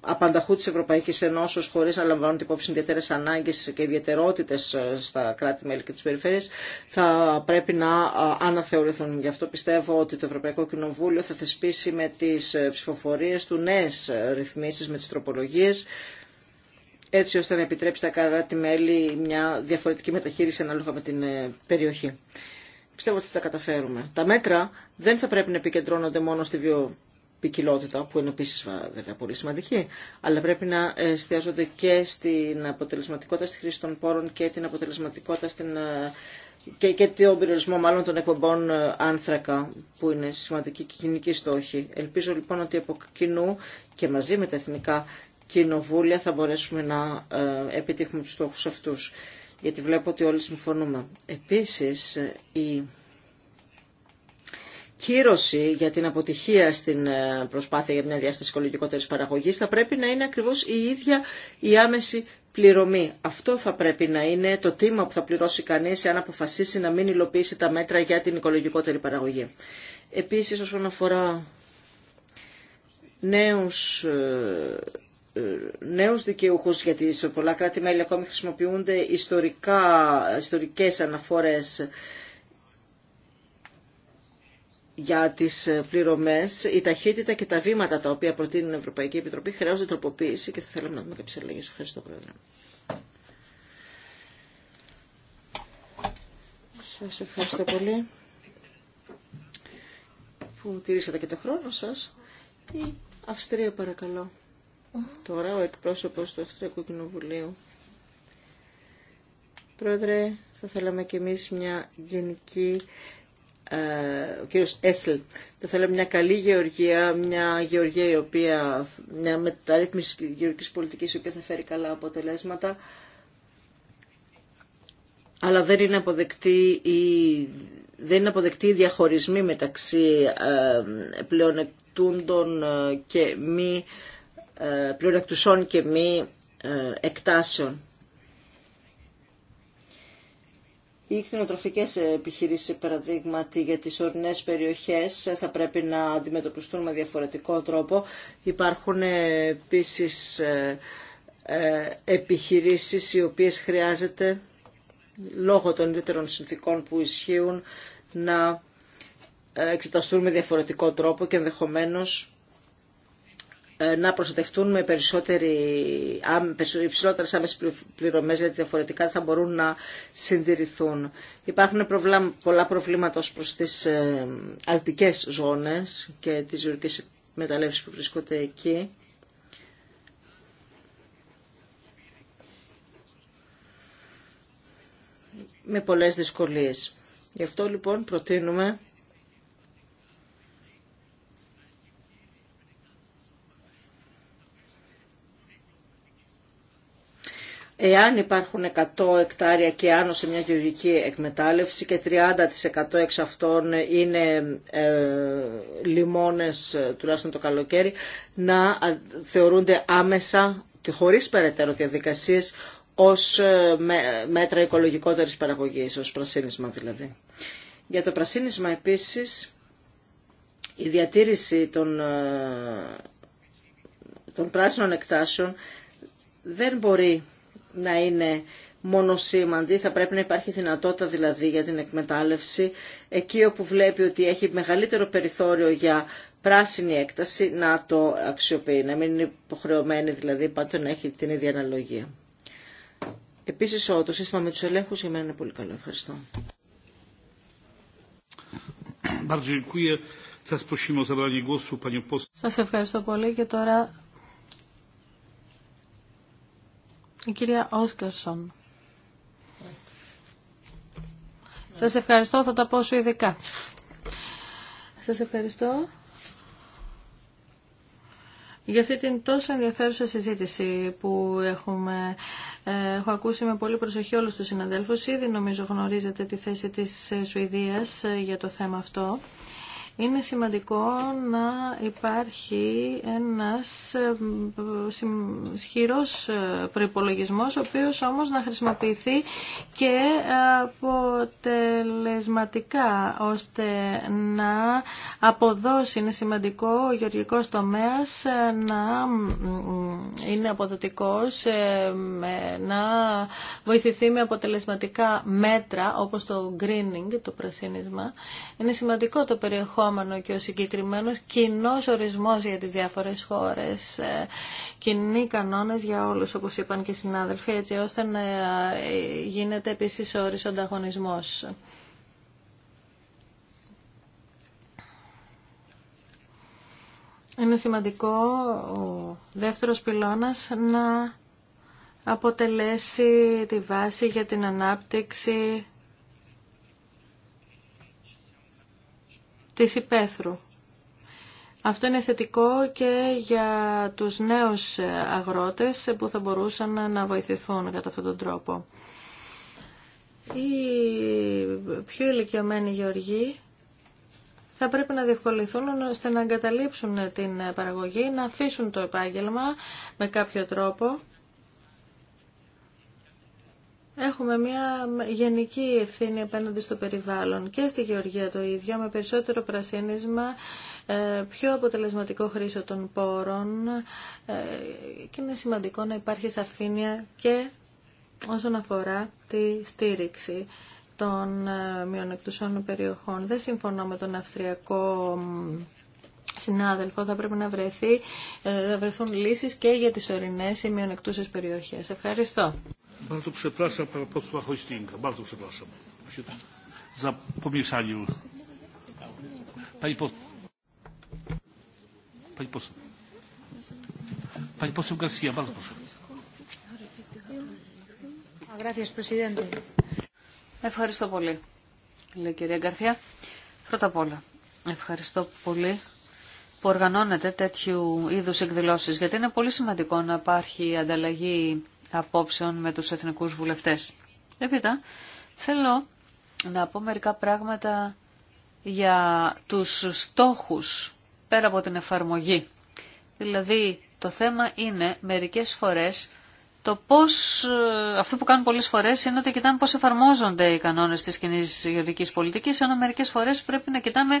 απανταχού τη Ευρωπαϊκή Ενώσεω χωρί να λαμβάνουν υπόψη ιδιαίτερε ανάγκε και ιδιαιτερότητε ε, στα κράτη-μέλη και τι περιφέρειε, θα πρέπει να ε, αναθεωρηθούν. Γι' αυτό πιστεύω ότι το Ευρωπαϊκό Κοινοβούλιο θα θεσπίσει με τι ε, ψηφοφορίε του νέε ρυθμίσεις, με τις τροπολογίες, έτσι ώστε να επιτρέψει τα καράτη μελη μια διαφορετική μεταχείριση ανάλογα με την ε, περιοχή. Πιστεύω ότι θα τα καταφέρουμε. Τα μέτρα δεν θα πρέπει να επικεντρώνονται μόνο στη βιοπικιλότητα, που είναι επίση βέβαια πολύ σημαντική, αλλά πρέπει να εστιάζονται και στην αποτελεσματικότητα στη χρήση των πόρων και την αποτελεσματικότητα στην ε, και, και τον περιορισμό μάλλον των εκπομπών ε, άνθρακα που είναι σημαντική και κοινική στόχη. Ελπίζω λοιπόν ότι από κοινού και μαζί με τα εθνικά κοινοβούλια θα μπορέσουμε να ε, επιτύχουμε τους στόχους αυτούς γιατί βλέπω ότι όλοι συμφωνούμε. Επίσης ε, η κύρωση για την αποτυχία στην προσπάθεια για μια διάσταση οικολογικότερης παραγωγής θα πρέπει να είναι ακριβώς η ίδια η άμεση πληρωμή. Αυτό θα πρέπει να είναι το τίμα που θα πληρώσει κανείς αν αποφασίσει να μην υλοποιήσει τα μέτρα για την οικολογικότερη παραγωγή. Επίσης όσον αφορά νέους, ε, ε, νέους δικαιούχους, γιατί σε πολλά κράτη-μέλη ακόμη χρησιμοποιούνται ιστορικά, ιστορικές αναφορές για τις ε, πληρωμές, η ταχύτητα και τα βήματα τα οποία προτείνει η Ευρωπαϊκή Επιτροπή χρειάζονται τροποποίηση και θα θέλαμε να δούμε κάποιες αλλαγές. Ευχαριστώ, Πρόεδρε. Σας ευχαριστώ πολύ που τηρήσατε και το χρόνο σας. Η Αυστρία παρακαλώ. Τώρα ο εκπρόσωπος του Αυστριακού Κοινοβουλίου. Πρόεδρε, θα θέλαμε και εμείς μια γενική ε, ο κύριος Έσλ. Θα θέλαμε μια καλή γεωργία, μια γεωργία η οποία, μια μεταρρύθμιση γεωργικής πολιτικής η οποία θα φέρει καλά αποτελέσματα, αλλά δεν είναι αποδεκτή η δεν είναι αποδεκτή διαχωρισμοί μεταξύ ε, πλεονεκτούντων ε, και μη πλεονεκτουσών και μη εκτάσεων. Οι κτηνοτροφικέ επιχειρήσει, παραδείγματι, για τις ορεινέ περιοχές θα πρέπει να αντιμετωπιστούν με διαφορετικό τρόπο. Υπάρχουν ε, επίση ε, ε, επιχειρήσει οι οποίες χρειάζεται, λόγω των ιδιαίτερων συνθήκων που ισχύουν, να εξεταστούν με διαφορετικό τρόπο και ενδεχομένως ε, να προστατευτούν με περισσότερη, υψηλότερες άμεσες πληρωμές, γιατί διαφορετικά θα μπορούν να συντηρηθούν. Υπάρχουν πολλά προβλήματα ως προς τις ε, αλπικές ζώνες και τις γεωργικές μεταλλεύσεις που βρίσκονται εκεί. με πολλές δυσκολίες. Γι' αυτό λοιπόν προτείνουμε Εάν υπάρχουν 100 εκτάρια και άνω σε μια γεωργική εκμετάλλευση και 30% εξ αυτών είναι ε, λιμόνες ε, τουλάχιστον το καλοκαίρι, να θεωρούνται άμεσα και χωρίς περαιτέρω διαδικασίες ως ε, μέτρα οικολογικότερης παραγωγής, ως πρασίνισμα δηλαδή. Για το πρασίνισμα επίσης, η διατήρηση των, ε, των πράσινων εκτάσεων δεν μπορεί να είναι μονοσήμαντη, θα πρέπει να υπάρχει δυνατότητα δηλαδή για την εκμετάλλευση εκεί όπου βλέπει ότι έχει μεγαλύτερο περιθώριο για πράσινη έκταση να το αξιοποιεί, να μην είναι υποχρεωμένη δηλαδή πάντοτε να έχει την ίδια αναλογία. Επίσης το σύστημα με τους ελέγχους για μένα είναι πολύ καλό. Ευχαριστώ. Σας ευχαριστώ πολύ και τώρα Η κυρία Όσκαρσον. Σας ευχαριστώ, θα τα πω σου ειδικά. Σας ευχαριστώ για αυτή την τόσο ενδιαφέρουσα συζήτηση που έχουμε. Ε, έχω ακούσει με πολύ προσοχή όλους τους συναδέλφους. Ήδη νομίζω γνωρίζετε τη θέση της Σουηδίας ε, για το θέμα αυτό είναι σημαντικό να υπάρχει ένας ε, ισχυρός ε, προϋπολογισμός, ο οποίος όμως να χρησιμοποιηθεί και αποτελεσματικά, ώστε να αποδώσει, είναι σημαντικό ο γεωργικός τομέας ε, να είναι αποδοτικός, να βοηθηθεί με αποτελεσματικά μέτρα, όπως το greening, το πρασίνισμα. Είναι σημαντικό το περιεχόμενο περιεχόμενο και ο συγκεκριμένος κοινό ορισμός για τις διάφορες χώρες, ε, κοινοί κανόνες για όλους όπως είπαν και οι συνάδελφοι, έτσι ώστε να ε, γίνεται επίσης όρις ο ανταγωνισμός. Είναι σημαντικό ο δεύτερος πυλώνας να αποτελέσει τη βάση για την ανάπτυξη της υπαίθρου. Αυτό είναι θετικό και για τους νέους αγρότες που θα μπορούσαν να βοηθηθούν κατά αυτόν τον τρόπο. Οι πιο ηλικιωμένοι γεωργοί θα πρέπει να διευκολυθούν ώστε να εγκαταλείψουν την παραγωγή, να αφήσουν το επάγγελμα με κάποιο τρόπο Έχουμε μια γενική ευθύνη απέναντι στο περιβάλλον και στη γεωργία το ίδιο, με περισσότερο πρασίνισμα, ε, πιο αποτελεσματικό χρήσο των πόρων ε, και είναι σημαντικό να υπάρχει σαφήνεια και όσον αφορά τη στήριξη των ε, μειονεκτουσών περιοχών. Δεν συμφωνώ με τον αυστριακό συνάδελφο θα πρέπει να βρεθεί, ε, θα βρεθούν λύσεις και για τις ορεινές ή μειονεκτούσες περιοχές. Ευχαριστώ. Ευχαριστώ πολύ, λέει η κυρία Γκαρθία. Πρώτα απ' όλα, ευχαριστώ πολύ που οργανώνεται τέτοιου είδους εκδηλώσεις, γιατί είναι πολύ σημαντικό να υπάρχει ανταλλαγή απόψεων με τους εθνικούς βουλευτές. Επίτα, θέλω να πω μερικά πράγματα για τους στόχους πέρα από την εφαρμογή. Δηλαδή, το θέμα είναι μερικές φορές το πώς, αυτό που κάνουν πολλές φορές είναι ότι κοιτάνε πώς εφαρμόζονται οι κανόνες της κοινή γεωργικής πολιτικής, ενώ μερικές φορές πρέπει να κοιτάμε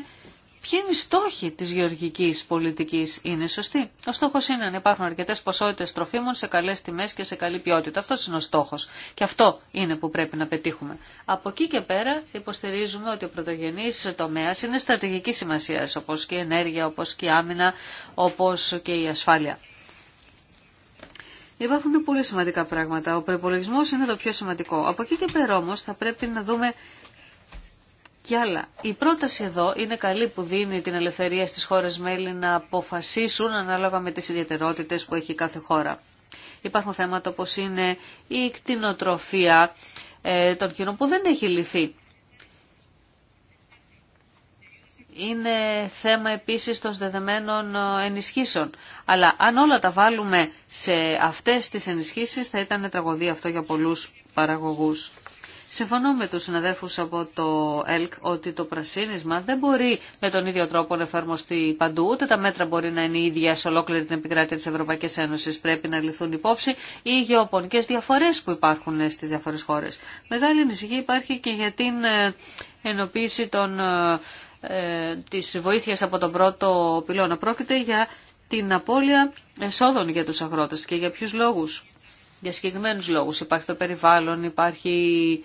ποιοι είναι οι στόχοι τη γεωργικής πολιτική είναι σωστοί. Ο στόχο είναι να υπάρχουν αρκετέ ποσότητε τροφίμων σε καλέ τιμέ και σε καλή ποιότητα. Αυτό είναι ο στόχο. και αυτό είναι που πρέπει να πετύχουμε. Από εκεί και πέρα υποστηρίζουμε ότι ο πρωτογενή τομέα είναι στρατηγική σημασία, όπω και η ενέργεια, όπω και η άμυνα, όπω και η ασφάλεια. Υπάρχουν πολύ σημαντικά πράγματα. Ο προπολογισμό είναι το πιο σημαντικό. Από εκεί και πέρα όμω θα πρέπει να δούμε και άλλα. Η πρόταση εδώ είναι καλή που δίνει την ελευθερία στις χώρες μέλη να αποφασίσουν ανάλογα με τις ιδιαιτερότητες που έχει κάθε χώρα. Υπάρχουν θέματα όπως είναι η κτηνοτροφία ε, των κοινών που δεν έχει λυθεί. Είναι θέμα επίσης των δεδεμένων ε, ενισχύσεων. Αλλά αν όλα τα βάλουμε σε αυτές τις ενισχύσεις θα ήταν τραγωδία αυτό για πολλούς παραγωγούς. Συμφωνώ με τους συναδέλφους από το ΕΛΚ ότι το πρασίνισμα δεν μπορεί με τον ίδιο τρόπο να εφαρμοστεί παντού, ούτε τα μέτρα μπορεί να είναι ίδια σε ολόκληρη την επικράτεια της Ευρωπαϊκής Ένωσης. Πρέπει να ληφθούν υπόψη οι γεωπονικές διαφορές που υπάρχουν στις διάφορες χώρες. Μεγάλη ανησυχία υπάρχει και για την ε, ενοποίηση των, ε, ε, της βοήθειας από τον πρώτο πυλώνα. Πρόκειται για την απώλεια εσόδων για τους αγρότες και για ποιου λόγους. Για συγκεκριμένου λόγους. Υπάρχει το περιβάλλον, υπάρχει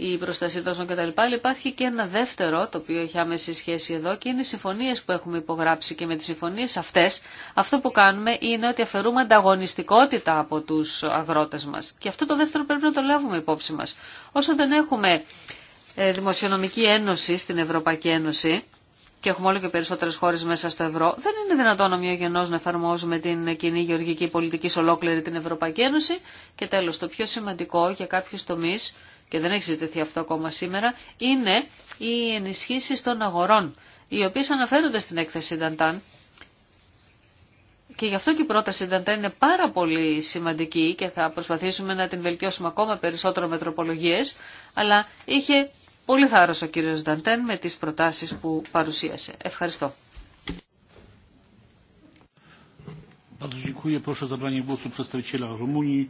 η προστασία των κτλ. Υπάρχει και ένα δεύτερο, το οποίο έχει άμεση σχέση εδώ και είναι οι συμφωνίε που έχουμε υπογράψει και με τι συμφωνίε αυτέ αυτό που κάνουμε είναι ότι αφαιρούμε ανταγωνιστικότητα από του αγρότε μα. Και αυτό το δεύτερο πρέπει να το λάβουμε υπόψη μα. Όσο δεν έχουμε ε, δημοσιονομική ένωση στην Ευρωπαϊκή Ένωση και έχουμε όλο και περισσότερε χώρε μέσα στο ευρώ, δεν είναι δυνατόν ομοιογενώ να εφαρμόζουμε την κοινή γεωργική πολιτική σε ολόκληρη την Ευρωπαϊκή Ένωση. Και τέλο, το πιο σημαντικό για κάποιου τομεί και δεν έχει συζητηθεί αυτό ακόμα σήμερα, είναι οι ενισχύσει των αγορών, οι οποίε αναφέρονται στην έκθεση Νταντάν. Και γι' αυτό και η πρόταση Νταντάν είναι πάρα πολύ σημαντική και θα προσπαθήσουμε να την βελτιώσουμε ακόμα περισσότερο με τροπολογίε, αλλά είχε πολύ θάρρο ο κύριο Νταντάν με τι προτάσει που παρουσίασε. Ευχαριστώ.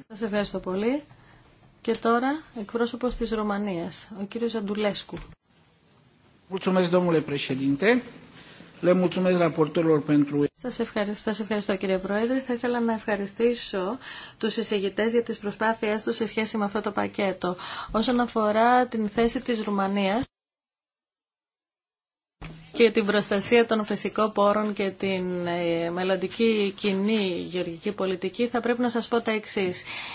Σας ευχαριστώ πολύ. Και τώρα εκπρόσωπος της Ρωμανίας, ο κύριος Αντουλέσκου. Σας ευχαριστώ, σας ευχαριστώ κύριε Πρόεδρε. Θα ήθελα να ευχαριστήσω τους εισηγητές για τις προσπάθειές τους σε σχέση με αυτό το πακέτο. Όσον αφορά την θέση της Ρουμανίας, και την προστασία των φυσικών πόρων και την ε, μελλοντική κοινή γεωργική πολιτική, θα πρέπει να σας πω τα εξή.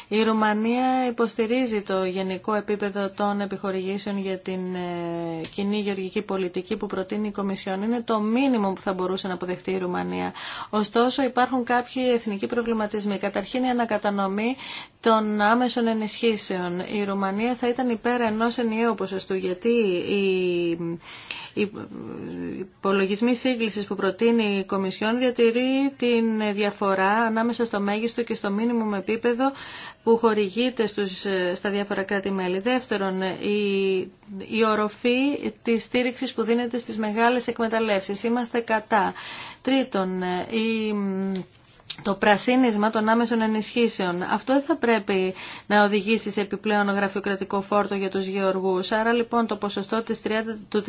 Η Ρουμανία υποστηρίζει το γενικό επίπεδο των επιχορηγήσεων για την ε, κοινή γεωργική πολιτική που προτείνει η Κομισιόν. Είναι το μήνυμο που θα μπορούσε να αποδεχτεί η Ρουμανία. Ωστόσο, υπάρχουν κάποιοι εθνικοί προβληματισμοί. Καταρχήν, η ανακατανομή των άμεσων ενισχύσεων. Η Ρουμανία θα ήταν υπέρ ενό ενιαίου ποσοστού, γιατί η υπολογισμοί σύγκληση που προτείνει η Κομισιόν διατηρεί την διαφορά ανάμεσα στο μέγιστο και στο μήνυμο επίπεδο που χορηγείται στους, στα διάφορα κράτη-μέλη. Δεύτερον, η, η οροφή της στήριξη που δίνεται στις μεγάλες εκμεταλλεύσεις. Είμαστε κατά. Τρίτον, η το πρασίνισμα των άμεσων ενισχύσεων. Αυτό δεν θα πρέπει να οδηγήσει σε επιπλέον γραφειοκρατικό φόρτο για τους γεωργούς. Άρα λοιπόν το ποσοστό της 30, του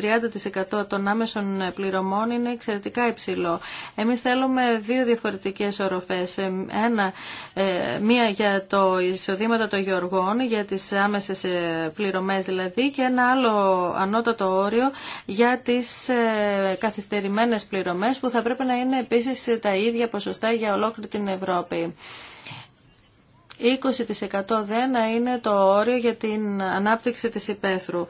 30% των άμεσων πληρωμών είναι εξαιρετικά υψηλό. Εμείς θέλουμε δύο διαφορετικές οροφές. Ε, ένα, ε, μία για το εισοδήματα των γεωργών, για τις άμεσες ε, πληρωμές δηλαδή, και ένα άλλο ανώτατο όριο για τις ε, καθυστερημένες πληρωμές που θα πρέπει να είναι επίσης τα ίδια ποσοστά για ολόκληρο ολόκληρη την Ευρώπη. 20% δεν είναι το όριο για την ανάπτυξη της υπαίθρου.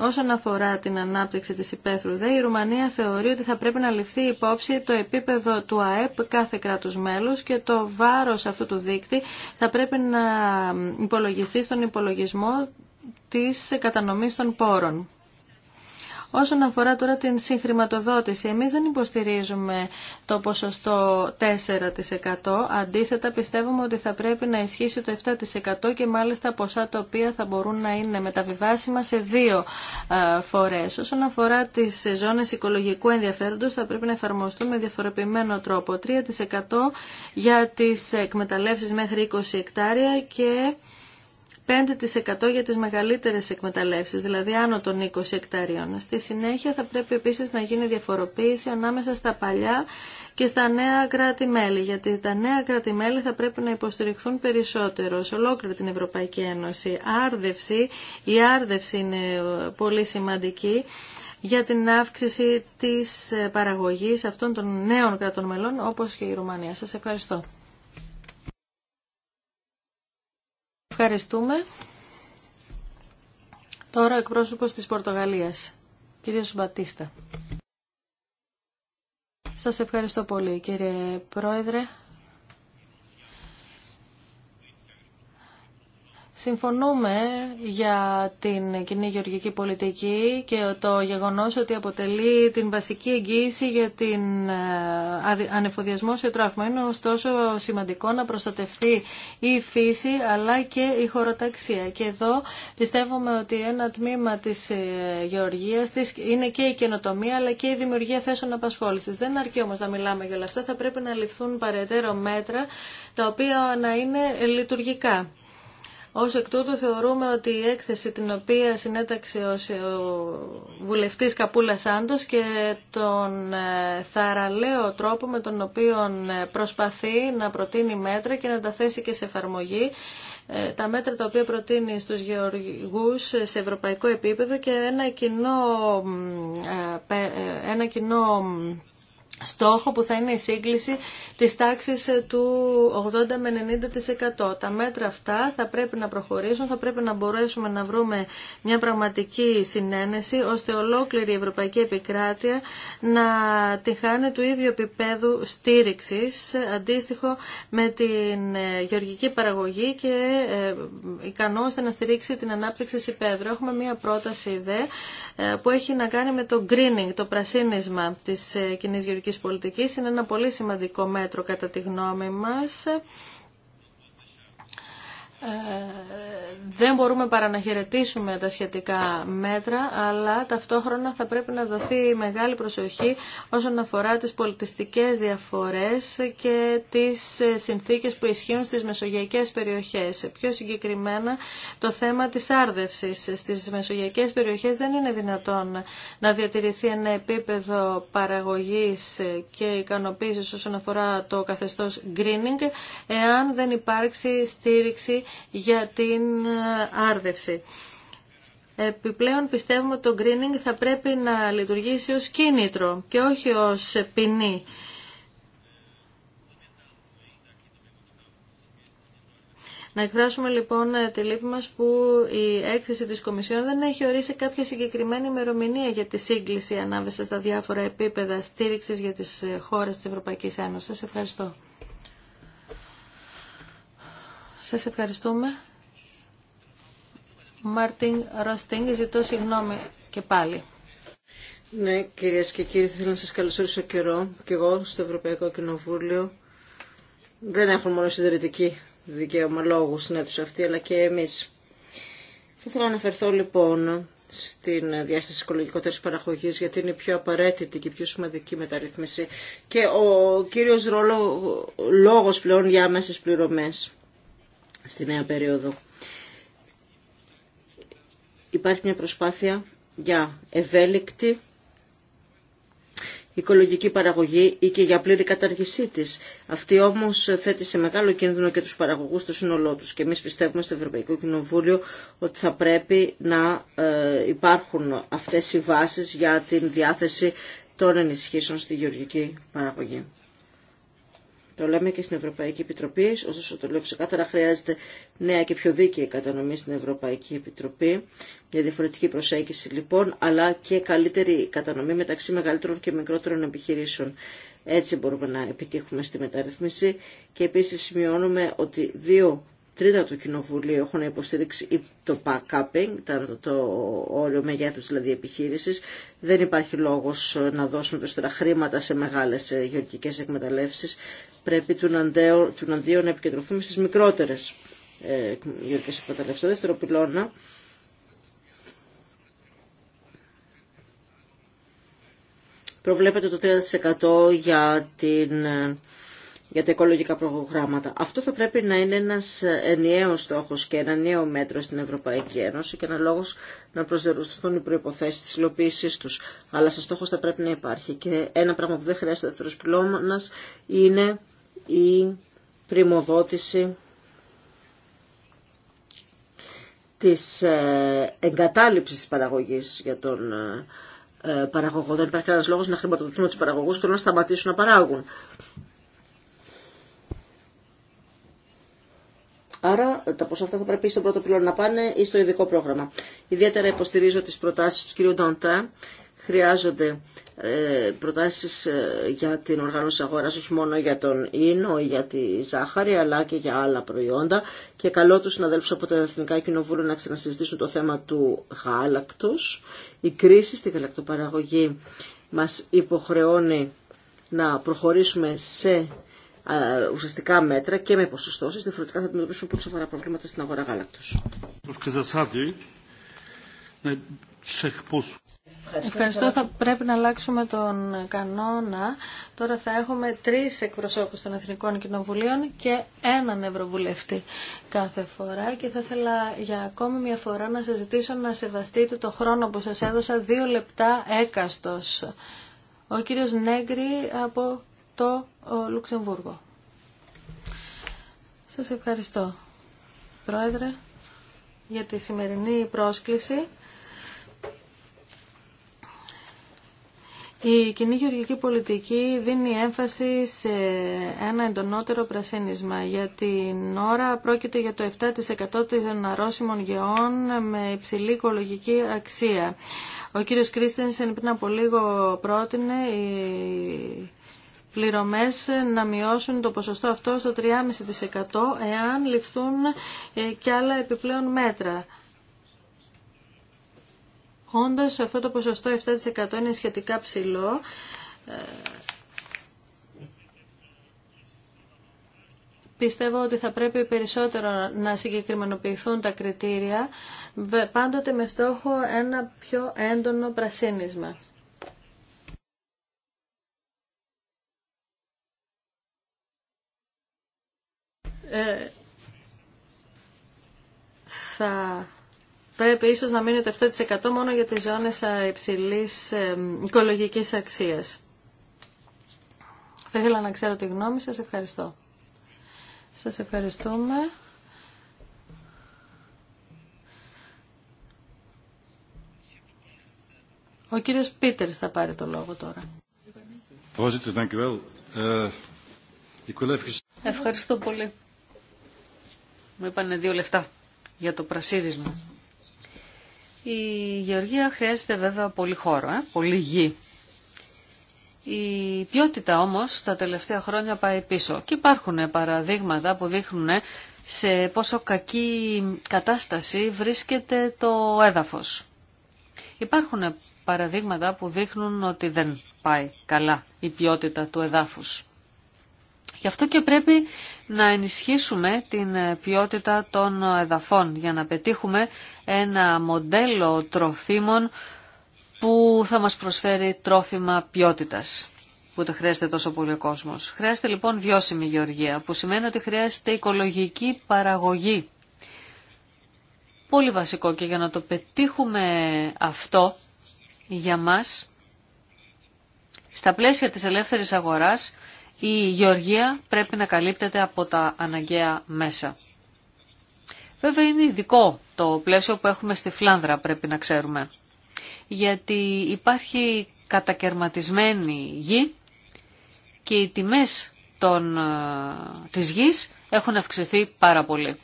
Όσον αφορά την ανάπτυξη της υπαίθρου δε, η Ρουμανία θεωρεί ότι θα πρέπει να ληφθεί υπόψη το επίπεδο του ΑΕΠ κάθε κράτους μέλους και το βάρος αυτού του δίκτυ θα πρέπει να υπολογιστεί στον υπολογισμό της κατανομής των πόρων. Όσον αφορά τώρα την συγχρηματοδότηση, εμείς δεν υποστηρίζουμε το ποσοστό 4%. Αντίθετα, πιστεύουμε ότι θα πρέπει να ισχύσει το 7% και μάλιστα ποσά τα οποία θα μπορούν να είναι μεταβιβάσιμα σε δύο φορές. Όσον αφορά τις ζώνες οικολογικού ενδιαφέροντος, θα πρέπει να εφαρμοστούν με διαφοροποιημένο τρόπο. 3% για τις εκμεταλλεύσεις μέχρι 20 εκτάρια και 5% για τις μεγαλύτερες εκμεταλλεύσεις, δηλαδή άνω των 20 εκταρίων. Στη συνέχεια θα πρέπει επίσης να γίνει διαφοροποίηση ανάμεσα στα παλιά και στα νέα κράτη-μέλη, γιατί τα νέα κράτη-μέλη θα πρέπει να υποστηριχθούν περισσότερο σε ολόκληρη την Ευρωπαϊκή Ένωση. Άρδευση, η άρδευση είναι πολύ σημαντική για την αύξηση της παραγωγής αυτών των νέων κρατών μελών, όπως και η Ρουμανία. Σας ευχαριστώ. Ευχαριστούμε. Τώρα εκπρόσωπος της Πορτογαλίας, κύριος Μπατίστα. Σας ευχαριστώ πολύ κύριε Πρόεδρε, Συμφωνούμε για την κοινή γεωργική πολιτική και το γεγονός ότι αποτελεί την βασική εγγύηση για την ε, ανεφοδιασμό σε τραύμα. Είναι ωστόσο σημαντικό να προστατευτεί η φύση αλλά και η χωροταξία. Και εδώ πιστεύουμε ότι ένα τμήμα της ε, γεωργίας της είναι και η καινοτομία αλλά και η δημιουργία θέσεων απασχόλησης. Δεν αρκεί όμως να μιλάμε για όλα αυτά. Θα πρέπει να ληφθούν παρετέρω μέτρα τα οποία να είναι λειτουργικά. Ω εκ τούτου θεωρούμε ότι η έκθεση την οποία συνέταξε ο βουλευτής Καπούλα Σάντος και τον ε, θαραλέο τρόπο με τον οποίο ε, προσπαθεί να προτείνει μέτρα και να τα θέσει και σε εφαρμογή ε, τα μέτρα τα οποία προτείνει στους γεωργούς σε ευρωπαϊκό επίπεδο και ένα κοινό, ένα κοινό στόχο που θα είναι η σύγκληση της τάξης του 80 με 90%. Τα μέτρα αυτά θα πρέπει να προχωρήσουν, θα πρέπει να μπορέσουμε να βρούμε μια πραγματική συνένεση, ώστε ολόκληρη η Ευρωπαϊκή Επικράτεια να τη χάνει του ίδιου επίπεδου στήριξης, αντίστοιχο με την ε, γεωργική παραγωγή και ε, ικανό ώστε να στηρίξει την ανάπτυξη της υπέδρου. Έχουμε μια πρόταση ιδέα ε, που έχει να κάνει με το greening, το πρασίνισμα της κοινή πολιτικής είναι ένα πολύ σημαντικό μέτρο κατά τη γνώμη μας ε, δεν μπορούμε παρά να χαιρετήσουμε τα σχετικά μέτρα, αλλά ταυτόχρονα θα πρέπει να δοθεί μεγάλη προσοχή όσον αφορά τις πολιτιστικές διαφορές και τις συνθήκες που ισχύουν στις μεσογειακές περιοχές. Πιο συγκεκριμένα το θέμα της άρδευσης. Στις μεσογειακές περιοχές δεν είναι δυνατόν να διατηρηθεί ένα επίπεδο παραγωγής και ικανοποίησης όσον αφορά το καθεστώς greening, εάν δεν υπάρξει στήριξη για την ε, άρδευση. Επιπλέον πιστεύουμε ότι το greening θα πρέπει να λειτουργήσει ως κίνητρο και όχι ως ποινή. Να εκφράσουμε λοιπόν ε, τη λύπη μας που η έκθεση της Κομισιόν δεν έχει ορίσει κάποια συγκεκριμένη ημερομηνία για τη σύγκληση ανάμεσα στα διάφορα επίπεδα στήριξης για τις ε, χώρες της Ευρωπαϊκής Ένωσης. Σας ευχαριστώ. Σας ευχαριστούμε. Μάρτιν Ροστίνγκ, ζητώ συγγνώμη και πάλι. Ναι, κυρίες και κύριοι, θέλω να σας καλωσορίσω καιρό και εγώ στο Ευρωπαϊκό Κοινοβούλιο. Δεν έχουν μόνο συντηρητική δικαίωμα λόγου στην αίθουσα αυτή, αλλά και εμείς. Θα ήθελα να αναφερθώ λοιπόν στην διάσταση οικολογικότερη παραγωγή, γιατί είναι η πιο απαραίτητη και η πιο σημαντική μεταρρύθμιση. Και ο κύριο λόγο πλέον για άμεσε πληρωμέ στη νέα περίοδο. Υπάρχει μια προσπάθεια για ευέλικτη οικολογική παραγωγή ή και για πλήρη καταργησή της. Αυτή όμως θέτει σε μεγάλο κίνδυνο και τους παραγωγούς στο σύνολό τους. Και εμείς πιστεύουμε στο Ευρωπαϊκό Κοινοβούλιο ότι θα πρέπει να ε, υπάρχουν αυτές οι βάσεις για την διάθεση των ενισχύσεων στη γεωργική παραγωγή. Το λέμε και στην Ευρωπαϊκή Επιτροπή, ωστόσο το λέω ξεκάθαρα, χρειάζεται νέα και πιο δίκαιη κατανομή στην Ευρωπαϊκή Επιτροπή. Μια διαφορετική προσέγγιση λοιπόν, αλλά και καλύτερη κατανομή μεταξύ μεγαλύτερων και μικρότερων επιχειρήσεων. Έτσι μπορούμε να επιτύχουμε στη μεταρρύθμιση και επίσης σημειώνουμε ότι δύο τρίτα του Κοινοβουλίου έχουν υποστηρίξει το capping, το όριο μεγέθους δηλαδή επιχείρησης. Δεν υπάρχει λόγος ε, να δώσουμε περισσότερα χρήματα σε μεγάλες ε, γεωργικές εκμεταλλεύσεις. Πρέπει του αντίο να επικεντρωθούμε στις μικρότερες ε, γεωργικές εκμεταλλεύσεις. Το δεύτερο πυλώνα προβλέπεται το 30% για την για τα οικολογικά προγράμματα. Αυτό θα πρέπει να είναι ένας ενιαίος στόχος και ένα νέο μέτρο στην Ευρωπαϊκή Ένωση και ένα λόγο να προσδιοριστούν οι προϋποθέσεις τη υλοποίηση τους. Αλλά σε στόχος θα πρέπει να υπάρχει. Και ένα πράγμα που δεν χρειάζεται δεύτερος πυλώνα είναι η πρημοδότηση της ε, εγκατάλειψης τη παραγωγής για τον ε, παραγωγό. Δεν υπάρχει κανένας λόγο να χρηματοδοτούμε τους παραγωγούς και να σταματήσουν να παράγουν. Άρα τα ποσά αυτά θα πρέπει στον πρώτο πυλώνα να πάνε ή στο ειδικό πρόγραμμα. Ιδιαίτερα υποστηρίζω τις προτάσεις του κ. Νταντά. Χρειάζονται ε, προτάσεις ε, για την οργάνωση αγοράς, όχι μόνο για τον ίνο ή για τη ζάχαρη, αλλά και για άλλα προϊόντα. Και καλό τους συναδέλφους από τα Εθνικά Κοινοβούλια να ξανασυζητήσουν το θέμα του γάλακτος. Η κρίση στη γαλακτοπαραγωγή μας υποχρεώνει να προχωρήσουμε σε ουσιαστικά μέτρα και με ποσοστώσεις, διαφορετικά θα αντιμετωπίσουμε πολύ σοβαρά προβλήματα στην αγορά γάλακτος. Ευχαριστώ. Θα πρέπει να αλλάξουμε τον κανόνα. Τώρα θα έχουμε τρεις εκπροσώπους των Εθνικών Κοινοβουλίων και έναν Ευρωβουλευτή κάθε φορά και θα ήθελα για ακόμη μια φορά να σας ζητήσω να σεβαστείτε το χρόνο που σας έδωσα δύο λεπτά έκαστος. Ο κύριος Νέγκρη από το Λουξεμβούργο. Σας ευχαριστώ, Πρόεδρε, για τη σημερινή πρόσκληση. Η κοινή γεωργική πολιτική δίνει έμφαση σε ένα εντονότερο πρασίνισμα. Για την ώρα πρόκειται για το 7% των αρρώσιμων γεών με υψηλή οικολογική αξία. Ο κύριος Κρίστενσεν πριν από λίγο πρότεινε η πληρωμές να μειώσουν το ποσοστό αυτό στο 3,5% εάν ληφθούν ε, και άλλα επιπλέον μέτρα. Όντως αυτό το ποσοστό 7% είναι σχετικά ψηλό. Ε, πιστεύω ότι θα πρέπει περισσότερο να συγκεκριμενοποιηθούν τα κριτήρια, πάντοτε με στόχο ένα πιο έντονο πρασίνισμα. θα πρέπει ίσως να μείνει το 7% μόνο για τις ζώνες υψηλής ε, οικολογικής αξίας. Θα ήθελα να ξέρω τη γνώμη σας. Ευχαριστώ. Σας ευχαριστούμε. Ο κύριος Πίτερς θα πάρει το λόγο τώρα. Eh, Ευχαριστώ πολύ. Μου είπανε δύο λεφτά για το πρασίρισμα. Η γεωργία χρειάζεται βέβαια πολύ χώρο, ε, πολύ γη. Η ποιότητα όμως τα τελευταία χρόνια πάει πίσω και υπάρχουν παραδείγματα που δείχνουν ε, σε πόσο κακή κατάσταση βρίσκεται το έδαφος. Υπάρχουν παραδείγματα που δείχνουν ότι δεν πάει καλά η ποιότητα του εδάφους. Γι' αυτό και πρέπει να ενισχύσουμε την ε, ποιότητα των ε, εδαφών για να πετύχουμε ένα μοντέλο τροφίμων που θα μας προσφέρει τρόφιμα ποιότητας που το χρειάζεται τόσο πολύ ο κόσμος. Χρειάζεται λοιπόν βιώσιμη γεωργία, που σημαίνει ότι χρειάζεται οικολογική παραγωγή. Πολύ βασικό και για να το πετύχουμε αυτό για μας, στα πλαίσια της ελεύθερης αγοράς η γεωργία πρέπει να καλύπτεται από τα αναγκαία μέσα. Βέβαια είναι ειδικό το πλαίσιο που έχουμε στη Φλάνδρα πρέπει να ξέρουμε. Γιατί υπάρχει κατακερματισμένη γη και οι τιμές των, ε, της γης έχουν αυξηθεί πάρα πολύ.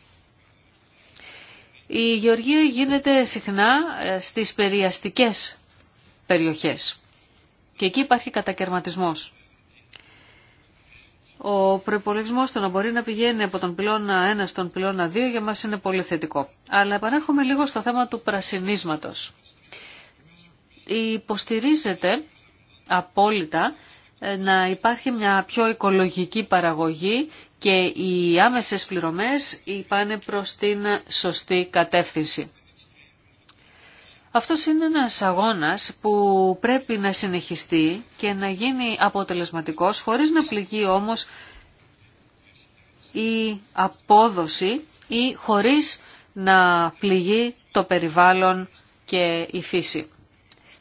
Η γεωργία γίνεται συχνά ε, στις περιαστικές περιοχές και εκεί υπάρχει κατακερματισμός ο προπολογισμό του να μπορεί να πηγαίνει από τον πυλώνα 1 στον πυλώνα 2 για μα είναι πολύ θετικό. Αλλά επανέρχομαι λίγο στο θέμα του πρασινίσματος. Υποστηρίζεται απόλυτα ε, να υπάρχει μια πιο οικολογική παραγωγή και οι άμεσες πληρωμές πάνε προς την σωστή κατεύθυνση. Αυτός είναι ένας αγώνας που πρέπει να συνεχιστεί και να γίνει αποτελεσματικός χωρίς να πληγεί όμως η απόδοση ή χωρίς να πληγεί το περιβάλλον και η φύση.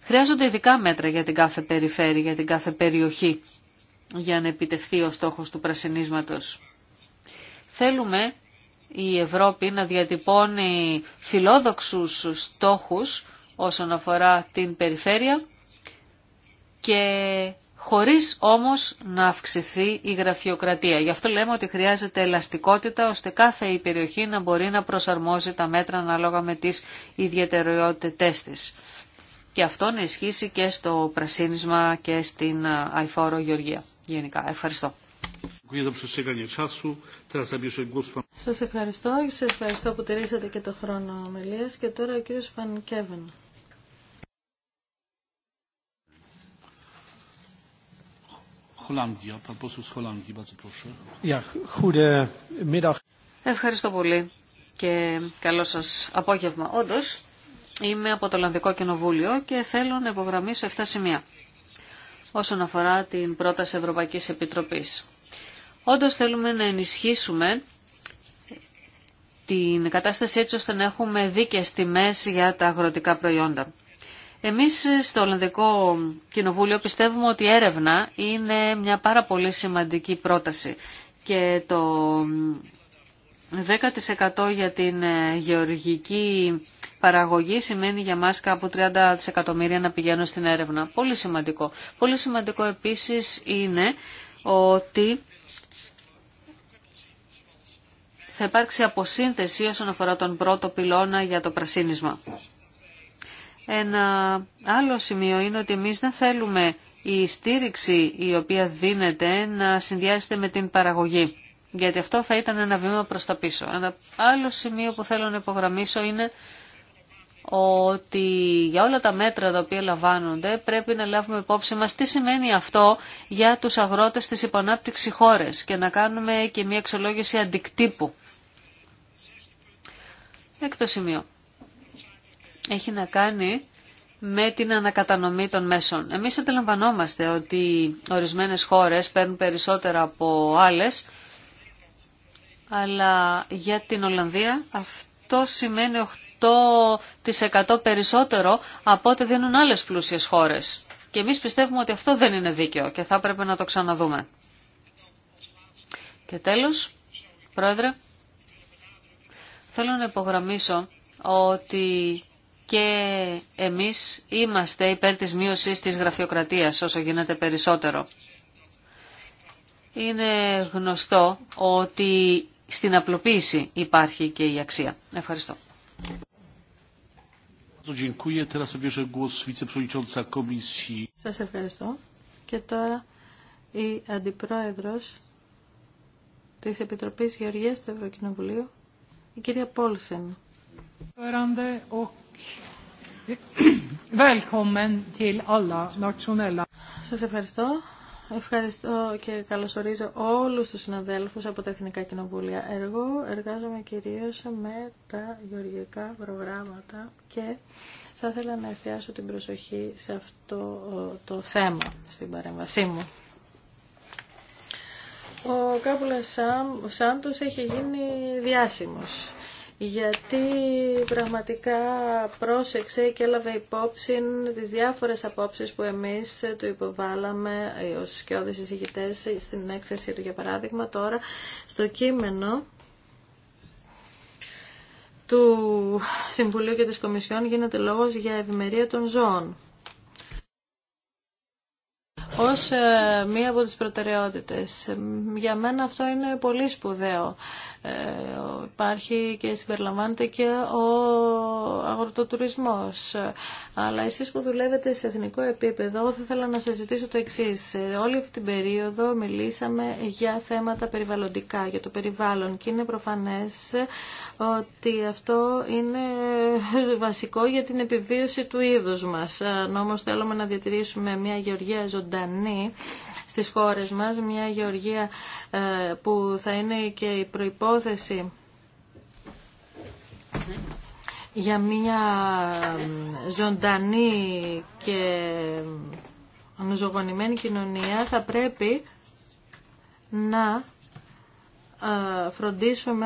Χρειάζονται ειδικά μέτρα για την κάθε περιφέρεια, για την κάθε περιοχή, για να επιτευχθεί ο στόχος του πρασινίσματος. Θέλουμε η Ευρώπη να διατυπώνει φιλόδοξους στόχους όσον αφορά την περιφέρεια και χωρίς όμως να αυξηθεί η γραφειοκρατία. Γι' αυτό λέμε ότι χρειάζεται ελαστικότητα ώστε κάθε η περιοχή να μπορεί να προσαρμόζει τα μέτρα ανάλογα με τις ιδιαιτεροιότητες της. Και αυτό να ισχύσει και στο πρασίνισμα και στην αϊφόρο γεωργία γενικά. Ευχαριστώ. Σας ευχαριστώ. Σας ευχαριστώ που τηρήσατε και το χρόνο ομιλίας και τώρα ο κύριος Πανικέβεν. Ευχαριστώ πολύ και καλό σας απόγευμα. Όντως, είμαι από το Ολλανδικό Κοινοβούλιο και θέλω να υπογραμμίσω 7 σημεία όσον αφορά την πρόταση ευρωπαϊκή Επιτροπής. Όντως θέλουμε να ενισχύσουμε την κατάσταση έτσι ώστε να έχουμε δίκαιες τιμές για τα αγροτικά προϊόντα. Εμείς στο Ολλανδικό Κοινοβούλιο πιστεύουμε ότι η έρευνα είναι μια πάρα πολύ σημαντική πρόταση και το 10% για την ε, γεωργική παραγωγή σημαίνει για μας κάπου 30 δισεκατομμύρια να πηγαίνουν στην έρευνα. Πολύ σημαντικό. Πολύ σημαντικό επίσης είναι ότι θα υπάρξει αποσύνθεση όσον αφορά τον πρώτο πυλώνα για το πρασίνισμα. Ένα άλλο σημείο είναι ότι εμείς δεν θέλουμε η στήριξη η οποία δίνεται να συνδυάζεται με την παραγωγή. Γιατί αυτό θα ήταν ένα βήμα προς τα πίσω. Ένα άλλο σημείο που θέλω να υπογραμμίσω είναι ότι για όλα τα μέτρα τα οποία λαμβάνονται πρέπει να λάβουμε υπόψη μας τι σημαίνει αυτό για τους αγρότες της υπονάπτυξη χώρες και να κάνουμε και μια εξολόγηση αντικτύπου. Έκτο σημείο έχει να κάνει με την ανακατανομή των μέσων. Εμείς αντιλαμβανόμαστε ότι ορισμένες χώρες παίρνουν περισσότερα από άλλες, αλλά για την Ολλανδία αυτό σημαίνει 8% περισσότερο από ό,τι δίνουν άλλες πλούσιες χώρες. Και εμείς πιστεύουμε ότι αυτό δεν είναι δίκαιο και θα έπρεπε να το ξαναδούμε. Και τέλος, Πρόεδρε, θέλω να υπογραμμίσω ότι και εμείς είμαστε υπέρ της μείωσης της γραφειοκρατίας όσο γίνεται περισσότερο. Είναι γνωστό ότι στην απλοποίηση υπάρχει και η αξία. Ευχαριστώ. Σας ευχαριστώ. Και τώρα η Αντιπρόεδρος της Επιτροπής Γεωργίας του Ευρωκοινοβουλίου, η κυρία Πόλσεν. Σας ευχαριστώ. Ευχαριστώ και καλωσορίζω όλους τους συναδέλφους από τα Εθνικά Κοινοβούλια. Εγώ εργάζομαι κυρίως με τα γεωργικά προγράμματα και θα ήθελα να εστιάσω την προσοχή σε αυτό το θέμα στην παρέμβασή μου. Ο Κάπουλα Σάντος έχει γίνει διάσημος γιατί πραγματικά πρόσεξε και έλαβε υπόψη τις διάφορες απόψεις που εμείς του υποβάλαμε ως σκιώδεις εισηγητές στην έκθεση του για παράδειγμα τώρα στο κείμενο του Συμβουλίου και της Κομισιόν γίνεται λόγος για ευημερία των ζώων ως ε, μία από τις προτεραιότητες. Για μένα αυτό είναι πολύ σπουδαίο. Ε, υπάρχει και συμπεριλαμβάνεται και ο αγροτοτουρισμός. Αλλά εσείς που δουλεύετε σε εθνικό επίπεδο, θα ήθελα να σας ζητήσω το εξής. Όλη αυτή την περίοδο μιλήσαμε για θέματα περιβαλλοντικά, για το περιβάλλον και είναι προφανές ότι αυτό είναι βασικό για την επιβίωση του είδους μας. Αν όμως θέλουμε να διατηρήσουμε μια γεωργία ζωντανή, Στι στις χώρες μας, μια γεωργία ε, που θα είναι και η προϋπόθεση για μια ζωντανή και αναζωογονημένη κοινωνία θα πρέπει να φροντίσουμε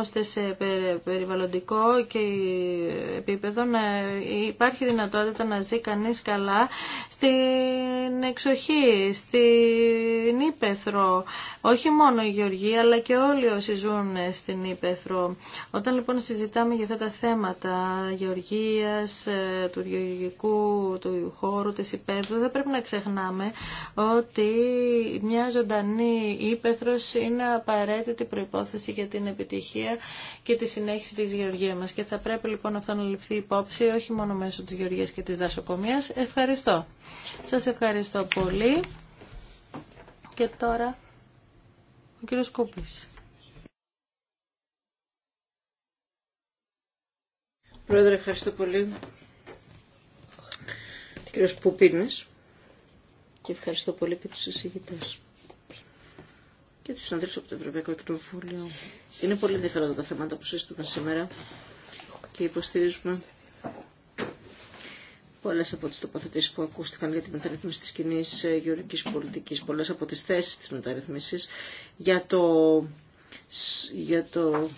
ώστε σε περιβαλλοντικό και επίπεδο να υπάρχει δυνατότητα να ζει κανείς καλά στην εξοχή, στην Ήπεθρο. Όχι μόνο η γεωργία αλλά και όλοι όσοι ζουν στην Ήπεθρο. Όταν λοιπόν συζητάμε για αυτά τα θέματα γεωργίας, ε, του γεωργικού, του χώρου, της Ήπεθρου, δεν πρέπει να ξεχνάμε ότι μια ζωντανή Ήπεθρος είναι απαραίτητη απαραίτητη προϋπόθεση για την επιτυχία και τη συνέχιση της γεωργίας μας. Και θα πρέπει λοιπόν αυτό να ληφθεί υπόψη, όχι μόνο μέσω της γεωργίας και της δασοκομείας. Ευχαριστώ. Σας ευχαριστώ πολύ. Και τώρα ο κύριος Κούπης. Πρόεδρε, ευχαριστώ πολύ. Κύριος Πουπίνης. Και ευχαριστώ πολύ και τους εισηγητές και του από το Ευρωπαϊκό Κοινοβούλιο. Είναι πολύ ενδιαφέροντα τα θέματα που συζητούμε σήμερα και υποστηρίζουμε πολλέ από τι τοποθετήσει που ακούστηκαν για τη μεταρρύθμιση τη κοινή ε, γεωργική πολιτική, πολλέ από τι θέσει τη μεταρρύθμιση για το, για το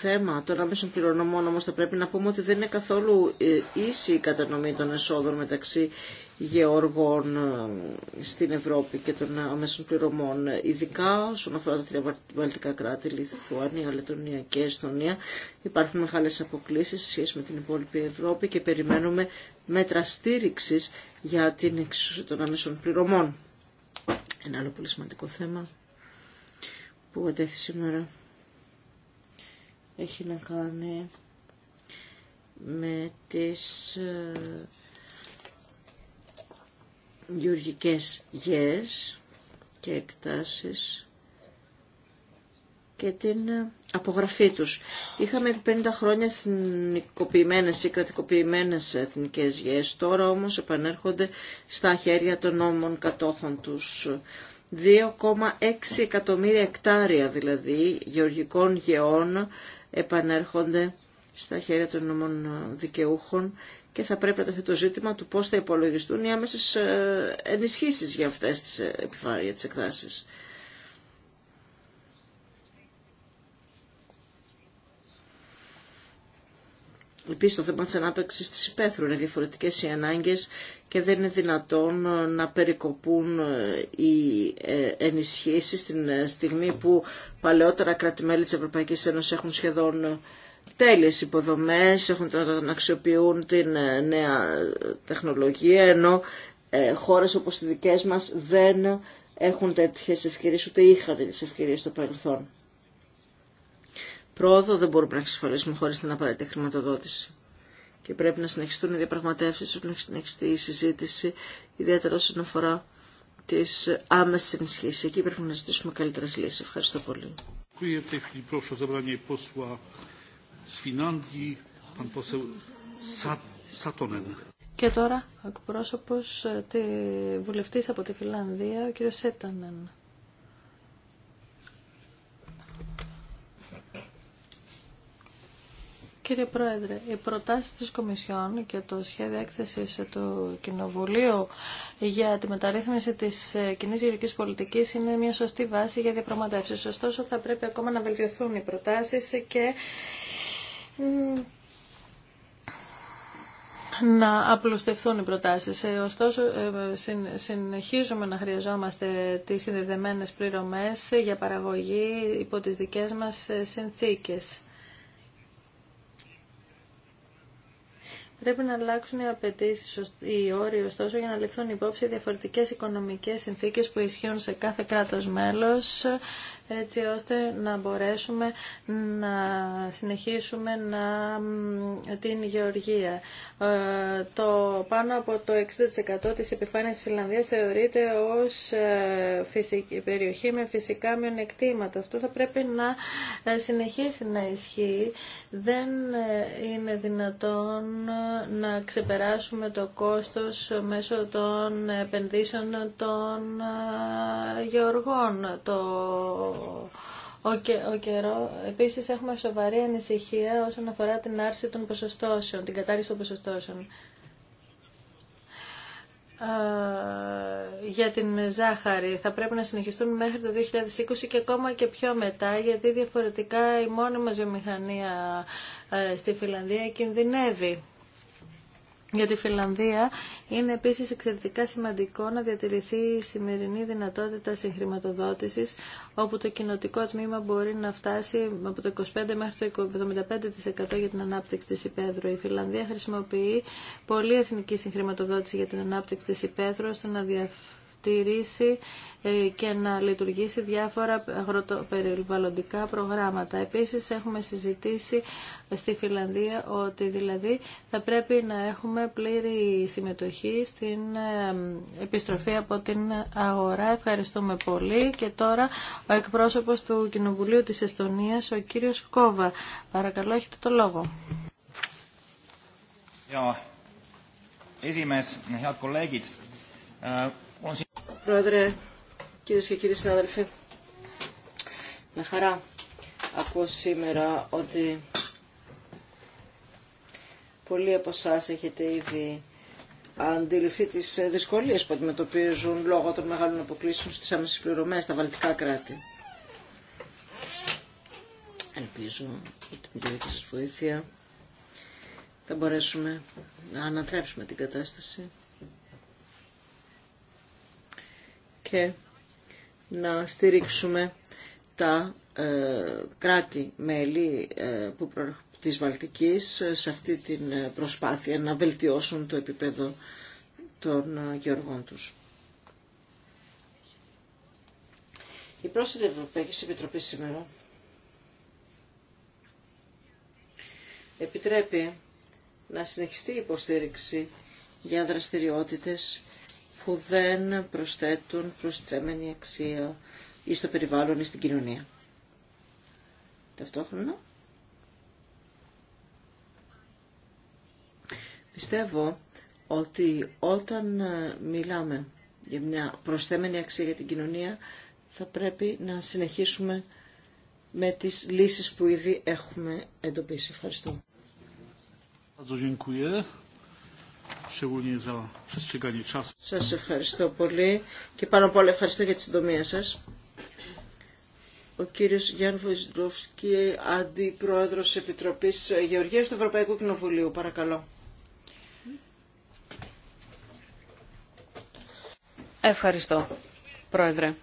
θέμα των άμεσων πληρονομών όμως θα πρέπει να πούμε ότι δεν είναι καθόλου ε, ίση η κατανομή των εσόδων μεταξύ γεωργών ε, στην Ευρώπη και των άμεσων ε, πληρωμών, ειδικά όσον αφορά τα τρία βαλτικά κράτη, Λιθουανία, Λετωνία και Εστονία. Υπάρχουν μεγάλες αποκλήσεις σε σχέση με την υπόλοιπη Ευρώπη και περιμένουμε μέτρα στήριξη για την εξουσία των άμεσων πληρωμών. Ένα άλλο πολύ σημαντικό θέμα που κατέθη σήμερα έχει να κάνει με τις ε, γεωργικές και εκτάσεις και την ε, απογραφή τους. Είχαμε επί 50 χρόνια εθνικοποιημένες ή κρατικοποιημένες εθνικές γέες, τώρα όμως επανέρχονται στα χέρια των νόμων κατόχων τους. 2,6 εκατομμύρια εκτάρια δηλαδή γεωργικών γεών επανέρχονται στα χέρια των νομών ε, δικαιούχων και θα πρέπει να τεθεί το ζήτημα του πώς θα υπολογιστούν οι άμεσες ε, ενισχύσεις για αυτές τις ε, επιφάνειες, τις εκδάσεις. Επίση, το θέμα τη ανάπτυξη τη υπαίθρου είναι διαφορετικέ οι ανάγκε και δεν είναι δυνατόν ε, να περικοπούν ε, οι ε, ενισχύσει στην στιγμή που παλαιότερα κράτη-μέλη τη Ευρωπαϊκή Ένωση έχουν σχεδόν τέλειες υποδομές, έχουν να αξιοποιούν την νέα τεχνολογία, ενώ χώρες όπως οι δικές μας δεν έχουν τέτοιες ευκαιρίες, ούτε είχαν τις ευκαιρίες στο παρελθόν πρόοδο δεν μπορούμε να εξασφαλίσουμε χωρί την απαραίτητη χρηματοδότηση. Και πρέπει να συνεχιστούν οι διαπραγματεύσει, πρέπει να συνεχιστεί η συζήτηση, ιδιαίτερα όσον αφορά τι άμεσε ενισχύσει. Εκεί πρέπει να ζητήσουμε καλύτερε λύσει. Ευχαριστώ πολύ. Και τώρα, εκπρόσωπο ε, τη βουλευτή από τη Φιλανδία, ο κ. Σέτανεν. κύριε Πρόεδρε. Οι προτάσεις της Κομισιόν και το σχέδιο έκθεσης του Κοινοβουλίου για τη μεταρρύθμιση της ε, κοινή γεωργικής πολιτικής είναι μια σωστή βάση για διαπραγματεύσει. Ωστόσο θα πρέπει ακόμα να βελτιωθούν οι προτάσεις και να απλουστευτούν οι προτάσεις. Ε, ωστόσο, ε, συνεχίζουμε να χρειαζόμαστε τις συνδεδεμένες πληρωμές για παραγωγή υπό τις δικές μας συνθήκες. Πρέπει να αλλάξουν οι απαιτήσει, οι όροι ωστόσο για να ληφθούν υπόψη διαφορετικές οικονομικές συνθήκες που ισχύουν σε κάθε κράτος μέλος έτσι ώστε να μπορέσουμε να συνεχίσουμε να, την γεωργία. Ε, το πάνω από το 60% της επιφάνειας της Φιλανδίας θεωρείται ως ε, φυσική, περιοχή με φυσικά μειονεκτήματα. Αυτό θα πρέπει να ε, συνεχίσει να ισχύει. Δεν είναι δυνατόν να ξεπεράσουμε το κόστος μέσω των επενδύσεων των γεωργών. Το ο, καιρό. Επίσης έχουμε σοβαρή ανησυχία όσον αφορά την άρση των ποσοστώσεων, την κατάρριση των ποσοστώσεων. για την ζάχαρη θα πρέπει να συνεχιστούν μέχρι το 2020 και ακόμα και πιο μετά γιατί διαφορετικά η μόνη μας βιομηχανία ε, στη Φιλανδία κινδυνεύει. Για τη Φιλανδία είναι επίσης εξαιρετικά σημαντικό να διατηρηθεί η σημερινή δυνατότητα συγχρηματοδότησης, όπου το κοινοτικό τμήμα μπορεί να φτάσει από το 25 μέχρι το 75% για την ανάπτυξη της υπαίθρου. Η Φιλανδία χρησιμοποιεί πολύ εθνική συγχρηματοδότηση για την ανάπτυξη της υπαίθρου, ώστε να διαφέρει... Ε, και να λειτουργήσει διάφορα περιβαλλοντικά προγράμματα. Επίσης έχουμε συζητήσει στη Φιλανδία ότι δηλαδή θα πρέπει να έχουμε πλήρη συμμετοχή στην ε, επιστροφή από την αγορά. Ευχαριστούμε πολύ και τώρα ο εκπρόσωπος του Κοινοβουλίου της Εστονίας, ο κύριος Κόβα. Παρακαλώ έχετε το λόγο. Πρόεδρε, κύριε και κύριοι συνάδελφοι, με χαρά ακούω σήμερα ότι πολλοί από εσά έχετε ήδη αντιληφθεί τι δυσκολίε που αντιμετωπίζουν λόγω των μεγάλων αποκλήσεων στι άμεσε πληρωμέ στα βαλτικά κράτη. Ελπίζω ότι με τη δική σα βοήθεια θα μπορέσουμε να ανατρέψουμε την κατάσταση και να στηρίξουμε τα ε, κράτη-μέλη ε, που της Βαλτικής ε, σε αυτή την προσπάθεια να βελτιώσουν το επίπεδο των γεωργών τους. Η πρόσθετη Ευρωπαϊκή Επιτροπή σήμερα επιτρέπει να συνεχιστεί η υποστήριξη για δραστηριότητες που δεν προσθέτουν προσθέμενη αξία ή στο περιβάλλον ή στην κοινωνία. Ταυτόχρονα. Πιστεύω ότι όταν ε, μιλάμε για μια προσθέμενη αξία για την κοινωνία θα πρέπει να συνεχίσουμε με τις λύσεις που ήδη έχουμε εντοπίσει. Ευχαριστώ. Σας ευχαριστώ πολύ και πάνω απ' όλα ευχαριστώ για τη συντομία σας. Ο κύριος Γιάννη Βοησντροφσκή, Αντιπρόεδρος της Επιτροπής Γεωργίας του Ευρωπαϊκού Κοινοβουλίου. Παρακαλώ. Ευχαριστώ, Πρόεδρε.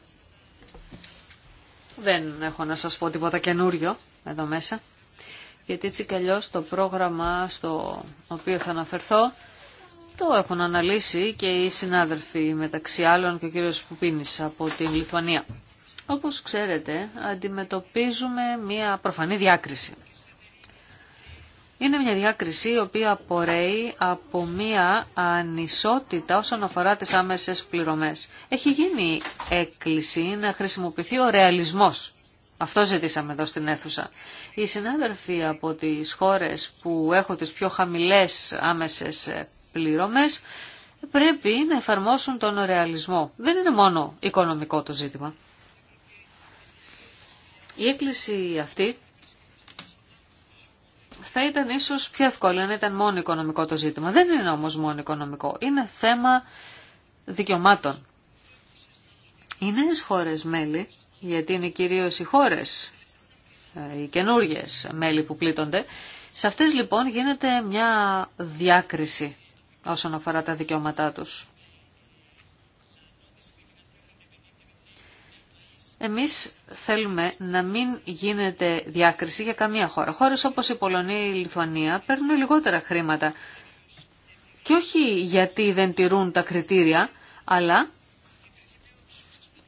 Δεν έχω να σας πω τίποτα καινούριο εδώ μέσα, γιατί έτσι κι το πρόγραμμα στο οποίο θα αναφερθώ το έχουν αναλύσει και οι συνάδελφοι μεταξύ άλλων και ο κύριος Πουπίνης από την Λιθουανία. Όπως ξέρετε, αντιμετωπίζουμε μία προφανή διάκριση. Είναι μια διάκριση η οποία απορρέει από μια ανισότητα όσον αφορά τις άμεσες πληρωμές. Έχει γίνει έκκληση να χρησιμοποιηθεί ο ρεαλισμός. Αυτό ζητήσαμε εδώ στην αίθουσα. Οι συνάδελφοι από τις χώρες που έχουν τις πιο χαμηλές άμεσες πληρωμές πρέπει να εφαρμόσουν τον ρεαλισμό. Δεν είναι μόνο οικονομικό το ζήτημα. Η έκκληση αυτή θα ήταν ίσως πιο εύκολη αν ήταν μόνο οικονομικό το ζήτημα. Δεν είναι όμως μόνο οικονομικό. Είναι θέμα δικαιωμάτων. Οι νέες χώρες μέλη, γιατί είναι κυρίως οι χώρες, ε, οι καινούργιες μέλη που πλήττονται, σε αυτές λοιπόν γίνεται μια διάκριση όσον αφορά τα δικαιώματά τους. Εμείς θέλουμε να μην γίνεται διάκριση για καμία χώρα. Χώρες όπως η Πολωνία ή η Λιθουανία παίρνουν λιγότερα χρήματα. Και όχι γιατί δεν τηρούν τα κριτήρια, αλλά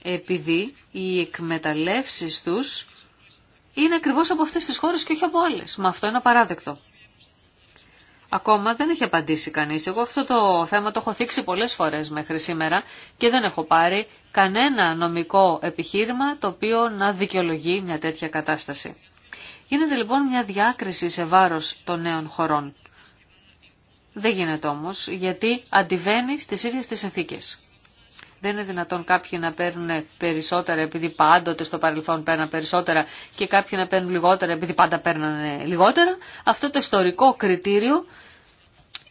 επειδή οι εκμεταλλεύσεις τους είναι ακριβώς από αυτές τις χώρες και όχι από άλλες. Μα αυτό είναι απαράδεκτο. Ακόμα δεν έχει απαντήσει κανείς. Εγώ αυτό το θέμα το έχω θίξει πολλές φορές μέχρι σήμερα και δεν έχω πάρει κανένα νομικό επιχείρημα το οποίο να δικαιολογεί μια τέτοια κατάσταση. Γίνεται λοιπόν μια διάκριση σε βάρος των νέων χωρών. Δεν γίνεται όμως γιατί αντιβαίνει στις ίδιες τις συνθήκε. Δεν είναι δυνατόν κάποιοι να παίρνουν περισσότερα επειδή πάντοτε στο παρελθόν παίρναν περισσότερα και κάποιοι να παίρνουν λιγότερα επειδή πάντα παίρνανε λιγότερα. Αυτό το ιστορικό κριτήριο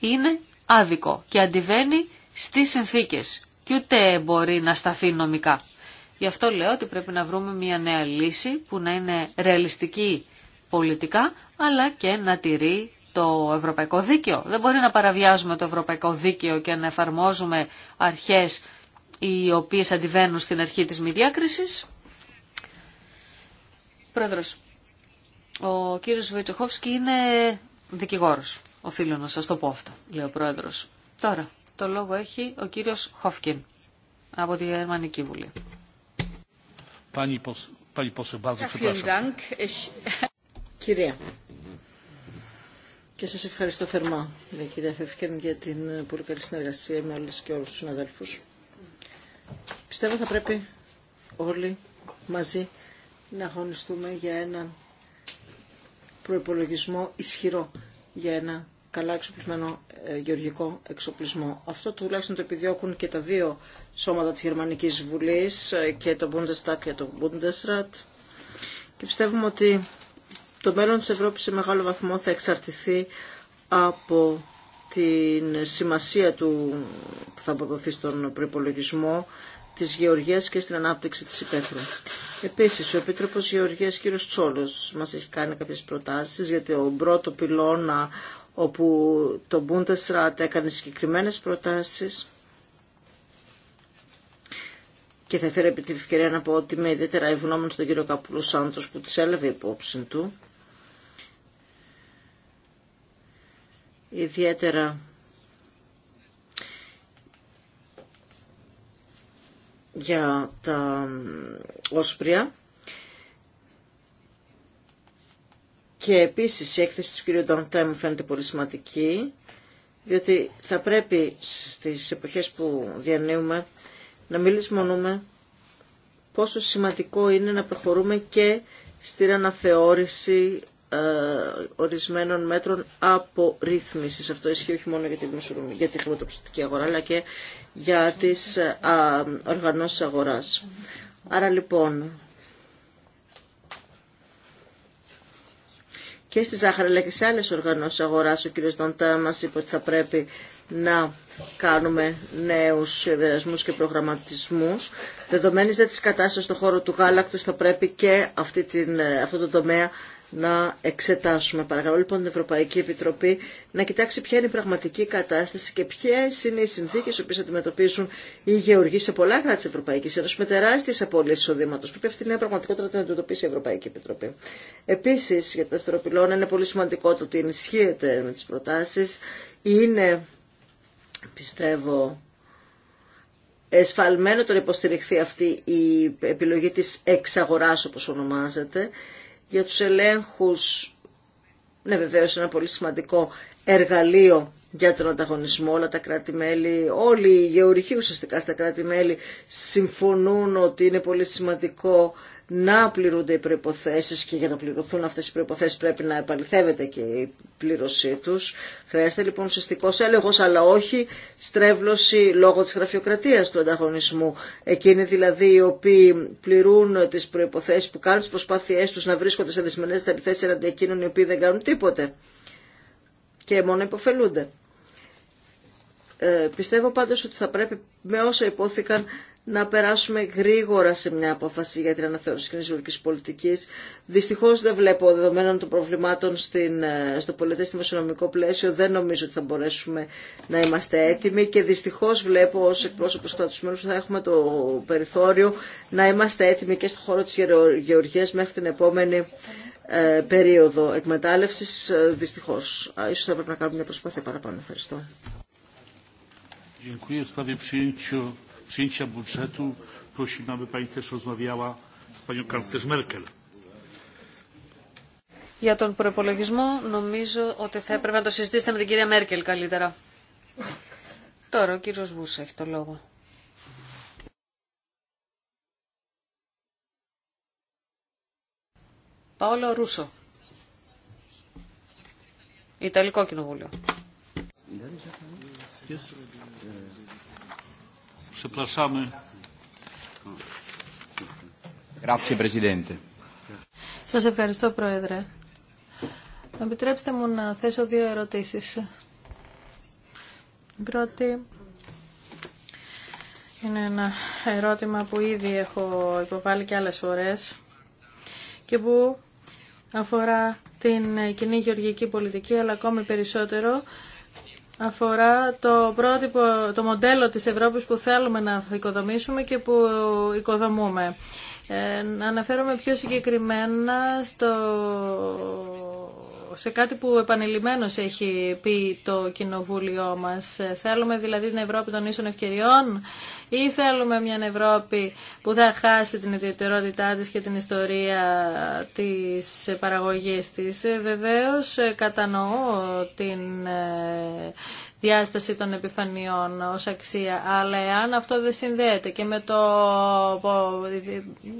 είναι άδικο και αντιβαίνει στις συνθήκες και ούτε μπορεί να σταθεί νομικά. Γι' αυτό λέω ότι πρέπει να βρούμε μια νέα λύση που να είναι ρεαλιστική πολιτικά αλλά και να τηρεί το ευρωπαϊκό δίκαιο. Δεν μπορεί να παραβιάζουμε το ευρωπαϊκό δίκαιο και να εφαρμόζουμε αρχές οι οποίες αντιβαίνουν στην αρχή της μη διάκρισης. Πρόεδρος, ο κύριος Βοητσοχόφσκι είναι δικηγόρος. Οφείλω να σας το πω αυτό, λέει ο Πρόεδρος. Τώρα, το λόγο έχει ο κύριος Χόφκιν από τη Γερμανική Βουλή. Κυρία, και σας ευχαριστώ θερμά, κυρία Χόφκιν, για την ε, πολύ καλή συνεργασία με όλες και όλους τους συναδέλφους. Πιστεύω θα πρέπει όλοι μαζί να αγωνιστούμε για έναν προϋπολογισμό ισχυρό για ένα καλά εξοπλισμένο ε, γεωργικό εξοπλισμό. Αυτό τουλάχιστον το επιδιώκουν και τα δύο σώματα της Γερμανικής Βουλής ε, και το Bundestag και το Bundesrat και πιστεύουμε ότι το μέλλον της Ευρώπης σε μεγάλο βαθμό θα εξαρτηθεί από την σημασία του που θα αποδοθεί στον προπολογισμό Τη γεωργίας και στην ανάπτυξη τη υπαίθρου. Επίσης, ο επίτροπο Γεωργίας κ. Τσόλο μας έχει κάνει κάποιες προτάσεις γιατί ο πρώτο πυλώνα όπου το Bundesrat έκανε συγκεκριμένες προτάσεις και θα ήθελα επί την ευκαιρία να πω ότι είμαι ιδιαίτερα ευγνώμων στον κύριο Καπούλο Σάντος που τις έλαβε υπόψη του. Ιδιαίτερα για τα όσπρια. Και επίσης η έκθεση της κυρίου Νταντέ μου φαίνεται πολύ σημαντική, διότι θα πρέπει στις εποχές που διανύουμε να μιλήσουμε λησμονούμε πόσο σημαντικό είναι να προχωρούμε και στην αναθεώρηση ε, ορισμένων μέτρων απορρίθμισης. Αυτό ισχύει όχι μόνο για τη, για τη χρηματοπιστωτική αγορά, αλλά και για τις ε, οργανώσεις αγοράς. Άρα λοιπόν, και στη Ζάχαρη, αλλά και σε άλλες οργανώσεις αγοράς, ο κ. Δοντά μας είπε ότι θα πρέπει να κάνουμε νέους σχεδιασμούς και προγραμματισμούς. Δεδομένης δε της κατάστασης στον χώρο του γάλακτος θα πρέπει και αυτή την, ε, αυτό το τομέα να εξετάσουμε. Παρακαλώ λοιπόν την Ευρωπαϊκή Επιτροπή να κοιτάξει ποια είναι η πραγματική κατάσταση και ποιε είναι οι συνθήκε που αντιμετωπίζουν οι γεωργοί σε πολλά κράτη τη Ευρωπαϊκή Ένωση με τεράστιε απώλειε εισοδήματο. Πρέπει αυτή η πραγματικότητα να αντιμετωπίσει η Ευρωπαϊκή Επιτροπή. Επίση, για το δεύτερο πυλώνα είναι πολύ σημαντικό το ότι ενισχύεται με τι προτάσει. Είναι, πιστεύω, εσφαλμένο το να υποστηριχθεί αυτή η επιλογή της εξαγοράς όπως ονομάζεται για τους ελέγχους, ναι βεβαίως ένα πολύ σημαντικό εργαλείο για τον ανταγωνισμό, όλα τα κράτη-μέλη, όλοι οι γεωργοί ουσιαστικά στα κράτη-μέλη συμφωνούν ότι είναι πολύ σημαντικό να πληρούνται οι προϋποθέσεις και για να πληρωθούν αυτές οι προϋποθέσεις πρέπει να επαληθεύεται και η πλήρωσή τους. Χρειάζεται λοιπόν ουσιαστικό έλεγχος αλλά όχι στρέβλωση λόγω της γραφειοκρατίας του ανταγωνισμού. Εκείνοι δηλαδή οι οποίοι πληρούν τις προϋποθέσεις που κάνουν τις προσπάθειές τους να βρίσκονται σε δυσμενές θέσει εναντί εκείνων οι οποίοι δεν κάνουν τίποτε και μόνο υποφελούνται. Ε, πιστεύω πάντως ότι θα πρέπει με όσα υπόθηκαν να περάσουμε γρήγορα σε μια απόφαση για την αναθεώρηση κοινή πολιτικής πολιτική. Δυστυχώ δεν βλέπω δεδομένων των προβλημάτων στην, ε, στο πολιτιστικό δημοσιονομικό πλαίσιο. Δεν νομίζω ότι θα μπορέσουμε να είμαστε έτοιμοι και δυστυχώ βλέπω ω εκπρόσωπο κράτου μέλου θα έχουμε το περιθώριο να είμαστε έτοιμοι και στο χώρο τη γεωργία μέχρι την επόμενη ε, περίοδο εκμετάλλευσης ε, δυστυχώς. Ίσως θα πρέπει να κάνουμε μια προσπάθεια παραπάνω. Ευχαριστώ przyjęcia budżetu prosiłbym, aby Pani też rozmawiała z Panią kanclerz Merkel. Για τον προπολογισμό νομίζω ότι θα έπρεπε να το συζητήσετε με την κυρία Μέρκελ καλύτερα. Τώρα ο κύριος Βούς έχει το λόγο. Παόλο Ρούσο. Ιταλικό Κοινοβούλιο. Przepraszamy. Σας ευχαριστώ, Πρόεδρε. Επιτρέψτε μου να θέσω δύο ερωτήσεις. Η πρώτη είναι ένα ερώτημα που ήδη έχω υποβάλει και άλλες φορές και που αφορά την κοινή γεωργική πολιτική, αλλά ακόμη περισσότερο αφορά το πρότυπο, το μοντέλο της Ευρώπης που θέλουμε να οικοδομήσουμε και που οικοδομούμε. Ε, αναφέρομαι πιο συγκεκριμένα στο σε κάτι που επανειλημμένως έχει πει το κοινοβούλιο μας. Θέλουμε δηλαδή την Ευρώπη των ίσων ευκαιριών ή θέλουμε μια Ευρώπη που θα χάσει την ιδιαιτερότητά της και την ιστορία της παραγωγής της. Βεβαίως κατανοώ την ε, διάσταση των επιφανειών ως αξία. Αλλά εάν αυτό δεν συνδέεται και με το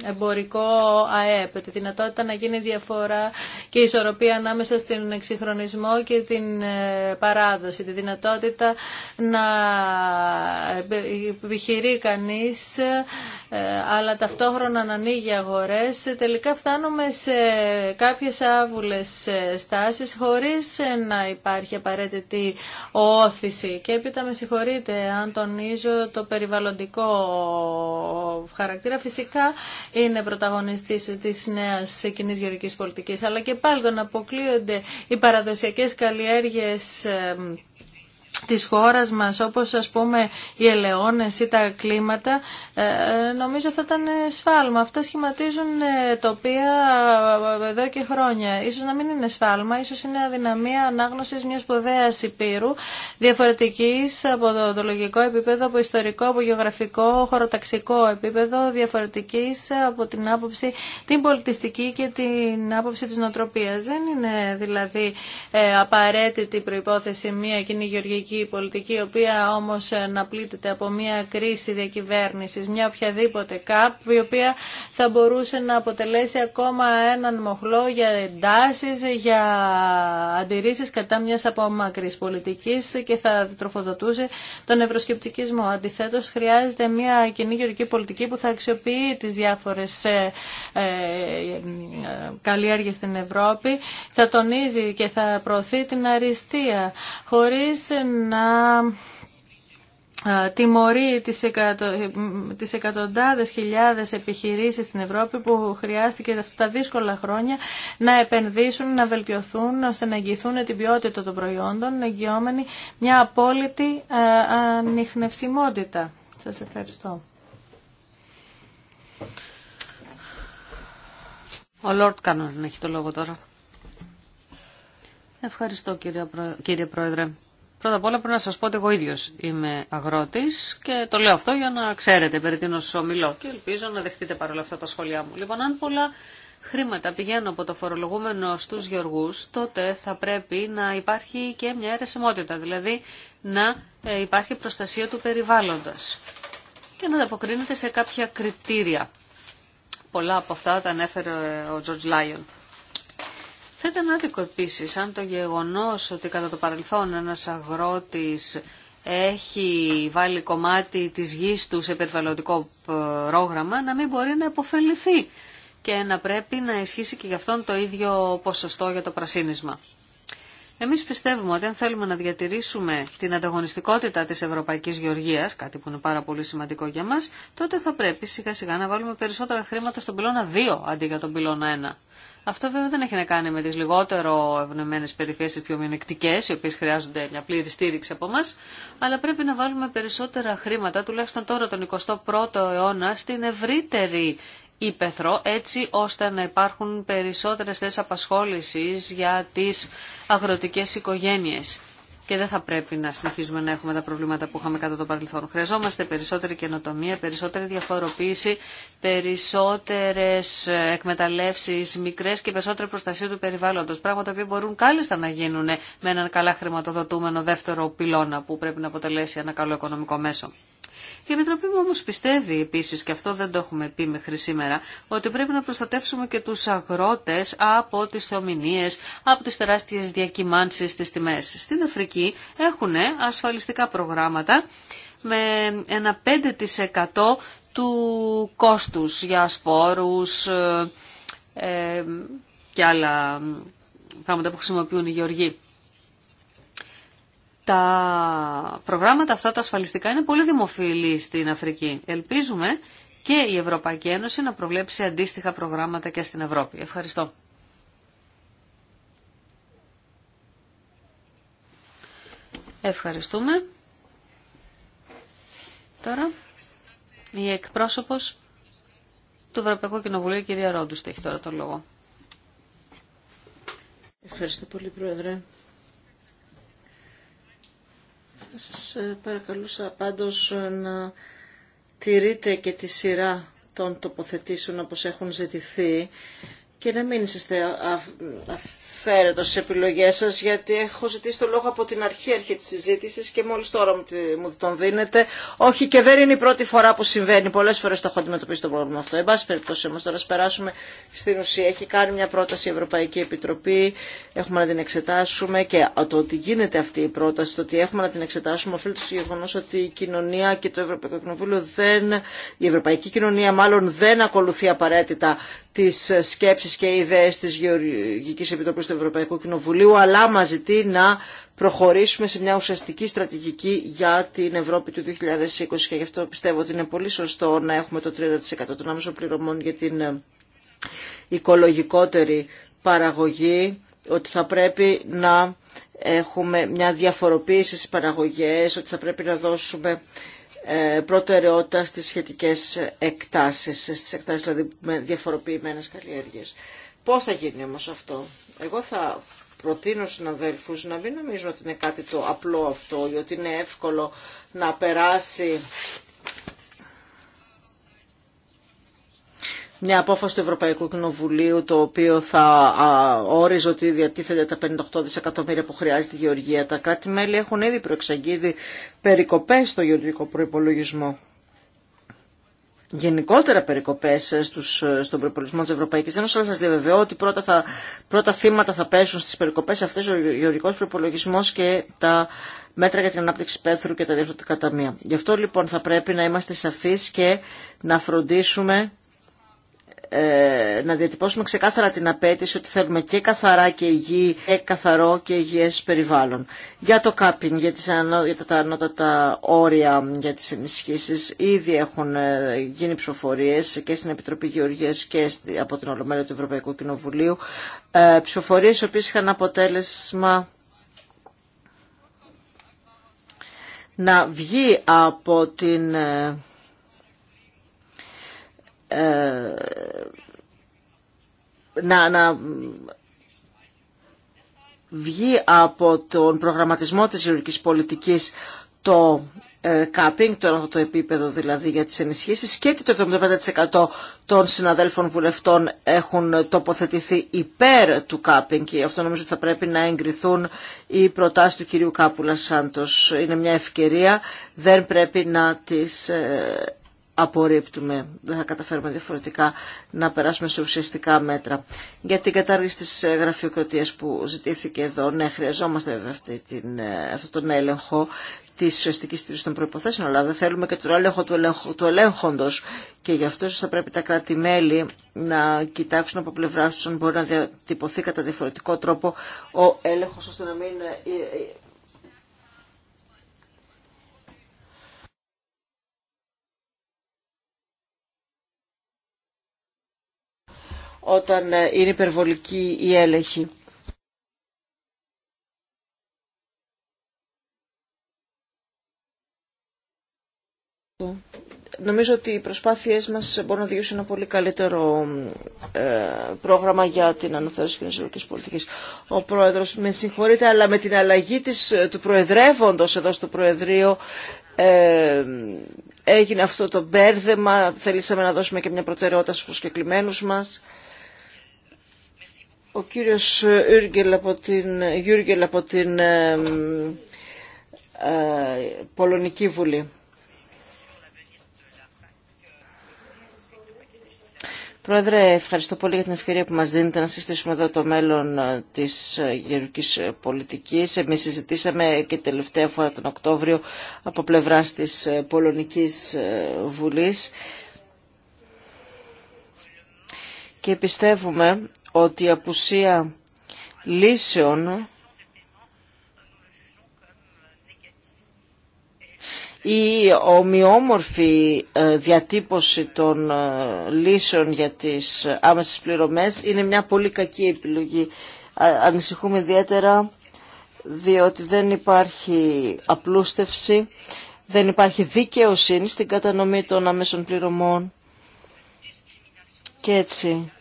εμπορικό ΑΕΠ, τη δυνατότητα να γίνει διαφορά και ισορροπία ανάμεσα στην εξυγχρονισμό και την ε, παράδοση, τη δυνατότητα να ε, επιχειρεί κανείς ε, αλλά ταυτόχρονα να ανοίγει αγορές, τελικά φτάνουμε σε κάποιες άβουλες στάσεις χωρίς να υπάρχει απαραίτητη και έπειτα με συγχωρείτε αν τονίζω το περιβαλλοντικό χαρακτήρα. Φυσικά είναι πρωταγωνιστής της νέας κοινή γεωργικής πολιτικής, αλλά και πάλι τον αποκλείονται οι παραδοσιακές καλλιέργειες της χώρας μας, όπως ας πούμε οι ελαιώνες ή τα κλίματα, ε, νομίζω θα ήταν ε, σφάλμα. Αυτά σχηματίζουν ε, τοπία εδώ και χρόνια. Ίσως να μην είναι σφάλμα, ίσως είναι αδυναμία ανάγνωσης μιας σπουδαίας υπήρου, διαφορετικής από το, το λογικό επίπεδο, από ιστορικό, από γεωγραφικό, χωροταξικό επίπεδο, διαφορετικής από την άποψη την πολιτιστική και την άποψη της νοτροπίας. Δεν είναι δηλαδή απαραίτητη προϋπόθεση μια κοινή γεωργική η πολιτική, η οποία όμως να πλήττεται από μια κρίση διακυβέρνησης, μια οποιαδήποτε ΚΑΠ, η οποία θα μπορούσε να αποτελέσει ακόμα έναν μοχλό για εντάσει για αντιρρήσει κατά μια απομάκρης πολιτικής και θα τροφοδοτούσε τον ευρωσκεπτικισμό. Αντιθέτως, χρειάζεται μια κοινή γεωργική πολιτική που θα αξιοποιεί τι διάφορε ε, ε στην Ευρώπη, θα τονίζει και θα προωθεί την αριστεία, χωρίς να ε, τιμωρεί τις, εκατο... τις εκατοντάδες χιλιάδες επιχειρήσεις στην Ευρώπη που χρειάστηκε αυτά τα δύσκολα χρόνια να επενδύσουν, να βελτιωθούν, ώστε να εγγυηθούν την ποιότητα των προϊόντων, εγγυόμενη μια απόλυτη ε, ανιχνευσιμότητα. Σας ευχαριστώ. Ο Λόρτ Κανόν έχει το λόγο τώρα. Ευχαριστώ κύριε Πρόεδρε. Πρώτα απ' όλα πρέπει να σας πω ότι εγώ ίδιος είμαι αγρότης και το λέω αυτό για να ξέρετε περί τίνος ομιλώ και ελπίζω να δεχτείτε παρόλα αυτά τα σχόλιά μου. Λοιπόν, αν πολλά χρήματα πηγαίνουν από το φορολογούμενο στους γεωργούς, τότε θα πρέπει να υπάρχει και μια αιρεσιμότητα, δηλαδή να ε, υπάρχει προστασία του περιβάλλοντας και να ανταποκρίνεται σε κάποια κριτήρια. Πολλά από αυτά τα ανέφερε ο George Λάιον. Θα ήταν άδικο επίση αν το γεγονό ότι κατά το παρελθόν ένα αγρότη έχει βάλει κομμάτι τη γης του σε περιβαλλοντικό ε, πρόγραμμα να μην μπορεί να υποφεληθεί και να πρέπει να ισχύσει και γι' αυτόν το ίδιο ποσοστό για το πρασίνισμα. Εμείς πιστεύουμε ότι αν θέλουμε να διατηρήσουμε την ανταγωνιστικότητα της Ευρωπαϊκής Γεωργίας, κάτι που είναι πάρα πολύ σημαντικό για μας, τότε θα πρέπει σιγά σιγά να βάλουμε περισσότερα χρήματα στον πυλώνα 2 αντί για τον πυλώνα 1. Αυτό βέβαια δεν έχει να κάνει με τις λιγότερο ευνοημένες περιφέρειες, πιο μειονεκτικέ, οι οποίες χρειάζονται μια πλήρη στήριξη από εμά, αλλά πρέπει να βάλουμε περισσότερα χρήματα, τουλάχιστον τώρα τον 21ο αιώνα, στην ευρύτερη ύπεθρο, έτσι ώστε να υπάρχουν περισσότερες θέσεις απασχόλησης για τις αγροτικές οικογένειε και δεν θα πρέπει να συνεχίζουμε να έχουμε τα προβλήματα που είχαμε κατά το παρελθόν. Χρειαζόμαστε περισσότερη καινοτομία, περισσότερη διαφοροποίηση, περισσότερες εκμεταλλεύσεις μικρέ και περισσότερη προστασία του περιβάλλοντος. Πράγματα που μπορούν κάλλιστα να γίνουν με έναν καλά χρηματοδοτούμενο δεύτερο πυλώνα που πρέπει να αποτελέσει ένα καλό οικονομικό μέσο. Η Επιτροπή μου όμως πιστεύει επίσης, και αυτό δεν το έχουμε πει μέχρι σήμερα, ότι πρέπει να προστατεύσουμε και τους αγρότες από τις θεομηνίες, από τις τεράστιες διακυμάνσεις στις τιμές. Στην Αφρική έχουν ασφαλιστικά προγράμματα με ένα 5% του κόστους για σπόρους ε, ε και άλλα ε, πράγματα που χρησιμοποιούν οι γεωργοί τα προγράμματα αυτά τα ασφαλιστικά είναι πολύ δημοφιλή στην Αφρική. Ελπίζουμε και η Ευρωπαϊκή Ένωση να προβλέψει αντίστοιχα προγράμματα και στην Ευρώπη. Ευχαριστώ. Ευχαριστούμε. Τώρα η εκπρόσωπος του Ευρωπαϊκού Κοινοβουλίου, η κυρία Ρόντουστα, έχει τώρα τον λόγο. Ευχαριστώ πολύ, Πρόεδρε. Θα σας ε, παρακαλούσα πάντως ε, να τηρείτε και τη σειρά των τοποθετήσεων όπως έχουν ζητηθεί και να μην είστε αφαίρετο στι επιλογέ σα, γιατί έχω ζητήσει το λόγο από την αρχή αρχή της συζήτησης και μόλι τώρα μου τον δίνετε. Όχι και δεν είναι η πρώτη φορά που συμβαίνει. Πολλές φορέ το έχω αντιμετωπίσει το πρόβλημα αυτό. Εν πάση περιπτώσει όμως τώρα περάσουμε στην ουσία. Έχει κάνει μια πρόταση η Ευρωπαϊκή Επιτροπή. Έχουμε να την εξετάσουμε και το ότι γίνεται αυτή η πρόταση, το ότι έχουμε να την εξετάσουμε οφείλεται στο γεγονό ότι η κοινωνία και το Ευρωπαϊκό Κοινοβούλιο δεν, η Ευρωπαϊκή Κοινωνία μάλλον δεν ακολουθεί απαραίτητα τι σκέψει προτάσεις και ιδέες της Γεωργικής Επιτροπής του Ευρωπαϊκού Κοινοβουλίου, αλλά μας ζητεί να προχωρήσουμε σε μια ουσιαστική στρατηγική για την Ευρώπη του 2020 και γι' αυτό πιστεύω ότι είναι πολύ σωστό να έχουμε το 30% των άμεσων πληρωμών για την ε, οικολογικότερη παραγωγή, ότι θα πρέπει να έχουμε μια διαφοροποίηση στις παραγωγές, ότι θα πρέπει να δώσουμε ε, προτεραιότητα στις σχετικές εκτάσεις, στις εκτάσεις δηλαδή με διαφοροποιημένες καλλιέργειες. Πώς θα γίνει όμως αυτό. Εγώ θα προτείνω συναδέλφους να μην νομίζουν ότι είναι κάτι το απλό αυτό ή ότι είναι εύκολο να περάσει μια απόφαση του Ευρωπαϊκού Κοινοβουλίου το οποίο θα όριζε ότι διατίθεται τα 58 δισεκατομμύρια που χρειάζεται η Γεωργία. Τα κράτη-μέλη έχουν ήδη προεξαγγείλει περικοπές στο γεωργικό προϋπολογισμό. Γενικότερα περικοπές στον προπολογισμό της Ευρωπαϊκής Ένωσης, αλλά σας διαβεβαιώ ότι πρώτα, θα, πρώτα θύματα θα πέσουν στις περικοπές αυτές ο γεωργικός προπολογισμό και τα μέτρα για την ανάπτυξη πέθρου και τα διευθυντικά ταμεία. Γι' αυτό λοιπόν θα πρέπει να είμαστε σαφείς και να φροντίσουμε ε, να διατυπώσουμε ξεκάθαρα την απέτηση ότι θέλουμε και καθαρά και υγιή, και καθαρό και υγιές περιβάλλον. Για το κάπιν, για, τις τα ανώτατα όρια για τις ενισχύσεις, ήδη έχουν ε, γίνει ψηφοφορίες και στην Επιτροπή Γεωργίας και από την Ολομέλεια του Ευρωπαϊκού Κοινοβουλίου, ε, ψηφοφορίες οποίες είχαν αποτέλεσμα να βγει από την ε, ε, να, να βγει από τον προγραμματισμό της γεωργικής πολιτικής το ε, κάπινγκ, το, το επίπεδο δηλαδή για τις ενισχύσεις και ότι το 75% των συναδέλφων βουλευτών έχουν τοποθετηθεί υπέρ του κάπινγκ και αυτό νομίζω ότι θα πρέπει να εγκριθούν οι προτάσεις του κυρίου Κάπουλα Σάντος. Είναι μια ευκαιρία, δεν πρέπει να τις ε, απορρίπτουμε. Δεν θα καταφέρουμε διαφορετικά να περάσουμε σε ουσιαστικά μέτρα. Για την κατάργηση της ε, γραφειοκρατίας που ζητήθηκε εδώ, ναι, χρειαζόμαστε βέβαια την, ε, αυτόν τον έλεγχο τη ουσιαστική στήριξη των προποθέσεων, αλλά δεν θέλουμε και τον έλεγχο του, ελέγχο, του ελέγχοντο. Και γι' αυτό θα πρέπει τα κράτη-μέλη να κοιτάξουν από πλευρά του αν μπορεί να διατυπωθεί κατά διαφορετικό τρόπο ο έλεγχο, ώστε να μην ε, όταν ε, είναι υπερβολική η έλεγχη. Νομίζω ότι οι προσπάθειές μας μπορούν να διώσουν ένα πολύ καλύτερο ε, πρόγραμμα για την αναθεώρηση κοινωνικής πολιτικής. Ο Πρόεδρος, με συγχωρείτε, αλλά με την αλλαγή της, ε, του Προεδρεύοντος εδώ στο Προεδρείο ε, έγινε αυτό το μπέρδεμα. Θέλησαμε να δώσουμε και μια προτεραιότητα στους προσκεκλημένους μας. Ο κύριος Γιούργκελ από την, Γιούργελ από την ε, ε, Πολωνική Βουλή. Πρόεδρε, ευχαριστώ πολύ για την ευκαιρία που μας δίνετε να συστήσουμε εδώ το μέλλον ε, της γερουκής πολιτικής. Εμείς συζητήσαμε και τελευταία φορά τον Οκτώβριο από πλευράς της Πολωνικής Βουλής. Και πιστεύουμε ότι η απουσία λύσεων η ομοιόμορφη ε, διατύπωση των ε, λύσεων για τις άμεσες πληρωμές είναι μια πολύ κακή επιλογή. Ανησυχούμε ιδιαίτερα διότι δεν υπάρχει απλούστευση, δεν υπάρχει δικαιοσύνη στην κατανομή των αμέσων πληρωμών και έτσι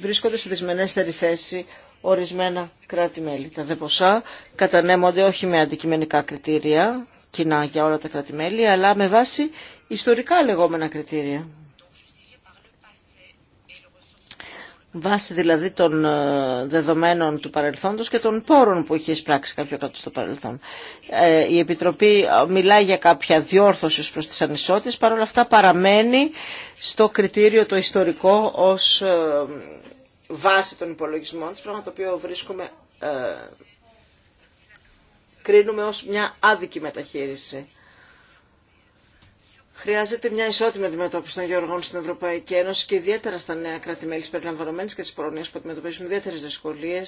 βρίσκονται σε δυσμενέστερη θέση ορισμένα κράτη-μέλη. Τα δε ποσά κατανέμονται όχι με αντικειμενικά κριτήρια, κοινά για όλα τα κράτη-μέλη, αλλά με βάση ιστορικά λεγόμενα κριτήρια. Βάσει δηλαδή των ε, δεδομένων του παρελθόντος και των πόρων που έχει εισπράξει κάποιο κράτος στο παρελθόν. Ε, η Επιτροπή ε, μιλάει για κάποια διόρθωση προς τις ανισότητες, παρόλα αυτά παραμένει στο κριτήριο το ιστορικό ως βάση των υπολογισμών της, πράγμα το οποίο βρίσκουμε, κρίνουμε ως μια άδικη μεταχείριση. Χρειάζεται μια ισότιμη αντιμετώπιση των γεωργών στην Ευρωπαϊκή Ένωση και ιδιαίτερα στα νέα κράτη-μέλη περιλαμβανομένη και τη Πολωνία που αντιμετωπίζουν ιδιαίτερε δυσκολίε.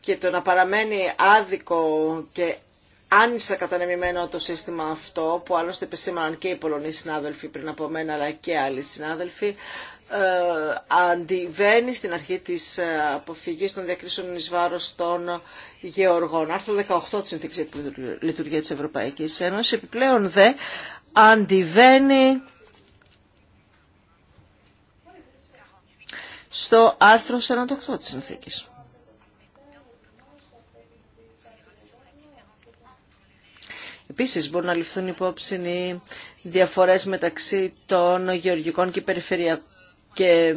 Και το να παραμένει άδικο και άνισα κατανεμημένο το σύστημα αυτό, που άλλωστε επισήμαναν και οι Πολωνοί συνάδελφοι πριν από μένα, αλλά και άλλοι συνάδελφοι, ε, αντιβαίνει στην αρχή της ε, αποφυγής των διακρίσεων εις βάρος των γεωργών. Άρθρο 18 της Συνθήκης για τη Λειτουργία της Ευρωπαϊκής Ένωσης. Επιπλέον δε αντιβαίνει στο άρθρο 48 της Συνθήκης. Επίσης μπορούν να ληφθούν υπόψη οι διαφορές μεταξύ των γεωργικών και περιφερειακών και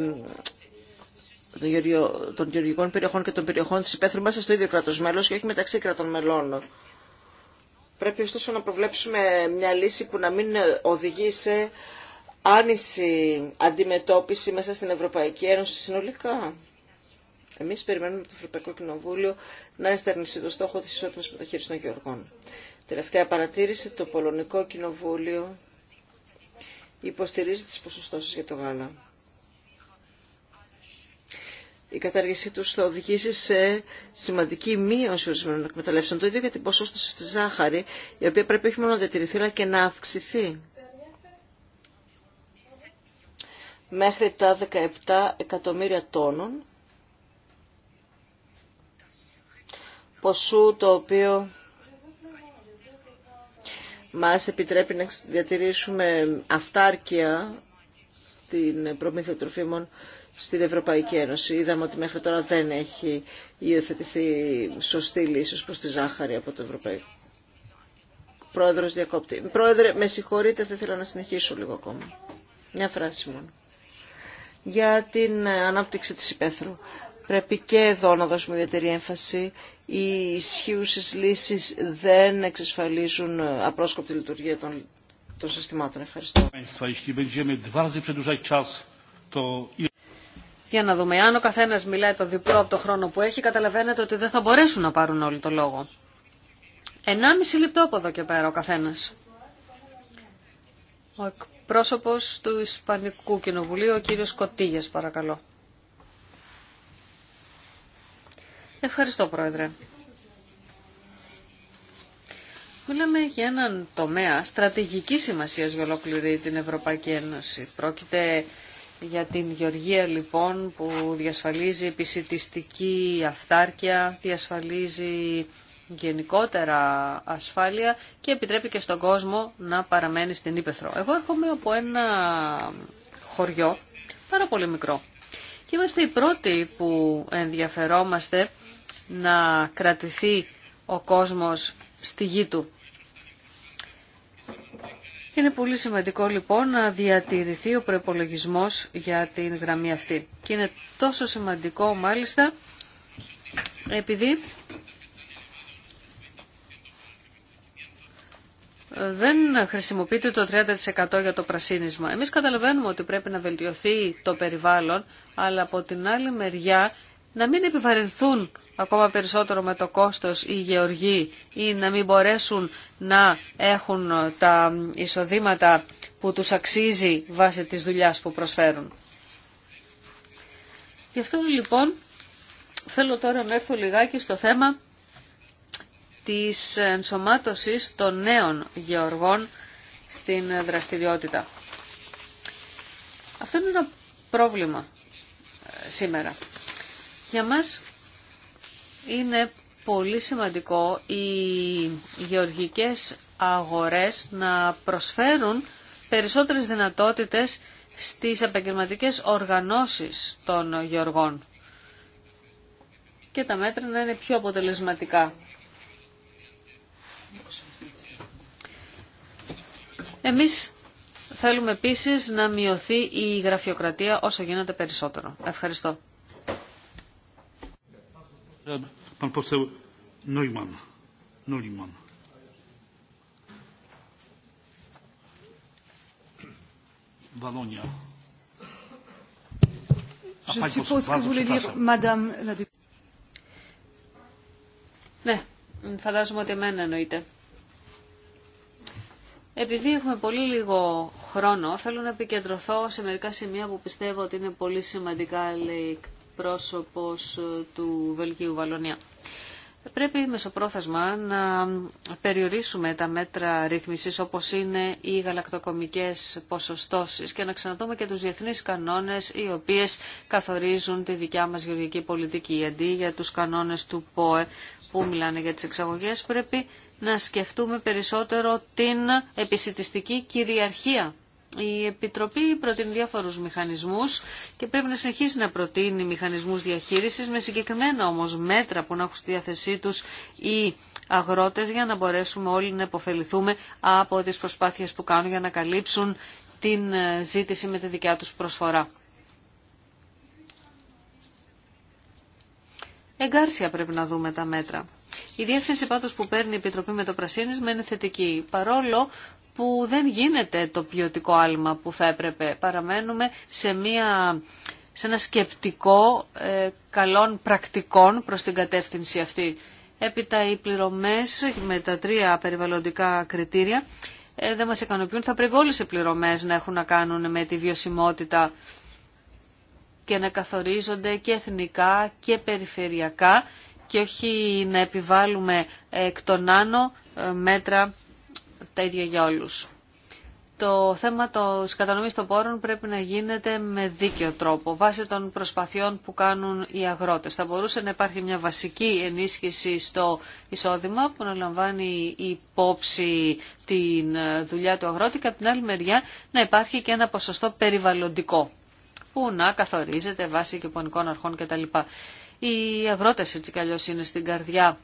ε, των γεωργικών περιοχών και των περιοχών της υπαίθρου μέσα στο ίδιο κράτος μέλος και όχι μεταξύ κρατών μελών. Πρέπει ωστόσο να προβλέψουμε μια λύση που να μην οδηγεί σε άνηση αντιμετώπιση μέσα στην Ευρωπαϊκή Ένωση συνολικά. Εμείς περιμένουμε το Ευρωπαϊκό Κοινοβούλιο να εστερνίσει το στόχο της ισότιμης μεταχείρισης των γεωργών. Τελευταία παρατήρηση, το Πολωνικό Κοινοβούλιο υποστηρίζει τις ποσοστώσεις για το γάλα η κατάργησή τους θα οδηγήσει σε σημαντική μείωση ορισμένων εκμεταλλεύσεων. Το ίδιο για την ποσόστοση στη ζάχαρη, η οποία πρέπει όχι μόνο να διατηρηθεί, αλλά και να αυξηθεί. Μέχρι τα 17 εκατομμύρια τόνων, ποσού το οποίο μας επιτρέπει να διατηρήσουμε αυτάρκεια στην προμήθεια τροφίμων στην Ευρωπαϊκή Ένωση. Είδαμε ότι μέχρι τώρα δεν έχει υιοθετηθεί σωστή λύση προ τη ζάχαρη από το Ευρωπαϊκό. Πρόεδρος διακόπτη. Πρόεδρε, με συγχωρείτε, θα ήθελα να συνεχίσω λίγο ακόμα. Μια φράση μόνο. Για την ανάπτυξη της υπαίθρου. Πρέπει και εδώ να δώσουμε ιδιαίτερη έμφαση. Οι ισχύουσες λύσεις δεν εξασφαλίζουν απρόσκοπτη λειτουργία των, των συστημάτων. Ευχαριστώ. Για να δούμε. Αν ο καθένα μιλάει το διπλό από το χρόνο που έχει, καταλαβαίνετε ότι δεν θα μπορέσουν να πάρουν όλοι το λόγο. 1,5 λεπτό από εδώ και πέρα ο καθένα. Ο εκπρόσωπο του Ισπανικού Κοινοβουλίου, ο κύριο παρακαλώ. Ευχαριστώ, Πρόεδρε. Μιλάμε για έναν τομέα στρατηγική σημασία για ολόκληρη την Ευρωπαϊκή Ένωση για την γεωργία λοιπόν που διασφαλίζει επισητιστική αυτάρκεια, διασφαλίζει γενικότερα ασφάλεια και επιτρέπει και στον κόσμο να παραμένει στην Ήπεθρο. Εγώ έρχομαι από ένα χωριό πάρα πολύ μικρό και είμαστε οι πρώτοι που ενδιαφερόμαστε να κρατηθεί ο κόσμος στη γη του. Είναι πολύ σημαντικό λοιπόν να διατηρηθεί ο προπολογισμό για την γραμμή αυτή. Και είναι τόσο σημαντικό μάλιστα επειδή δεν χρησιμοποιείται το 30% για το πρασίνισμα. Εμείς καταλαβαίνουμε ότι πρέπει να βελτιωθεί το περιβάλλον, αλλά από την άλλη μεριά να μην επιβαρυνθούν ακόμα περισσότερο με το κόστος οι γεωργοί ή να μην μπορέσουν να έχουν ε, τα εισοδήματα που τους αξίζει βάσει της δουλειάς που προσφέρουν. Γι' αυτό λοιπόν θέλω τώρα να έρθω λιγάκι στο θέμα της ενσωμάτωσης των νέων γεωργών στην ε, δραστηριότητα. Αυτό είναι ένα πρόβλημα ε, σήμερα. Για μας είναι πολύ σημαντικό οι γεωργικές αγορές να προσφέρουν περισσότερες δυνατότητες στις επαγγελματικέ οργανώσεις των γεωργών και τα μέτρα να είναι πιο αποτελεσματικά. Εμείς θέλουμε επίσης να μειωθεί η γραφειοκρατία όσο γίνεται περισσότερο. Ευχαριστώ. Ναι, φαντάζομαι ότι εμένα εννοείται. Επειδή έχουμε πολύ λίγο χρόνο, θέλω να επικεντρωθώ σε μερικά σημεία που πιστεύω ότι είναι πολύ σημαντικά, λέει εκπρόσωπος ε, του Βελγίου Βαλονία. Πρέπει μεσοπρόθεσμα να περιορίσουμε τα μέτρα ρύθμισης όπως είναι οι γαλακτοκομικές ποσοστώσεις και να ξαναδούμε και τους διεθνείς κανόνες οι οποίες καθορίζουν τη δικιά μας γεωργική πολιτική. Αντί για τους κανόνες του ΠΟΕ που μιλάνε για τις εξαγωγές πρέπει να σκεφτούμε περισσότερο την επισητιστική κυριαρχία η Επιτροπή προτείνει διάφορους μηχανισμούς και πρέπει να συνεχίσει να προτείνει μηχανισμούς διαχείρισης με συγκεκριμένα όμως μέτρα που να έχουν στη διάθεσή τους οι αγρότες για να μπορέσουμε όλοι να υποφεληθούμε από τις προσπάθειες που κάνουν για να καλύψουν την ε, ζήτηση με τη δικιά τους προσφορά. Εγκάρσια πρέπει να δούμε τα μέτρα. Η διεύθυνση πάντως που παίρνει η Επιτροπή με το Πρασίνισμα είναι θετική, παρόλο που δεν γίνεται το ποιοτικό άλμα που θα έπρεπε. Παραμένουμε σε, μια, σε ένα σκεπτικό ε, καλών πρακτικών προς την κατεύθυνση αυτή. Έπειτα οι πληρωμές με τα τρία περιβαλλοντικά κριτήρια ε, δεν μας ικανοποιούν. Θα πρέπει όλες οι πληρωμές να έχουν να κάνουν με τη βιωσιμότητα και να καθορίζονται και εθνικά και περιφερειακά και όχι να επιβάλλουμε ε, εκ των άνω ε, μέτρα τα ίδια για όλους. Το θέμα της κατανομής των πόρων πρέπει να γίνεται με δίκαιο τρόπο, βάσει των προσπαθειών που κάνουν οι αγρότες. Θα μπορούσε να υπάρχει μια βασική ενίσχυση στο εισόδημα που να λαμβάνει υπόψη την δουλειά του αγρότη και από την άλλη μεριά να υπάρχει και ένα ποσοστό περιβαλλοντικό που να καθορίζεται βάσει κυπωνικών αρχών κτλ. Οι αγρότες έτσι κι αλλιώς είναι στην καρδιά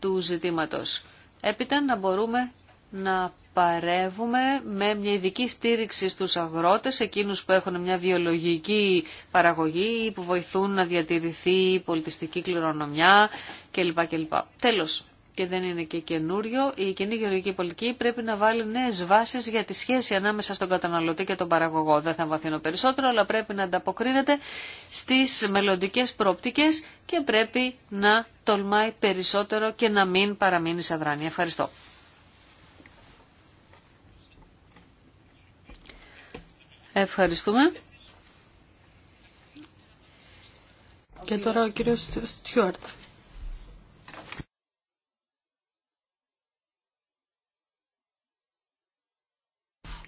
του ζητήματος έπειτα να μπορούμε να παρεύουμε με μια ειδική στήριξη στους αγρότες, εκείνους που έχουν μια βιολογική παραγωγή, που βοηθούν να διατηρηθεί η πολιτιστική κληρονομιά κλπ. κλπ. Τέλος, και δεν είναι και καινούριο, η κοινή γεωργική πολιτική πρέπει να βάλει νέε βάσει για τη σχέση ανάμεσα στον καταναλωτή και τον παραγωγό. Δεν θα βαθύνω περισσότερο, αλλά πρέπει να ανταποκρίνεται στι μελλοντικέ πρόπτικε και πρέπει να τολμάει περισσότερο και να μην παραμείνει σε δράνεια. Ευχαριστώ. Ευχαριστούμε. Και τώρα ο κύριος Στιούαρτ.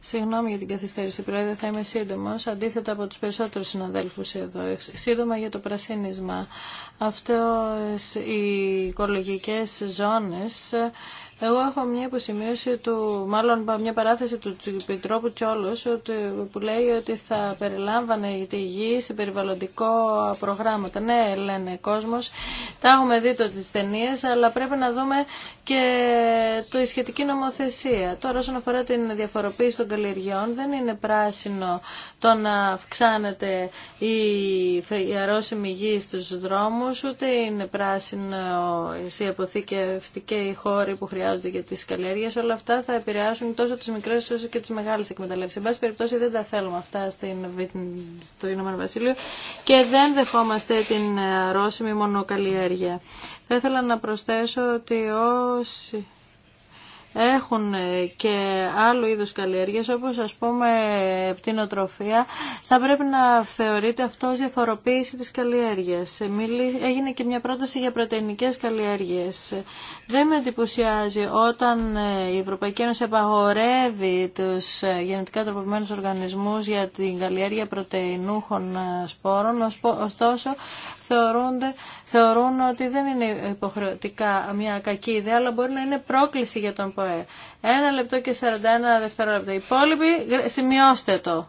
Συγγνώμη για την καθυστέρηση, Πρόεδρε, θα είμαι σύντομο, αντίθετα από του περισσότερου συναδέλφου εδώ. Σύντομα για το πρασίνισμα. Αυτέ οι οικολογικέ ζώνε εγώ έχω μια υποσημείωση του, μάλλον μια παράθεση του Επιτρόπου Τσόλο που λέει ότι θα περιλάμβανε τη γη σε περιβαλλοντικό προγράμματα. Ναι, λένε κόσμο, τα έχουμε δει το τις ταινίε, αλλά πρέπει να δούμε και το σχετική νομοθεσία. Τώρα όσον αφορά την διαφοροποίηση των καλλιεργειών δεν είναι πράσινο το να αυξάνεται η αρρώσιμη γη στου δρόμου, ούτε είναι πράσινο οι αποθηκευτικοί χώροι που χρειάζονται επηρεάζονται για τι καλλιέργειε. όλα αυτά θα επηρεάσουν τόσο τι μικρέ, όσο και τι μεγάλε εκμεταλλεύσεις. Εν πάση περιπτώσει δεν τα θέλουμε αυτά στην, στο Ηνωμένο Βασίλειο και δεν δεχόμαστε την ε, αρρώσιμη μονοκαλλιέργεια. Θα ήθελα να προσθέσω ότι όσοι έχουν ε, και άλλου είδους καλλιέργειες όπως ας πούμε πτυνοτροφία θα πρέπει να θεωρείται αυτό ως διαφοροποίηση της καλλιέργειας. Ε, έγινε και μια πρόταση για πρωτεϊνικές καλλιέργειες. Δεν με εντυπωσιάζει όταν ε, η Ευρωπαϊκή Ένωση απαγορεύει τους γενετικά τροποποιημένους οργανισμούς για την καλλιέργεια πρωτεϊνούχων σπόρων, ωστόσο θεωρούνται, θεωρούν ότι δεν είναι υποχρεωτικά μια κακή ιδέα, αλλά μπορεί να είναι πρόκληση για τον ένα λεπτό και 41 δευτερόλεπτα. Οι υπόλοιποι σημειώστε το.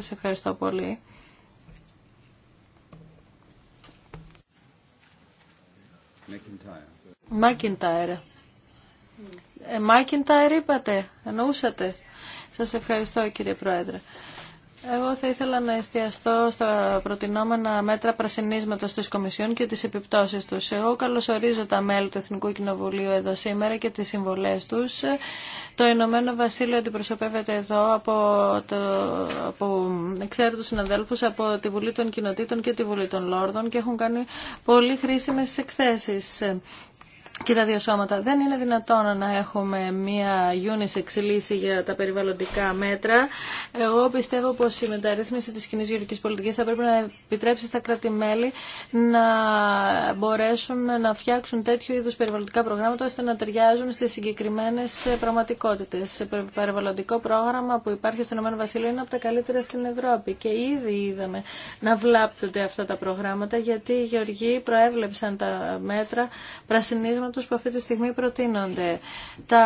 Σα ευχαριστώ πολύ. Μάκιντάιρ. Μάκιντάιρ ε, είπατε, εννοούσατε. Σας ευχαριστώ κύριε Πρόεδρε. Εγώ θα ήθελα να εστιαστώ στα προτινόμενα μέτρα πρασινίσματο τη Κομισιόν και τι επιπτώσει του. Εγώ καλωσορίζω τα μέλη του Εθνικού Κοινοβουλίου εδώ σήμερα και τι συμβολέ του. Το Ηνωμένο Βασίλειο αντιπροσωπεύεται εδώ από, το, από εξαίρετου συναδέλφου από τη Βουλή των Κοινοτήτων και τη Βουλή των Λόρδων και έχουν κάνει πολύ χρήσιμε εκθέσει και τα δύο σώματα. Δεν είναι δυνατόν να έχουμε μία UNICEF λύση για τα περιβαλλοντικά μέτρα. Εγώ πιστεύω πως η μεταρρύθμιση της κοινή γεωργικής πολιτικής θα πρέπει να επιτρέψει στα κράτη-μέλη να μπορέσουν να φτιάξουν τέτοιου είδους περιβαλλοντικά προγράμματα ώστε να ταιριάζουν στις συγκεκριμένες πραγματικότητες. Το περιβαλλοντικό πρόγραμμα που υπάρχει στον Ε.Β. είναι από τα καλύτερα στην Ευρώπη και ήδη είδαμε να βλάπτονται αυτά τα προγράμματα γιατί οι γεωργοί προέβλεψαν τα μέτρα πρασινίσματα που αυτή τη στιγμή προτείνονται. Τα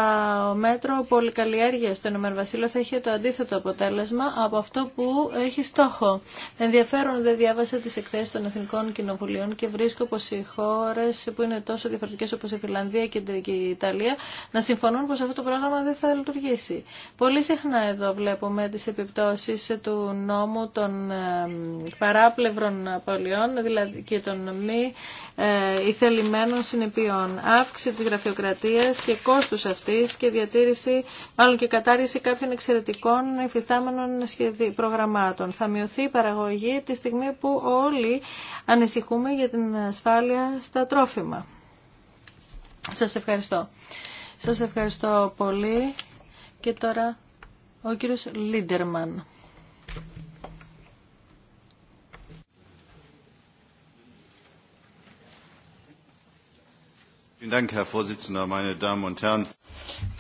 μέτρο πολυκαλλιέργειας στο Ηνωμένο Βασίλειο θα έχει το αντίθετο αποτέλεσμα από αυτό που έχει στόχο. ενδιαφέρον δεν διάβασα τις εκθέσεις των Εθνικών Κοινοβουλίων και βρίσκω πως οι χώρες που είναι τόσο διαφορετικές όπως η Φιλανδία και η Ιταλία να συμφωνούν πως αυτό το πρόγραμμα δεν θα λειτουργήσει. Πολύ συχνά εδώ βλέπουμε τις επιπτώσεις του νόμου των παράπλευρων πολιών δηλαδή και των μη ε, ηθελημένων συνεπειών αύξηση της γραφειοκρατίας και κόστους αυτής και διατήρηση, μάλλον και κατάργηση κάποιων εξαιρετικών υφιστάμενων προγραμμάτων. Θα μειωθεί η παραγωγή τη στιγμή που όλοι ανησυχούμε για την ασφάλεια στα τρόφιμα. Σας ευχαριστώ. Σας ευχαριστώ πολύ και τώρα ο κύριος Λίντερμαν.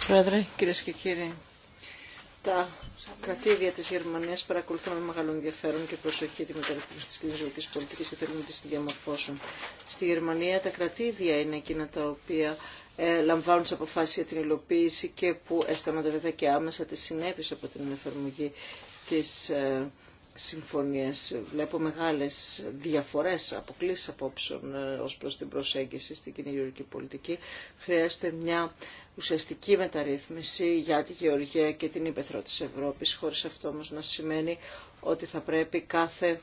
Πρόεδρε, κυρίε και κύριοι, τα κρατήδια τη Γερμανία παρακολουθούν με μεγάλο ενδιαφέρον και προσοχή τη μεταρρύθμιση τη κοινωνική πολιτική και θέλουν να τη διαμορφώσουν. Στη Γερμανία τα κρατήδια είναι εκείνα τα οποία ε, λαμβάνουν τι αποφάσει για την υλοποίηση και που αισθάνονται βέβαια και άμεσα τι συνέπειε από την εφαρμογή της ε, συμφωνίες. Βλέπω μεγάλες διαφορές, αποκλείς απόψεων ε, ως προς την προσέγγιση στην κοινή γεωργική πολιτική. Χρειάζεται μια ουσιαστική μεταρρύθμιση για τη γεωργία και την υπεθρό της Ευρώπης, χωρίς αυτό όμως να σημαίνει ότι θα πρέπει κάθε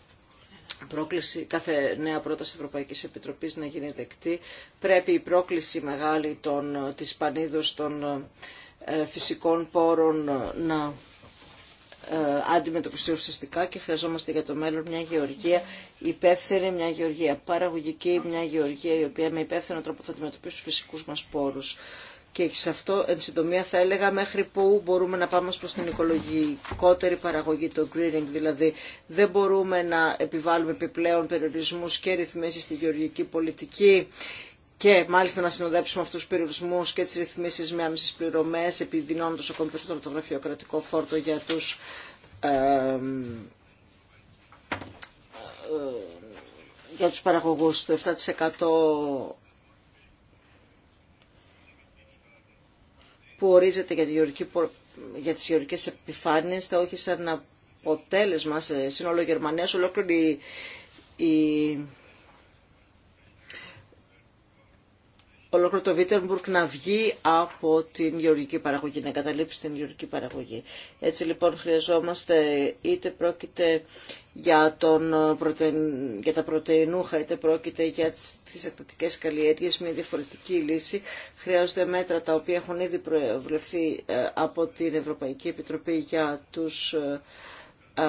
πρόκληση, κάθε νέα πρόταση Ευρωπαϊκής Επιτροπής να γίνει δεκτή. Πρέπει η πρόκληση μεγάλη των, της πανίδος των ε, φυσικών πόρων να ε, αντιμετωπιστεί ουσιαστικά και χρειαζόμαστε για το μέλλον μια γεωργία υπεύθυνη, μια γεωργία παραγωγική, μια γεωργία η οποία με υπεύθυνο τρόπο θα αντιμετωπίσει τους φυσικούς μας πόρους. Και σε αυτό, εν συντομία, θα έλεγα μέχρι που μπορούμε να πάμε προς την οικολογικότερη παραγωγή, το greening, δηλαδή δεν μπορούμε να επιβάλλουμε επιπλέον περιορισμούς και ρυθμίσεις στη γεωργική πολιτική και μάλιστα να συνοδέψουμε αυτού του περιορισμού και τι ρυθμίσει με άμεσε πληρωμέ, επιδεινώνοντα ακόμη περισσότερο το γραφειοκρατικό φόρτο για του ε, για τους παραγωγούς το 7% που ορίζεται για, τη γεωρική, για τις γεωρικές επιφάνειες θα όχι σαν αποτέλεσμα σε σύνολο Γερμανίας ολόκληρη η, η ολόκληρο το Βίτερμπουργκ να βγει από την γεωργική παραγωγή, να καταλήψει την γεωργική παραγωγή. Έτσι λοιπόν χρειαζόμαστε είτε πρόκειται για, τον, για τα πρωτεϊνούχα, είτε πρόκειται για τις εκτατικές καλλιέργειες, μια διαφορετική λύση. Χρειάζονται μέτρα τα οποία έχουν ήδη προβλεφθεί ε, από την Ευρωπαϊκή Επιτροπή για τους ε, ε,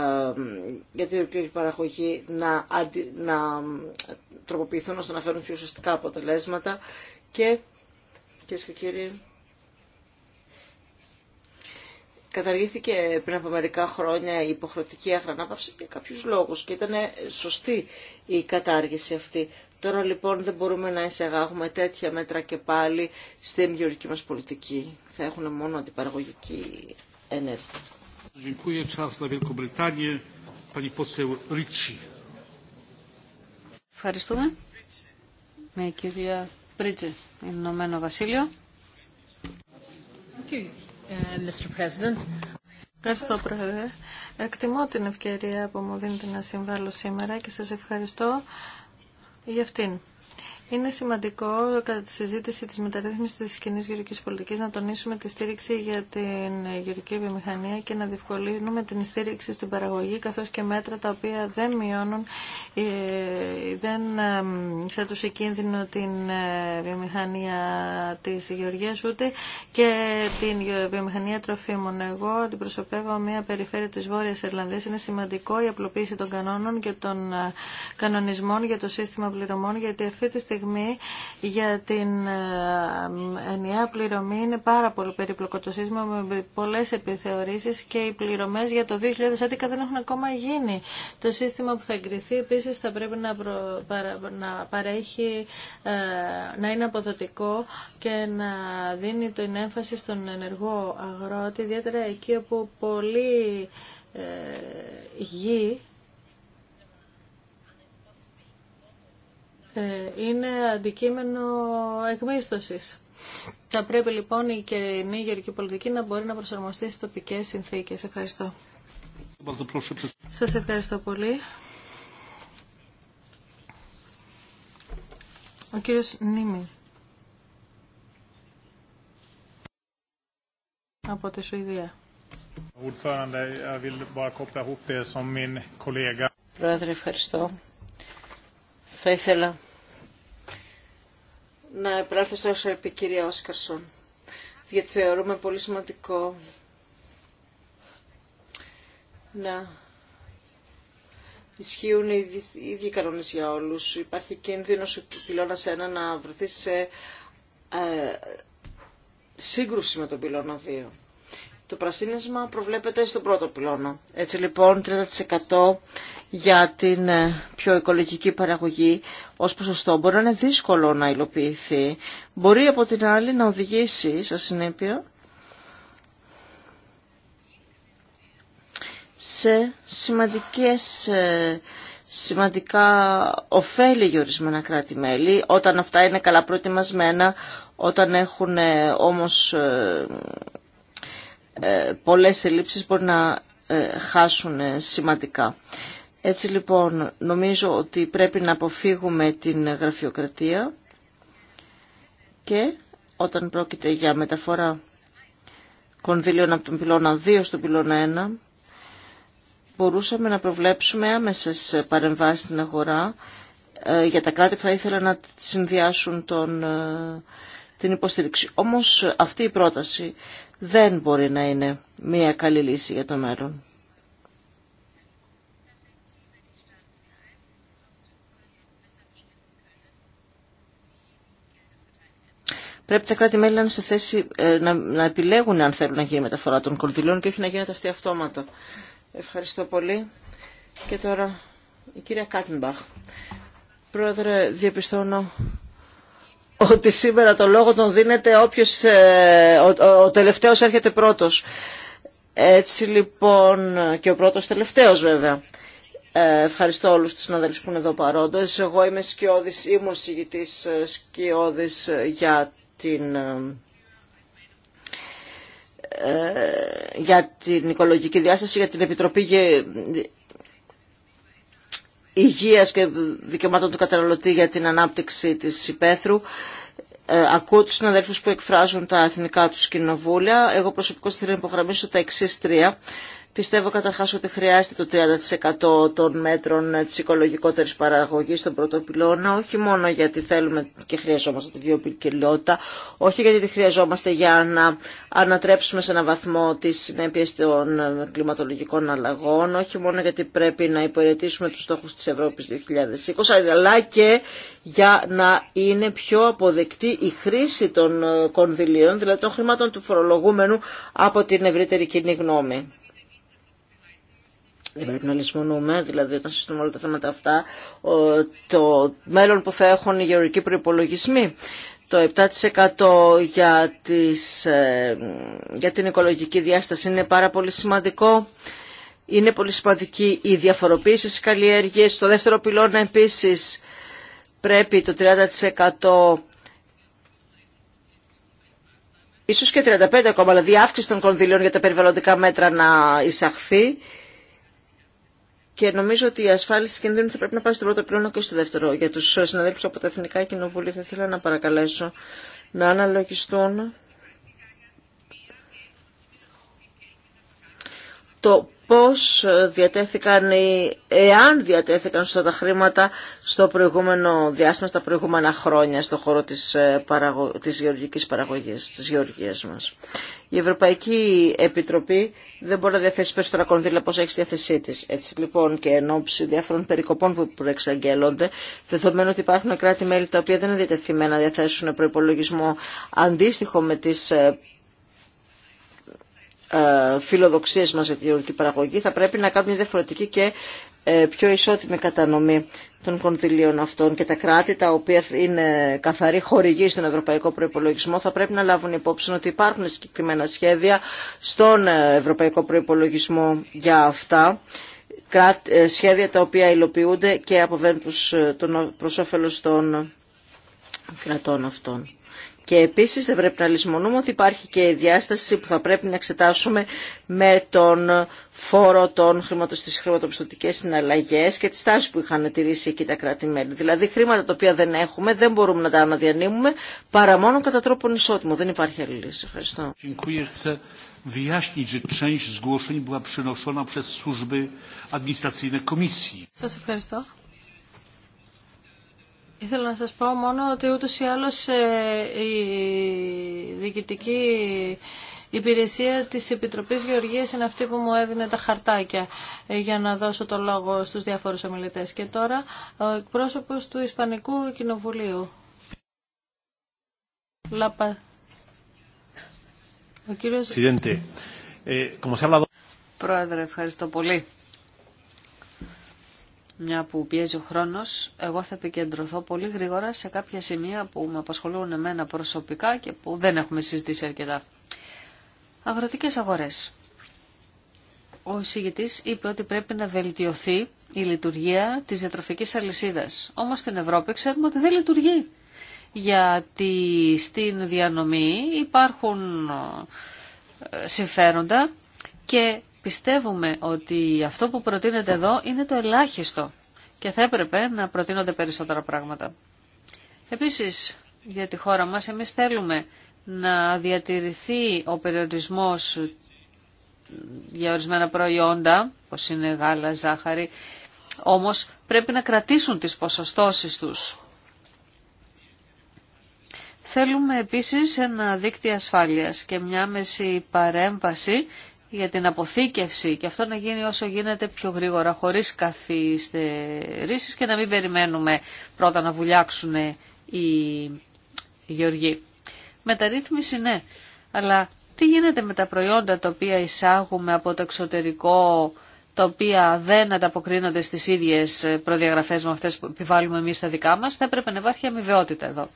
για την γεωργική παραγωγή να, αντι... να τροποποιηθούν ώστε να φέρουν πιο ουσιαστικά αποτελέσματα και, κυρίε και κύριοι, καταργήθηκε πριν από μερικά χρόνια η υποχρεωτική αγρανάπαυση για κάποιους λόγους και ήταν σωστή η κατάργηση αυτή. Τώρα λοιπόν δεν μπορούμε να εισαγάγουμε τέτοια μέτρα και πάλι στην γεωργική μας πολιτική. Θα έχουν μόνο αντιπαραγωγική ενέργεια. Ευχαριστούμε. Ναι, κυρία Uh, ευχαριστώ, Πρόεδρε. Εκτιμώ την ευκαιρία που μου δίνετε να συμβάλλω σήμερα και σας ευχαριστώ για αυτήν. Είναι σημαντικό κατά τη συζήτηση τη μεταρρύθμιση τη κοινή γεωργική πολιτική να τονίσουμε τη στήριξη για την γεωργική βιομηχανία και να διευκολύνουμε την στήριξη στην παραγωγή καθώ και μέτρα τα οποία δεν μειώνουν, ή ε, δεν ε, θα του κίνδυνο την ε, βιομηχανία τη γεωργία ούτε και την βιομηχανία τροφίμων. Εγώ αντιπροσωπεύω μια περιφέρεια τη Βόρειας Ιρλανδίας. Είναι σημαντικό η απλοποίηση των κανόνων και των κανονισμών για το σύστημα πληρωμών γιατί αυτή τη στιγμή στιγμή για την ε, ενιαία πληρωμή είναι πάρα πολύ περίπλοκο το σύστημα με πολλές επιθεωρήσεις και οι πληρωμές για το 2011 δεν έχουν ακόμα γίνει. Το σύστημα που θα εγκριθεί επίσης θα πρέπει να, προ... να παρέχει, ε, να είναι αποδοτικό και να δίνει την έμφαση στον ενεργό αγρότη, ιδιαίτερα εκεί όπου πολύ ε, γη Ε, είναι αντικείμενο εκμίστοσης. Θα πρέπει λοιπόν η καινή γεωργική πολιτική να μπορεί να προσαρμοστεί στις τοπικές συνθήκες. Ευχαριστώ. Σας ευχαριστώ πολύ. Ο κύριος Νίμη. Από τη Σουηδία. Πρόεδρε, ευχαριστώ. Θα ήθελα να επανέλθω στο όσα είπε η κυρία Όσκαρσον, γιατί θεωρούμε πολύ σημαντικό να ισχύουν οι ίδιοι κανόνε για όλους. Υπάρχει και ο σε ένα να βρεθεί σε ε, σύγκρουση με τον πυλώνα 2. Το πρασίνισμα προβλέπεται στον πρώτο πυλώνα. Έτσι λοιπόν 30% για την ε, πιο οικολογική παραγωγή ως ποσοστό μπορεί να είναι δύσκολο να υλοποιηθεί. Μπορεί από την άλλη να οδηγήσει, σε συνέπεια, σε σημαντικές, ε, σημαντικά ωφέλη για ορισμένα κράτη-μέλη, όταν αυτά είναι καλά προετοιμασμένα, όταν έχουν ε, όμως πολλές ελλείψεις μπορεί να χάσουν σημαντικά. Έτσι λοιπόν νομίζω ότι πρέπει να αποφύγουμε την γραφειοκρατία και όταν πρόκειται για μεταφορά κονδύλιων από τον πυλώνα 2 στον πυλώνα 1 μπορούσαμε να προβλέψουμε άμεσες παρεμβάσεις στην αγορά ε, για τα κράτη που θα ήθελαν να συνδυάσουν τον, ε, την υποστήριξη. Όμως αυτή η πρόταση δεν μπορεί να είναι μια καλή λύση για το μέλλον. Πρέπει τα κράτη-μέλη να είναι σε θέση ε, να, επιλέγουν αν θέλουν να γίνει μεταφορά των κονδυλίων και όχι να γίνεται αυτή αυτόματα. Ευχαριστώ πολύ. Και τώρα η κυρία Κάτινμπαχ. Πρόεδρε, διαπιστώνω ότι σήμερα το λόγο τον δίνεται όποιος, ε, ο, ο, τελευταίος έρχεται πρώτος. Έτσι λοιπόν και ο πρώτος τελευταίος βέβαια. Ε, ευχαριστώ όλους τους συναδέλφους που είναι εδώ παρόντες. Εγώ είμαι σκιώδης, ήμουν συγητής σκιώδης για ε, ε, για την οικολογική διάσταση, για την Επιτροπή Υγείας και Δικαιωμάτων του Καταναλωτή για την ανάπτυξη της Υπέθρου. Ε, ακούω τους συναδέλφους που εκφράζουν τα εθνικά τους κοινοβούλια. Εγώ προσωπικώς θέλω να υπογραμμίσω τα εξή τρία. Πιστεύω καταρχάς ότι χρειάζεται το 30% των μέτρων ε, της οικολογικότερης παραγωγής στον πρώτο πυλώνα, όχι μόνο γιατί θέλουμε και χρειαζόμαστε τη βιοπικιλότητα, όχι γιατί τη χρειαζόμαστε για να ανατρέψουμε σε ένα βαθμό τι συνέπειε των ε, κλιματολογικών αλλαγών, όχι μόνο γιατί πρέπει να υπηρετήσουμε τους στόχους της Ευρώπης 2020, αλλά και για να είναι πιο αποδεκτή η χρήση των ε, κονδυλίων, δηλαδή των χρημάτων του φορολογούμενου από την ευρύτερη κοινή γνώμη. Δεν πρέπει να λησμονούμε, δηλαδή όταν συζητούμε όλα τα θέματα αυτά, το μέλλον που θα έχουν οι γεωργικοί προπολογισμοί. Το 7% για, τις, ε, για την οικολογική διάσταση είναι πάρα πολύ σημαντικό. Είναι πολύ σημαντική η διαφοροποίηση στις καλλιέργειες. Στο δεύτερο πυλώνα επίσης πρέπει το 30% ίσως και 35 ακόμα, δηλαδή αύξηση των κονδυλίων για τα περιβαλλοντικά μέτρα να εισαχθεί και νομίζω ότι η ασφάλιση κινδύνου θα πρέπει να πάει στον πρώτο πλήρωμα και στο δεύτερο. Για τους συναδέλφους από τα Εθνικά Κοινοβούλια θα ήθελα να παρακαλέσω να αναλογιστούν το πώς διατέθηκαν ή εάν διατέθηκαν σωστά τα χρήματα στο προηγούμενο διάστημα, στα προηγούμενα χρόνια στο χώρο της, ε, παραγω... της γεωργικής παραγωγής, της γεωργίας μας. Η Ευρωπαϊκή Επιτροπή δεν μπορεί να διαθέσει περισσότερα κονδύλια πώς έχει διάθεσή τη. Έτσι λοιπόν και εν ώψη διάφορων περικοπών που προεξαγγέλλονται, δεδομένου ότι υπάρχουν κράτη-μέλη τα οποία δεν είναι διατεθειμένα να διαθέσουν προπολογισμό αντίστοιχο με τις ε, ε, φιλοδοξίες μας για τη γεωργική παραγωγή θα πρέπει να κάνουμε μια διαφορετική και ε, πιο ισότιμη κατανομή των κονδυλίων αυτών και τα κράτη τα οποία είναι καθαροί χορηγοί στον Ευρωπαϊκό Προπολογισμό θα πρέπει να λάβουν υπόψη ότι υπάρχουν συγκεκριμένα σχέδια στον ε, Ευρωπαϊκό Προπολογισμό για αυτά σχέδια τα οποία υλοποιούνται και αποβαίνουν προ προς των κρατών αυτών. Και επίσης δεν πρέπει να λησμονούμε ότι υπάρχει και η διάσταση που θα πρέπει να εξετάσουμε με τον φόρο των στις χρηματοπιστωτικές συναλλαγές και τις τάσεις που είχαν τηρήσει εκεί τα κράτη-μέλη. Δηλαδή χρήματα τα οποία δεν έχουμε δεν μπορούμε να τα αναδιανύμουμε παρά μόνο κατά τρόπο ισότιμο. Δεν υπάρχει άλλη λύση. Ευχαριστώ. ευχαριστώ. Ήθελα να σας πω μόνο ότι ούτως ή άλλως ε, η διοικητική υπηρεσία της Επιτροπής Γεωργίας είναι αυτή που μου έδινε τα χαρτάκια ε, για να δώσω το λόγο στους διάφορους ομιλητές. Και τώρα ο εκπρόσωπος του Ισπανικού Κοινοβουλίου. Λάπα. Ο κύριος... Ε, Πρόεδρε, ευχαριστώ πολύ μια που πιέζει ο χρόνος, εγώ θα επικεντρωθώ πολύ γρήγορα σε κάποια σημεία που με απασχολούν εμένα προσωπικά και που δεν έχουμε συζητήσει αρκετά. Αγροτικές αγορές. Ο εισηγητής είπε ότι πρέπει να βελτιωθεί η λειτουργία της διατροφικής αλυσίδας. Όμως στην Ευρώπη ξέρουμε ότι δεν λειτουργεί. Γιατί στην διανομή υπάρχουν ε, συμφέροντα και Πιστεύουμε ότι αυτό που προτείνεται εδώ είναι το ελάχιστο και θα έπρεπε να προτείνονται περισσότερα πράγματα. Επίσης, για τη χώρα μας, εμείς θέλουμε να διατηρηθεί ο περιορισμός για ορισμένα προϊόντα, όπως είναι γάλα, ζάχαρη, όμως πρέπει να κρατήσουν τις ποσοστώσεις τους. Θέλουμε επίσης ένα δίκτυο ασφάλειας και μια μέση παρέμβαση για την αποθήκευση και αυτό να γίνει όσο γίνεται πιο γρήγορα, χωρίς καθυστερήσεις και να μην περιμένουμε πρώτα να βουλιάξουν οι γεωργοί. Μεταρρύθμιση ναι, αλλά τι γίνεται με τα προϊόντα τα οποία εισάγουμε από το εξωτερικό τα οποία δεν ανταποκρίνονται στις ίδιες προδιαγραφές με αυτές που επιβάλλουμε εμείς στα δικά μας, θα έπρεπε να υπάρχει αμοιβαιότητα εδώ.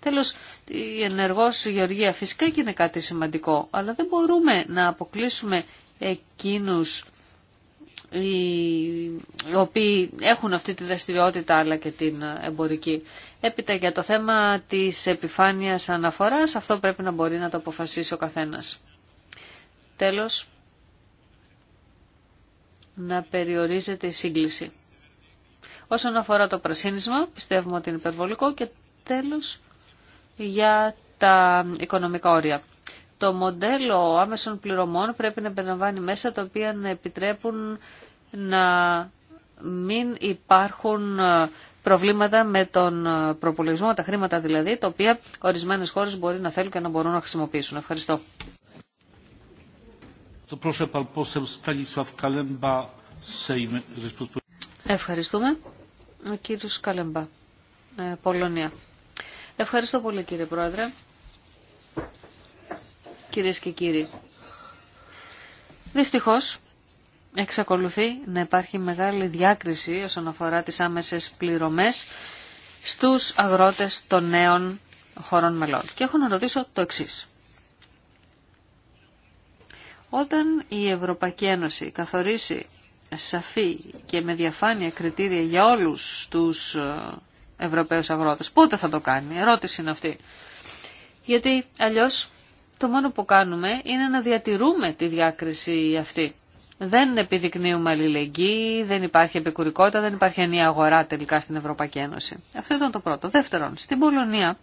Τέλος, η ενεργός γεωργία φυσικά και είναι κάτι σημαντικό, αλλά δεν μπορούμε να αποκλείσουμε εκείνους οι οποίοι έχουν αυτή τη δραστηριότητα αλλά και την εμπορική. Έπειτα για το θέμα της επιφάνειας αναφοράς, αυτό πρέπει να μπορεί να το αποφασίσει ο καθένας. Τέλος, να περιορίζεται η σύγκληση. Όσον αφορά το πρασίνισμα, πιστεύουμε ότι είναι υπερβολικό και τέλος για τα οικονομικά όρια. Το μοντέλο άμεσων πληρωμών πρέπει να περιλαμβάνει μέσα τα οποία να επιτρέπουν να μην υπάρχουν ε, προβλήματα με τον ε, προπολογισμό, τα χρήματα δηλαδή, τα οποία ορισμένες χώρες μπορεί να θέλουν και να μπορούν να χρησιμοποιήσουν. Ευχαριστώ. Ευχαριστούμε. Ο κύριος Καλεμπά, ε, Πολωνία. Ευχαριστώ πολύ κύριε Πρόεδρε. Κυρίες και κύριοι, δυστυχώς εξακολουθεί να υπάρχει μεγάλη διάκριση όσον αφορά τις άμεσες πληρωμές στους αγρότες των νέων χωρών μελών. Και έχω να ρωτήσω το εξής. Όταν η Ευρωπαϊκή Ένωση καθορίσει σαφή και με διαφάνεια κριτήρια για όλους τους ε, Ευρωπαίους αγρότες, πότε θα το κάνει, ερώτηση είναι αυτή. Γιατί αλλιώς το μόνο που κάνουμε είναι να διατηρούμε τη διάκριση αυτή. Δεν επιδεικνύουμε αλληλεγγύη, δεν υπάρχει επικουρικότητα, δεν υπάρχει ενιαία αγορά τελικά στην Ευρωπαϊκή Ένωση. Αυτό ήταν το πρώτο. Δεύτερον, στην Πολωνία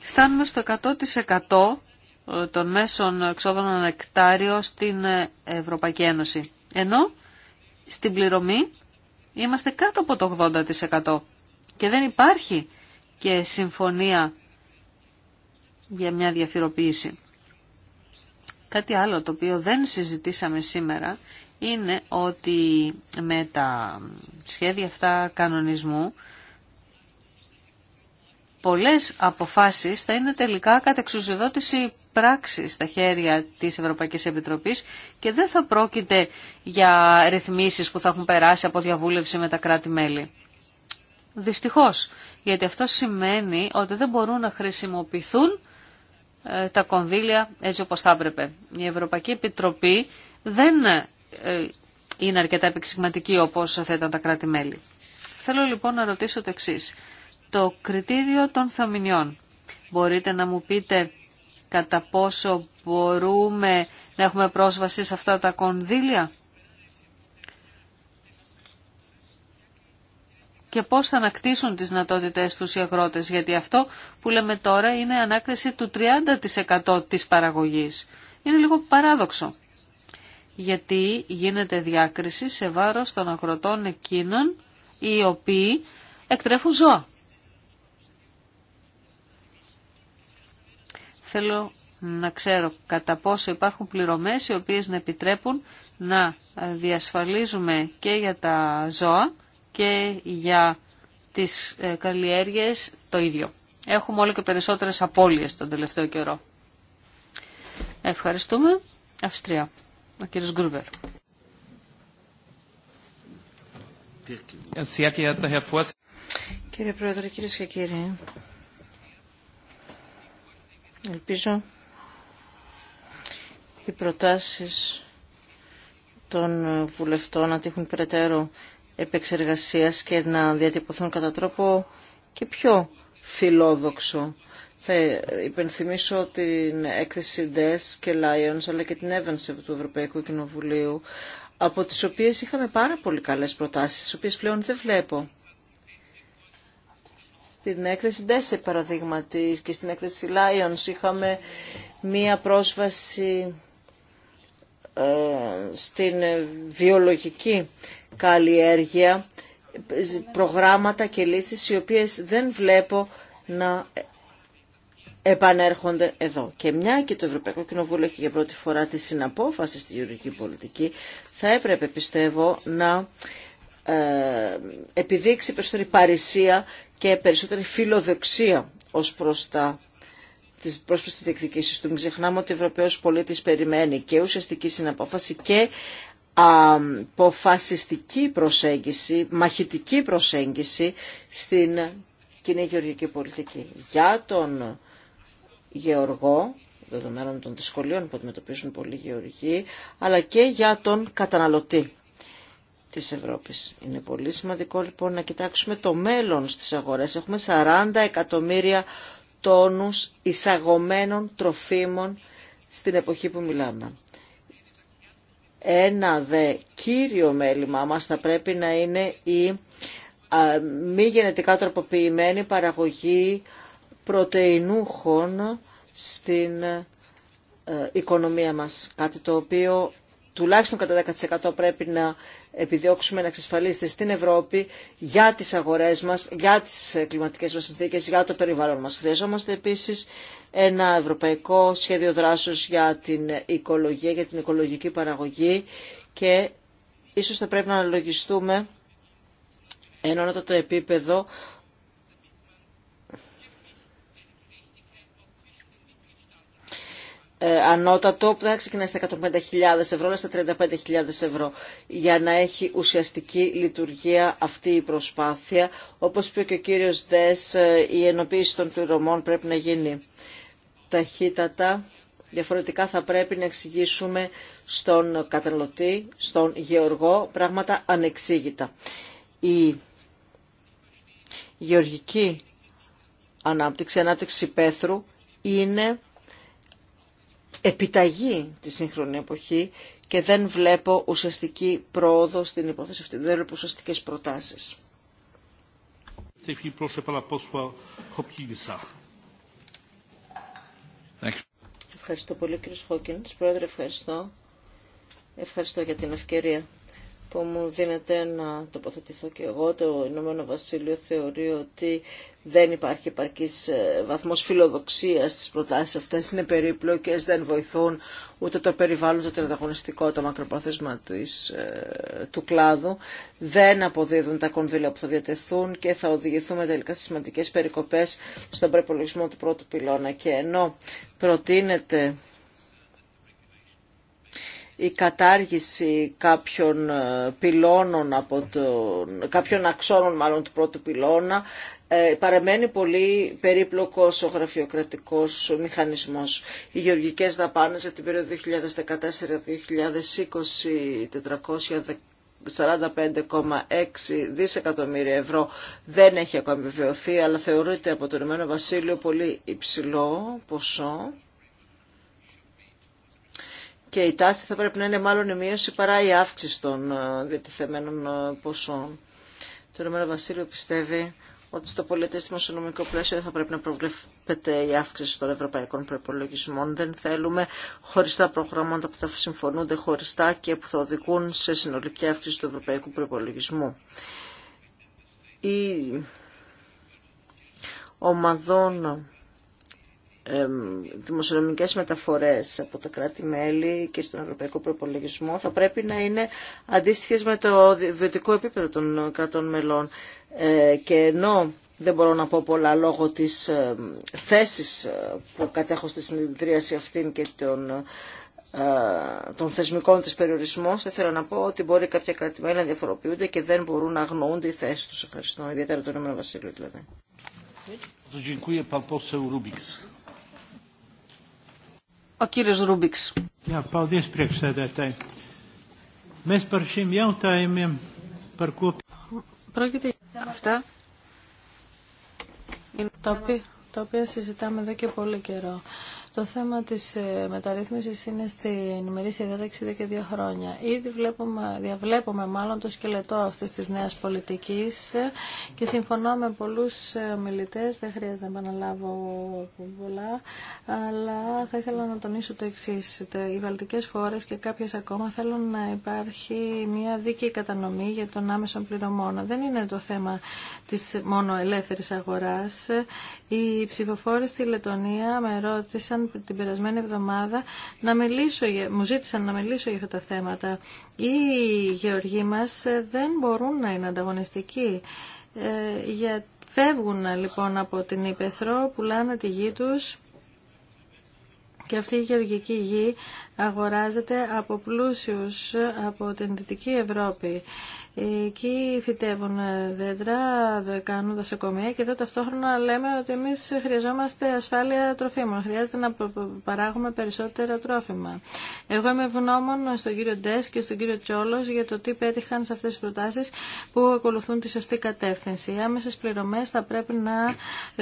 φτάνουμε στο 100% των μέσων εξόδων ανεκτάριο στην Ευρωπαϊκή Ένωση. Ενώ στην πληρωμή είμαστε κάτω από το 80% και δεν υπάρχει και συμφωνία για μια διαφυροποίηση. Κάτι άλλο το οποίο δεν συζητήσαμε σήμερα είναι ότι με τα σχέδια αυτά κανονισμού πολλές αποφάσεις θα είναι τελικά κατεξουσιοδότηση πράξεις στα χέρια της Ευρωπαϊκής Επιτροπής και δεν θα πρόκειται για ρυθμίσεις που θα έχουν περάσει από διαβούλευση με τα κράτη-μέλη. Δυστυχώς, γιατί αυτό σημαίνει ότι δεν μπορούν να χρησιμοποιηθούν ε, τα κονδύλια έτσι όπως θα έπρεπε. Η Ευρωπαϊκή Επιτροπή δεν ε, είναι αρκετά επεξηγματική όπως θα ήταν τα κράτη-μέλη. Θέλω λοιπόν να ρωτήσω το εξή. Το κριτήριο των θαμινιών. Μπορείτε να μου πείτε κατά πόσο μπορούμε να έχουμε πρόσβαση σε αυτά τα κονδύλια και πώς θα ανακτήσουν τις δυνατότητε τους οι αγρότες, γιατί αυτό που λέμε τώρα είναι ανάκριση του 30% της παραγωγής. Είναι λίγο παράδοξο, γιατί γίνεται διάκριση σε βάρος των αγροτών εκείνων οι οποίοι εκτρέφουν ζώα. Θέλω να ξέρω κατά πόσο υπάρχουν πληρωμές οι οποίες να επιτρέπουν να διασφαλίζουμε και για τα ζώα και για τις ε, καλλιέργειες το ίδιο. Έχουμε όλο και περισσότερες απώλειες τον τελευταίο καιρό. Ευχαριστούμε. Αυστρία. Ο κύριος Γκρούβερ. Κύριε Πρόεδρε, κύριε και κύριοι, Ελπίζω οι προτάσεις των βουλευτών να τύχουν περαιτέρω επεξεργασίας και να διατυπωθούν κατά τρόπο και πιο φιλόδοξο. Θα υπενθυμίσω την έκθεση DES και Lions αλλά και την Evans του Ευρωπαϊκού Κοινοβουλίου από τις οποίες είχαμε πάρα πολύ καλές προτάσεις, τις οποίες πλέον δεν βλέπω. Στην έκθεση Ντέσε παραδείγματι και στην έκθεση Lions είχαμε μία πρόσβαση ε, στην βιολογική καλλιέργεια, προγράμματα και λύσεις οι οποίες δεν βλέπω να επανέρχονται εδώ. Και μια και το Ευρωπαϊκό Κοινοβούλιο έχει για πρώτη φορά τη συναπόφαση στη γεωργική πολιτική, θα έπρεπε πιστεύω να ε, επιδείξει περισσότερη παρησία και περισσότερη φιλοδοξία ως προς τα τη πρόσπιστη διεκδικήση του. Μην ξεχνάμε ότι ο Ευρωπαίο πολίτη περιμένει και ουσιαστική συναπόφαση και αποφασιστική προσέγγιση, μαχητική προσέγγιση στην κοινή γεωργική πολιτική. Για τον γεωργό, δεδομένων των δυσκολίων που αντιμετωπίζουν πολλοί γεωργοί, αλλά και για τον καταναλωτή της Ευρώπης. Είναι πολύ σημαντικό λοιπόν να κοιτάξουμε το μέλλον στις αγορές. Έχουμε 40 εκατομμύρια τόνους εισαγωμένων τροφίμων στην εποχή που μιλάμε. Ένα δε κύριο μέλημά μας θα πρέπει να είναι η μη γενετικά τροποποιημένη παραγωγή πρωτεϊνούχων στην ε, οικονομία μας. Κάτι το οποίο τουλάχιστον κατά 10% πρέπει να επιδιώξουμε να εξασφαλίσετε στην Ευρώπη για τις αγορές μας, για τις ε, κλιματικές μας συνθήκες, για το περιβάλλον μας. Χρειαζόμαστε επίσης ένα ευρωπαϊκό σχέδιο δράσεως για την οικολογία, για την οικολογική παραγωγή και ίσως θα πρέπει να αναλογιστούμε ενώνοντα το επίπεδο Ε, ανώτατο που θα ξεκινάει στα 150.000 ευρώ αλλά στα 35.000 ευρώ για να έχει ουσιαστική λειτουργία αυτή η προσπάθεια. Όπως είπε και ο κύριος Δες, ε, η ενοποίηση των πληρωμών πρέπει να γίνει ταχύτατα. Διαφορετικά θα πρέπει να εξηγήσουμε στον καταναλωτή, στον γεωργό, πράγματα ανεξήγητα. Η γεωργική ανάπτυξη, ανάπτυξη πέθρου είναι επιταγή τη σύγχρονη εποχή και δεν βλέπω ουσιαστική πρόοδο στην υπόθεση αυτή. Δεν βλέπω ουσιαστικέ προτάσει. Ευχαριστώ πολύ κύριε Χόκκιν. Πρόεδρε, ευχαριστώ. Ευχαριστώ για την ευκαιρία που μου δίνεται να τοποθετηθώ και εγώ. Το Ηνωμένο Βασίλειο θεωρεί ότι δεν υπάρχει επαρκή ε, βαθμό φιλοδοξία στις προτάσει αυτέ Είναι περίπλοκες, δεν βοηθούν ούτε το περιβάλλον, ούτε το ανταγωνιστικό, το μακροπρόθεσμα ε, του κλάδου. Δεν αποδίδουν τα κονδύλια που θα διατεθούν και θα οδηγηθούμε τελικά στι σημαντικέ περικοπέ στον προπολογισμό του πρώτου πυλώνα. Και ενώ προτείνεται η κατάργηση κάποιων ε, πυλώνων από τον, κάποιων αξώνων μάλλον του πρώτου πυλώνα ε, παραμένει πολύ περίπλοκος ο γραφειοκρατικός ο μηχανισμός. Οι γεωργικές δαπάνες για την περίοδο 2014-2020 45,6 δισεκατομμύρια ευρώ δεν έχει ακόμη βεβαιωθεί, αλλά θεωρείται από το Ηνωμένο Βασίλειο πολύ υψηλό ποσό και η τάση θα πρέπει να είναι μάλλον η μείωση παρά η αύξηση των ε, διατηθεμένων ε, ποσών. Το Ηνωμένο Βασίλειο πιστεύει ότι στο πολιτιστικό οικονομικό πλαίσιο θα πρέπει να προβλέπεται η αύξηση των ευρωπαϊκών προπολογισμών. Δεν θέλουμε χωριστά προγράμματα που θα συμφωνούνται χωριστά και που θα οδηγούν σε συνολική αύξηση του ευρωπαϊκού προπολογισμού. Η ομαδών δημοσιονομικές μεταφορές από τα κράτη-μέλη και στον ευρωπαϊκό προπολογισμό θα πρέπει να είναι αντίστοιχες με το βιωτικό επίπεδο των κρατών μελών. Ε, και ενώ δεν μπορώ να πω πολλά λόγω της θέσης ε, που κατέχω στη συνεδρίαση αυτήν και των, ε, των θεσμικών της περιορισμών, θα ήθελα να πω ότι μπορεί κάποια κράτη-μέλη να διαφοροποιούνται και δεν μπορούν να αγνοούνται οι θέσεις τους. Ευχαριστώ, ιδιαίτερα τον Ηνωμένο Βασίλειο δηλαδή. Ο κύριος Ρούμπιξ. Πρόκειται αυτά τα οποία συζητάμε εδώ και πολύ καιρό. Το θέμα της ε, μεταρρύθμισης είναι στην ημερήσια διάταξη εδώ και δύο χρόνια. Ήδη βλέπουμε, διαβλέπουμε μάλλον το σκελετό αυτής της νέας πολιτικής και συμφωνώ με πολλούς ε, μιλητές, δεν χρειάζεται να επαναλάβω πολλά, αλλά θα ήθελα να τονίσω το εξή. Οι βαλτικές χώρες και κάποιες ακόμα θέλουν να υπάρχει μια δίκαιη κατανομή για τον άμεσο πληρωμό. Δεν είναι το θέμα της μόνο ελεύθερης αγοράς. Οι ψηφοφόροι στη Λετωνία με ρώτησαν που την περασμένη εβδομάδα να μιλήσω, μου ζήτησαν να μιλήσω για αυτά τα θέματα. Οι γεωργοί μας ε, δεν μπορούν να είναι ανταγωνιστικοί. Ε, για... Φεύγουν λοιπόν από την Ήπεθρο, πουλάνε τη γη τους και αυτή η γεωργική γη αγοράζεται από πλούσιους από την Δυτική Ευρώπη. Εκεί φυτεύουν δέντρα, κάνουν δασοκομεία και εδώ ταυτόχρονα λέμε ότι εμείς χρειαζόμαστε ασφάλεια τροφίμων. Χρειάζεται να παράγουμε περισσότερα τρόφιμα. Εγώ είμαι ευγνώμων στον κύριο Ντές και στον κύριο Τσόλος για το τι πέτυχαν σε αυτές τις προτάσεις που ακολουθούν τη σωστή κατεύθυνση. Οι άμεσες πληρωμές θα πρέπει να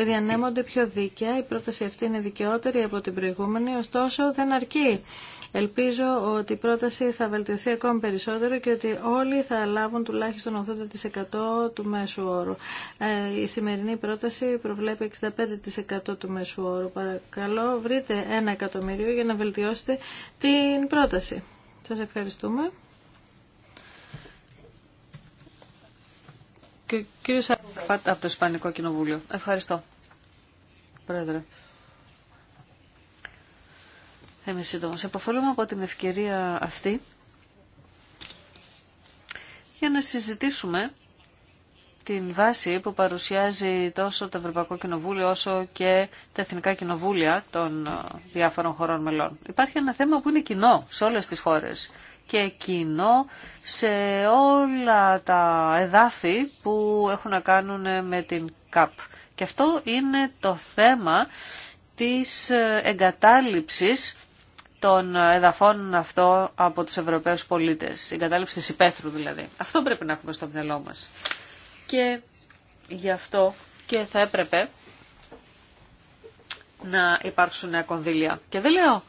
διανέμονται πιο δίκαια. Η πρόταση αυτή είναι δικαιότερη από την προηγούμενη ωστόσο δεν αρκεί. Ελπίζω ότι η πρόταση θα βελτιωθεί ακόμη περισσότερο και ότι όλοι θα λάβουν τουλάχιστον 80% του μέσου όρου. Ε, η σημερινή πρόταση προβλέπει 65% του μέσου όρου. Παρακαλώ, βρείτε ένα εκατομμύριο για να βελτιώσετε την πρόταση. Σας ευχαριστούμε. Κύριε από το Ισπανικό Κοινοβούλιο. Ευχαριστώ. Πρόεδρε. Εμείς σε Εποφελούμε από την ευκαιρία αυτή για να συζητήσουμε την βάση που παρουσιάζει τόσο το Ευρωπαϊκό Κοινοβούλιο όσο και τα Εθνικά Κοινοβούλια των ε, διάφορων χωρών μελών. Υπάρχει ένα θέμα που είναι κοινό σε όλες τις χώρες και κοινό σε όλα τα εδάφη που έχουν να κάνουν με την ΚΑΠ. Και αυτό είναι το θέμα της ε, εγκατάλειψης των εδαφών αυτό από τους Ευρωπαίους πολίτες, η κατάληψη της υπαίθρου δηλαδή. Αυτό πρέπει να έχουμε στο μυαλό μας. Και γι' αυτό και θα έπρεπε να υπάρξουν νέα κονδύλια. Και δεν λέω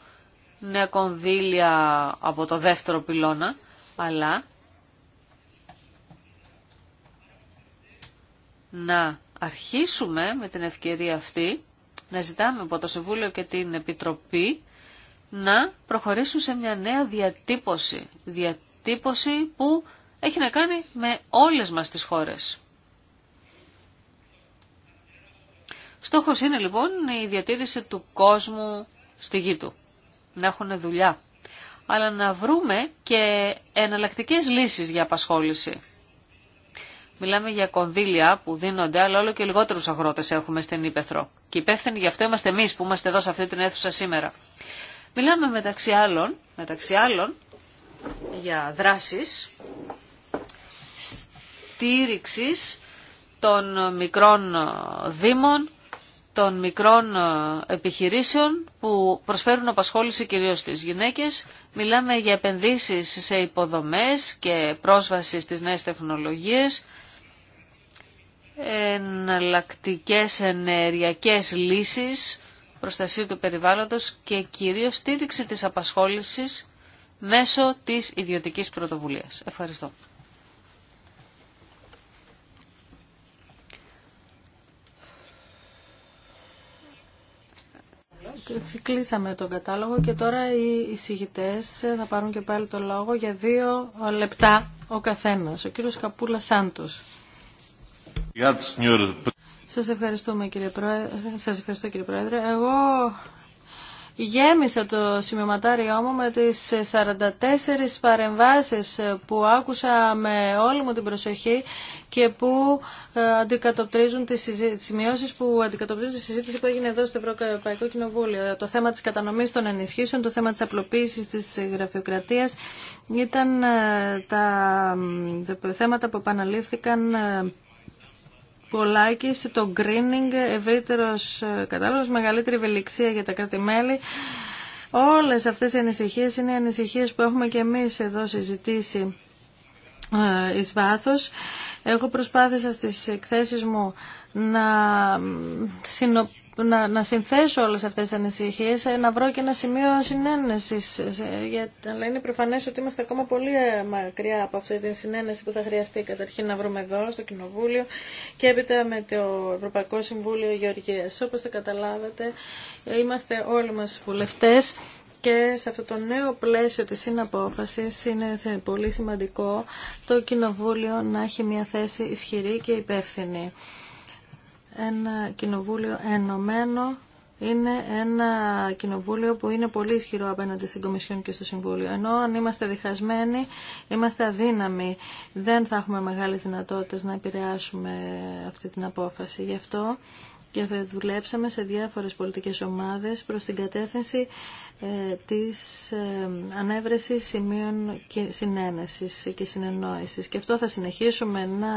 νέα κονδύλια από το δεύτερο πυλώνα, αλλά να αρχίσουμε με την ευκαιρία αυτή να ζητάμε από το Συμβούλιο και την Επιτροπή να προχωρήσουν σε μια νέα διατύπωση. Διατύπωση που έχει να κάνει με όλες μας τις χώρες. Στόχος είναι λοιπόν η διατήρηση του κόσμου στη γη του. Να έχουν δουλειά. Αλλά να βρούμε και εναλλακτικές λύσεις για απασχόληση. Μιλάμε για κονδύλια που δίνονται, αλλά όλο και λιγότερους αγρότες έχουμε στην Ήπεθρο. Και υπεύθυνοι γι' αυτό είμαστε εμείς που είμαστε εδώ σε αυτή την αίθουσα σήμερα. Μιλάμε μεταξύ άλλων, για δράσεις στήριξης των μικρών δήμων, των μικρών επιχειρήσεων που προσφέρουν απασχόληση κυρίως στις γυναίκες. Μιλάμε για επενδύσεις σε υποδομές και πρόσβαση στις νέες τεχνολογίες, εναλλακτικές ενεργειακές λύσεις προστασία του περιβάλλοντος και κυρίως στήριξη της απασχόλησης μέσω της ιδιωτικής πρωτοβουλίας. Ευχαριστώ. Κλείσαμε τον κατάλογο και τώρα οι εισηγητές θα πάρουν και πάλι το λόγο για δύο λεπτά ο καθένας. Ο κύριος Καπούλα Σάντος. Σας ευχαριστούμε κύριε Πρόεδρε. Σας ευχαριστώ κύριε Πρόεδρε. Εγώ γέμισα το σημειωματάριό μου με τις 44 παρεμβάσεις που άκουσα με όλη μου την προσοχή και που ε, αντικατοπτρίζουν τις, σημειώσει που αντικατοπτρίζουν τη συζήτηση που έγινε εδώ στο Ευρωπαϊκό Κοινοβούλιο. Το θέμα της κατανομής των ενισχύσεων, το θέμα της απλοποίησης της γραφειοκρατίας ήταν ε, τα, τα θέματα που επαναλήφθηκαν ε, Πολάκης, το greening, ευρύτερος ε, κατάλογος, μεγαλύτερη ευελιξία για τα κράτη-μέλη. Όλες αυτές οι ανησυχίες είναι ανησυχίε ανησυχίες που έχουμε και εμείς εδώ συζητήσει ε, εις βάθος. Εγώ προσπάθησα στις εκθέσεις μου να συνο να, να συνθέσω όλες αυτές τις ανησυχίες, ε, να βρω και ένα σημείο συνένεση. Ε, αλλά είναι προφανέ ότι είμαστε ακόμα πολύ ε, μακριά από αυτή την συνένεση που θα χρειαστεί καταρχήν να βρούμε εδώ στο Κοινοβούλιο και έπειτα με το Ευρωπαϊκό Συμβούλιο Γεωργίας. Όπω θα καταλάβατε, είμαστε όλοι μα βουλευτέ. και σε αυτό το νέο πλαίσιο της συναπόφασης είναι πολύ σημαντικό το Κοινοβούλιο να έχει μια θέση ισχυρή και υπεύθυνη ένα κοινοβούλιο ενωμένο είναι ένα κοινοβούλιο που είναι πολύ ισχυρό απέναντι στην Κομισιόν και στο Συμβούλιο. Ενώ αν είμαστε διχασμένοι, είμαστε αδύναμοι. Δεν θα έχουμε μεγάλες δυνατότητες να επηρεάσουμε αυτή την απόφαση. Γι' αυτό και δουλέψαμε σε διάφορες πολιτικές ομάδες προς την κατεύθυνση ε, της ε, ανέβρεσης σημείων και συνένεσης και συνεννόησης. Και αυτό θα συνεχίσουμε να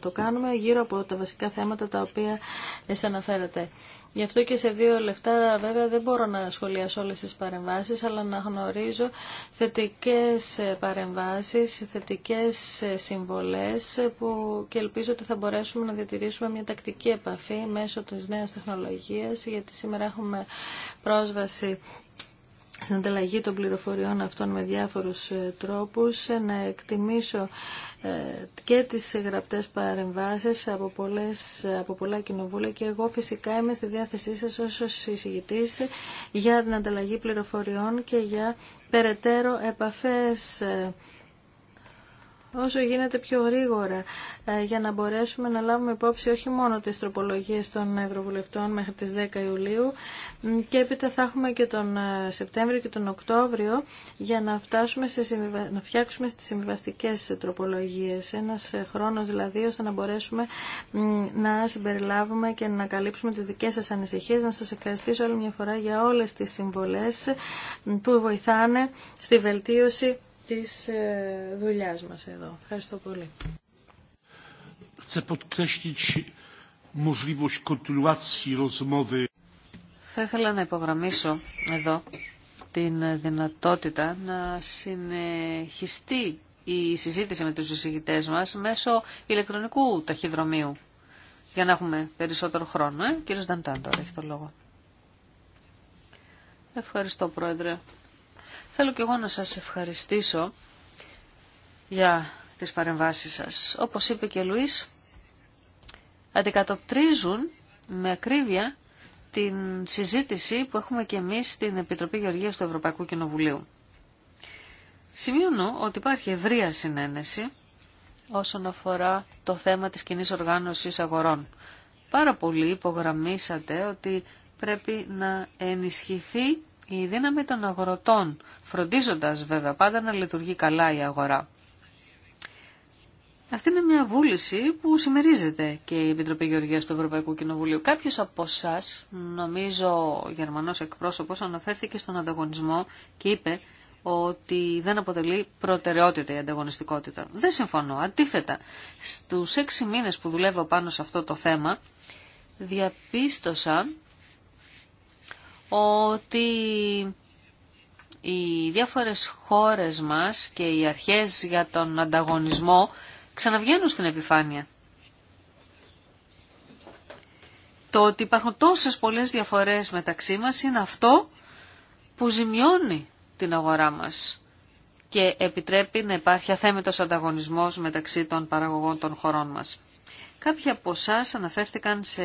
το κάνουμε γύρω από τα βασικά θέματα τα οποία αναφέρατε. Γι' αυτό και σε δύο λεπτά βέβαια δεν μπορώ να σχολιάσω όλες τις παρεμβάσεις, αλλά να γνωρίζω θετικές ε, παρεμβάσεις, θετικές ε, συμβολές ε, που και ελπίζω ότι θα μπορέσουμε να διατηρήσουμε μια τακτική επαφή μέσω της νέας τεχνολογίας, γιατί σήμερα έχουμε πρόσβαση στην ανταλλαγή των πληροφοριών αυτών με διάφορους ε, τρόπους, ε, να εκτιμήσω ε, και τις γραπτές παρεμβάσεις από, πολλές, από πολλά κοινοβούλια και εγώ φυσικά είμαι στη διάθεσή σας ως συζητητής για την ανταλλαγή πληροφοριών και για περαιτέρω επαφές όσο γίνεται πιο γρήγορα ε, για να μπορέσουμε να λάβουμε υπόψη όχι μόνο τις τροπολογίες των Ευρωβουλευτών μέχρι τις 10 Ιουλίου και έπειτα θα έχουμε και τον ε, Σεπτέμβριο και τον Οκτώβριο για να, φτάσουμε σε να φτιάξουμε στις συμβιβαστικές τροπολογίες. Ένας ε, χρόνος δηλαδή ώστε να μπορέσουμε να συμπεριλάβουμε και να καλύψουμε τις δικές σας ανησυχίες. Να σας ευχαριστήσω όλη μια φορά για όλες τις συμβολές που βοηθάνε στη βελτίωση της ε, δουλειάς μας εδώ. Ευχαριστώ πολύ. Θα ήθελα να υπογραμμίσω εδώ την δυνατότητα να συνεχιστεί η συζήτηση με τους συζητητές μας μέσω ηλεκτρονικού ταχυδρομείου για να έχουμε περισσότερο χρόνο. Ε? Κύριος τώρα έχει το λόγο. Ευχαριστώ Πρόεδρε. Θέλω και εγώ να σας ευχαριστήσω για τις παρεμβάσεις σας. Όπως είπε και ο Λουίς, αντικατοπτρίζουν με ακρίβεια την συζήτηση που έχουμε και εμείς στην Επιτροπή Γεωργίας του Ευρωπαϊκού Κοινοβουλίου. Σημειώνω ότι υπάρχει ευρεία συνένεση όσον αφορά το θέμα της κοινή οργάνωσης αγορών. Πάρα πολύ υπογραμμίσατε ότι πρέπει να ενισχυθεί η δύναμη των αγροτών, φροντίζοντας βέβαια πάντα να λειτουργεί καλά η αγορά. Αυτή είναι μια βούληση που συμμερίζεται και η Επιτροπή Γεωργίας του Ευρωπαϊκού Κοινοβουλίου. Κάποιος από εσά, νομίζω ο Γερμανός εκπρόσωπος, αναφέρθηκε στον ανταγωνισμό και είπε ότι δεν αποτελεί προτεραιότητα η ανταγωνιστικότητα. Δεν συμφωνώ. Αντίθετα, στους έξι μήνες που δουλεύω πάνω σε αυτό το θέμα, διαπίστωσα ότι οι διάφορες χώρες μας και οι αρχές για τον ανταγωνισμό ξαναβγαίνουν στην επιφάνεια. Το ότι υπάρχουν τόσες πολλές διαφορές μεταξύ μας είναι αυτό που ζημιώνει την αγορά μας και επιτρέπει να υπάρχει αθέμητος ανταγωνισμός μεταξύ των παραγωγών των χωρών μας. Κάποιοι από εσά αναφέρθηκαν σε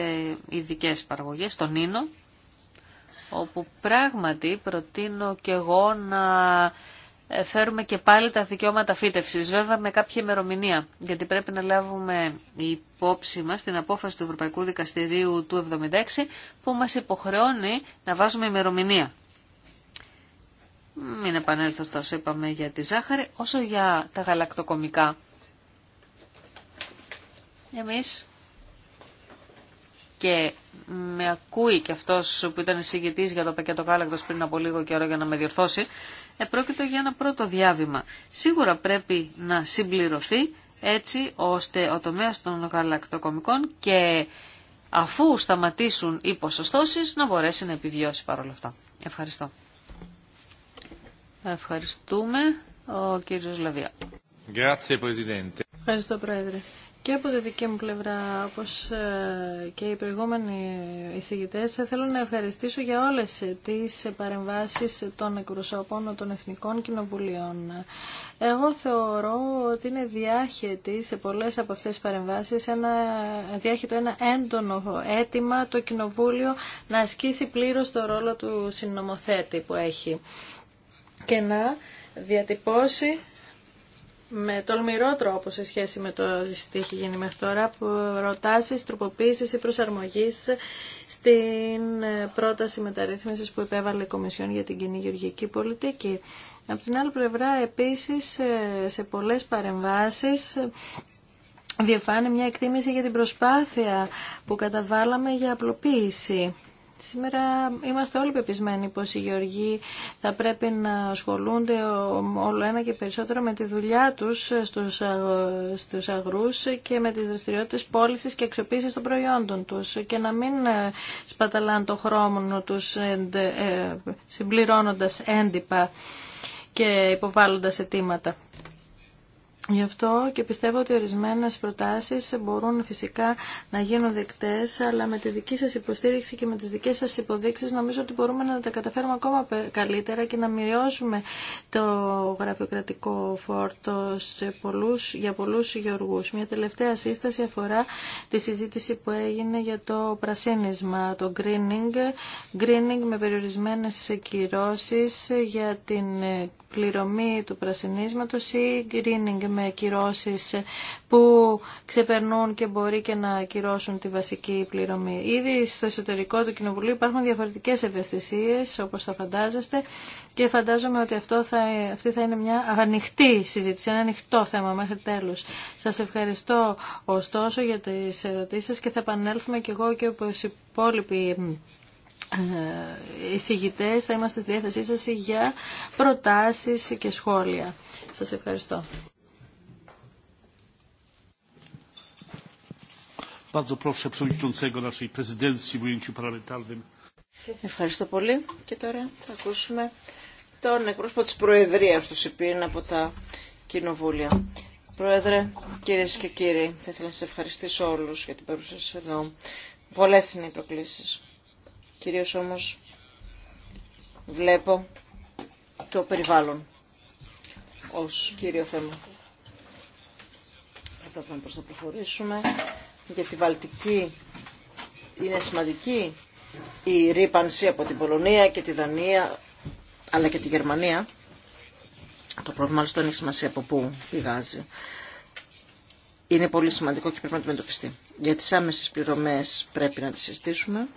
ειδικέ παραγωγές, τον Ίνο, όπου πράγματι προτείνω και εγώ να φέρουμε και πάλι τα δικαιώματα φύτευση, βέβαια με κάποια ημερομηνία, γιατί πρέπει να λάβουμε υπόψη μας την απόφαση του Ευρωπαϊκού Δικαστηρίου του 76 που μας υποχρεώνει να βάζουμε ημερομηνία. Μην επανέλθω στο όσο είπαμε για τη ζάχαρη, όσο για τα γαλακτοκομικά. Εμείς και με ακούει και αυτό που ήταν εισηγητής για το πακέτο κάλακτος πριν από λίγο καιρό για να με διορθώσει, ε, πρόκειται για ένα πρώτο διάβημα. Σίγουρα πρέπει να συμπληρωθεί έτσι ώστε ο τομέας των γαλακτοκομικών και αφού σταματήσουν οι ποσοστώσεις να μπορέσει να επιβιώσει παρόλα αυτά. Ευχαριστώ. Ευχαριστούμε. Ο κύριος Λαβία. Ευχαριστώ, Πρόεδρε. Και από τη δική μου πλευρά, όπως ε, και οι προηγούμενοι εισηγητές, ε, θέλω να ευχαριστήσω για όλες ε, τις παρεμβάσεις των εκπροσώπων των Εθνικών Κοινοβουλίων. Εγώ θεωρώ ότι είναι διάχετη σε πολλές από αυτές τις παρεμβάσεις ένα, το ένα έντονο αίτημα το Κοινοβούλιο να ασκήσει πλήρως το ρόλο του συνομοθέτη που έχει και να διατυπώσει με τολμηρό τρόπο σε σχέση με το τι έχει γίνει μέχρι τώρα, προτάσει τροποποίηση ή προσαρμογή στην ε, πρόταση μεταρρύθμισης που υπέβαλε η Κομισιόν για την κοινή γεωργική πολιτική. Από την άλλη πλευρά, επίσης, ε, σε πολλές παρεμβάσει ε, διαφάνει μια εκτίμηση για την προσπάθεια που καταβάλαμε για απλοποίηση Σήμερα είμαστε όλοι πεπισμένοι πως οι γεωργοί θα πρέπει να ασχολούνται όλο ένα και περισσότερο με τη δουλειά τους στους, στους αγρούς και με τις δραστηριότητες πώληση και εξοπίση των προϊόντων τους και να μην ε, σπαταλάν το χρόνο τους ε, συμπληρώνοντας έντυπα και υποβάλλοντας αιτήματα. Γι' αυτό και πιστεύω ότι ορισμένες προτάσεις μπορούν φυσικά να γίνουν δεκτές, αλλά με τη δική σας υποστήριξη και με τις δικές σας υποδείξεις νομίζω ότι μπορούμε να τα καταφέρουμε ακόμα καλύτερα και να μειώσουμε το γραφειοκρατικό φόρτο σε πολλούς, για πολλούς γεωργούς. Μια τελευταία σύσταση αφορά τη συζήτηση που έγινε για το πρασίνισμα, το greening, greening με περιορισμένες κυρώσεις για την πληρωμή του πρασινίσματος ή greening με κυρώσεις που ξεπερνούν και μπορεί και να κυρώσουν τη βασική πληρωμή. Ήδη στο εσωτερικό του Κοινοβουλίου υπάρχουν διαφορετικές ευαισθησίες όπως θα φαντάζεστε και φαντάζομαι ότι αυτό θα, αυτή θα είναι μια ανοιχτή συζήτηση, ένα ανοιχτό θέμα μέχρι τέλους. Σας ευχαριστώ ωστόσο για τις ερωτήσεις και θα επανέλθουμε και εγώ και όπως οι υπόλοιποι ε, εισηγητές θα είμαστε στη διάθεσή σα για προτάσει και σχόλια. Σα ευχαριστώ. Ευχαριστώ πολύ και τώρα θα ακούσουμε τον εκπρόσωπο της Προεδρίας του ΣΥΠΗΝ από τα Κοινοβούλια. Πρόεδρε, κυρίε και κύριοι, θα ήθελα να σα ευχαριστήσω όλους για την παρουσία σας εδώ. Πολλές είναι οι προκλήσεις Κυρίως όμως βλέπω το περιβάλλον ως κύριο θέμα. Πρέπει να προχωρήσουμε. Για τη Βαλτική είναι σημαντική η ρήπανση από την Πολωνία και τη Δανία, αλλά και τη Γερμανία. Το πρόβλημα άλλωστε δεν έχει σημασία από πού πηγάζει. Είναι πολύ σημαντικό και πρέπει να αντιμετωπιστεί. Για τις άμεσες πληρωμές πρέπει να τις συζητήσουμε.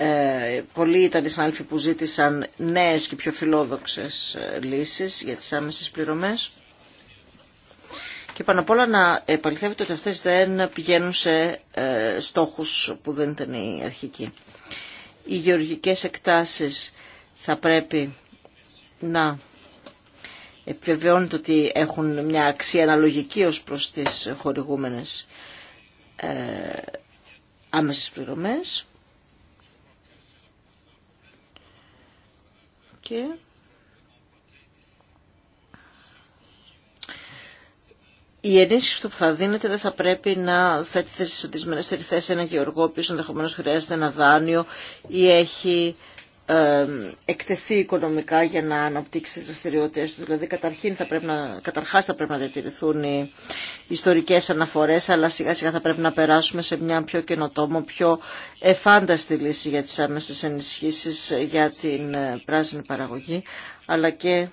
Ε, πολλοί ήταν οι συνάδελφοι που ζήτησαν νέες και πιο φιλόδοξες ε, λύσεις για τις άμεσες πληρωμές. Και πάνω απ' όλα να επαληθεύεται ότι αυτές δεν πηγαίνουν σε ε, στόχους που δεν ήταν οι αρχικοί. Οι γεωργικές εκτάσεις θα πρέπει να επιβεβαιώνεται ότι έχουν μια αξία αναλογική ως προς τις χορηγούμενες ε, άμεσες πληρωμές. και η ενίσχυση που θα δίνεται δεν θα πρέπει να θέτει σε δυσμενέστερη θέση ένα γεωργό ο οποίος ενδεχομένως χρειάζεται ένα δάνειο ή έχει εκτεθεί οικονομικά για να αναπτύξει τι δραστηριότητε του. Δηλαδή, καταρχήν θα πρέπει να, καταρχάς θα πρέπει να διατηρηθούν οι ιστορικέ αναφορέ, αλλά σιγά σιγά θα πρέπει να περάσουμε σε μια πιο καινοτόμο, πιο εφάνταστη λύση για τι άμεσε ενισχύσει για την ε, πράσινη παραγωγή, αλλά και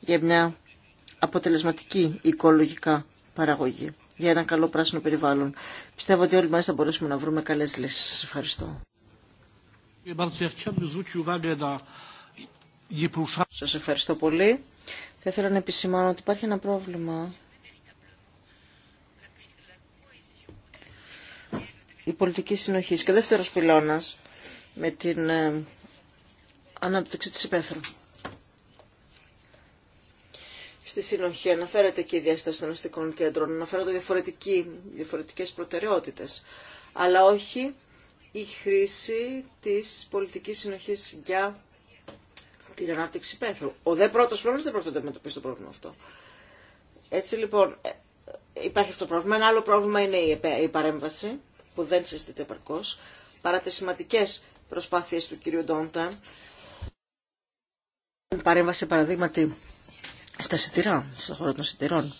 για μια αποτελεσματική οικολογικά παραγωγή για ένα καλό πράσινο περιβάλλον. Πιστεύω ότι όλοι μας θα μπορέσουμε να βρούμε καλές λύσεις. Σας ευχαριστώ. Σας ευχαριστώ πολύ. Θα ήθελα να επισημάνω ότι υπάρχει ένα πρόβλημα. Η πολιτική συνοχή και δεύτερος πυλώνας με την ε, ανάπτυξη της υπαίθρου. Στη συνοχή αναφέρεται και η διάσταση των αστικών κέντρων, αναφέρονται διαφορετικέ προτεραιότητες, αλλά όχι η χρήση της πολιτικής συνοχής για την ανάπτυξη πέθρου. Ο δε πρώτος πρόβλημα δεν πρόκειται να αντιμετωπίσει το πρόβλημα αυτό. Έτσι λοιπόν ε, υπάρχει αυτό το πρόβλημα. Ένα άλλο πρόβλημα είναι η παρέμβαση που δεν συζητείται επαρκώς παρά τις σημαντικές προσπάθειες του κύριου Ντόντα. Παρέμβαση παραδείγματι στα σιτηρά, στον χώρο των σιτηρών.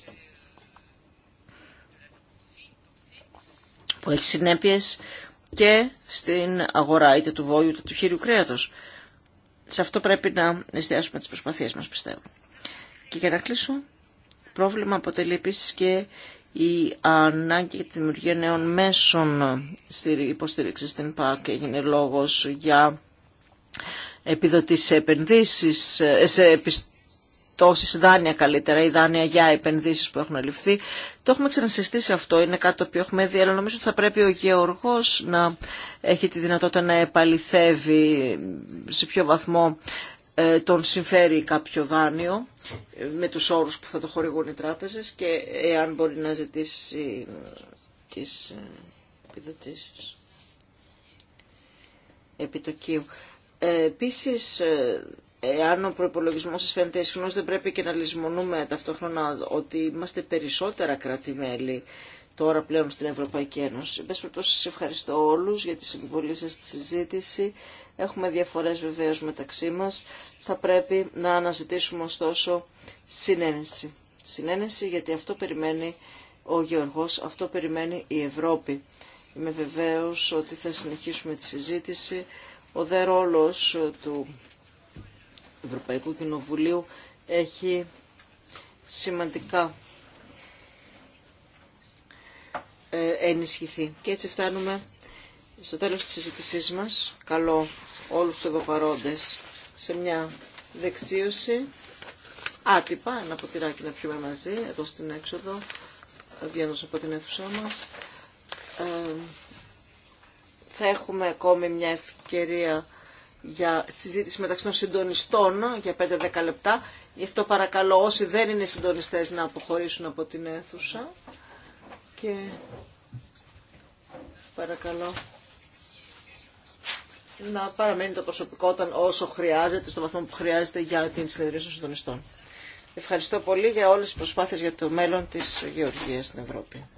Που έχει συνέπειες και στην αγορά είτε του βόλου είτε του χείριου κρέατος. Σε αυτό πρέπει να εστιάσουμε τις προσπαθίες μας πιστεύω. Και για να κλείσω, πρόβλημα αποτελεί επίση και η ανάγκη για τη δημιουργία νέων μέσων υποστήριξη στην ΠΑΚ έγινε λόγος για επιδοτήσει σε επενδύσεις, ε, σε η δάνεια καλύτερα ή δάνεια για επενδύσεις που έχουν ληφθεί. Το έχουμε ξανασυστήσει αυτό, είναι κάτι το οποίο έχουμε δει, αλλά νομίζω ότι θα πρέπει ο Γεωργός να έχει τη δυνατότητα να επαληθεύει σε ποιο βαθμό ε, τον συμφέρει κάποιο δάνειο ε, με τους όρους που θα το χορηγούν οι τράπεζες και εάν μπορεί να ζητήσει ε, τις επιδοτήσεις επιτοκίου. Ε, επίσης εάν ο προπολογισμό σα φαίνεται ισχυρό, δεν πρέπει και να λησμονούμε ταυτόχρονα ότι είμαστε περισσότερα κράτη-μέλη τώρα πλέον στην Ευρωπαϊκή Ένωση. Εν πάση σα ευχαριστώ όλου για τη συμβολή σα στη συζήτηση. Έχουμε διαφορέ βεβαίω μεταξύ μα. Θα πρέπει να αναζητήσουμε ωστόσο συνένεση. Συνένεση γιατί αυτό περιμένει ο Γεωργός, αυτό περιμένει η Ευρώπη. Είμαι βεβαίως ότι θα συνεχίσουμε τη συζήτηση. Ο δε ρόλος του Ευρωπαϊκού Κοινοβουλίου έχει σημαντικά ε, ενισχυθεί. Και έτσι φτάνουμε στο τέλος της συζήτησής μας. Καλό όλους τους εδώ σε μια δεξίωση άτυπα, ένα ποτηράκι να πιούμε μαζί, εδώ στην έξοδο, βγαίνοντας από την αίθουσά μας. Ε, θα έχουμε ακόμη μια ευκαιρία για συζήτηση μεταξύ των συντονιστών για 5-10 λεπτά. Γι' αυτό παρακαλώ όσοι δεν είναι συντονιστές να αποχωρήσουν από την αίθουσα. Και παρακαλώ να παραμένει το προσωπικό όταν όσο χρειάζεται, στο βαθμό που χρειάζεται για την συνεδρία των συντονιστών. Ευχαριστώ πολύ για όλες τις προσπάθειες για το μέλλον της γεωργίας στην Ευρώπη.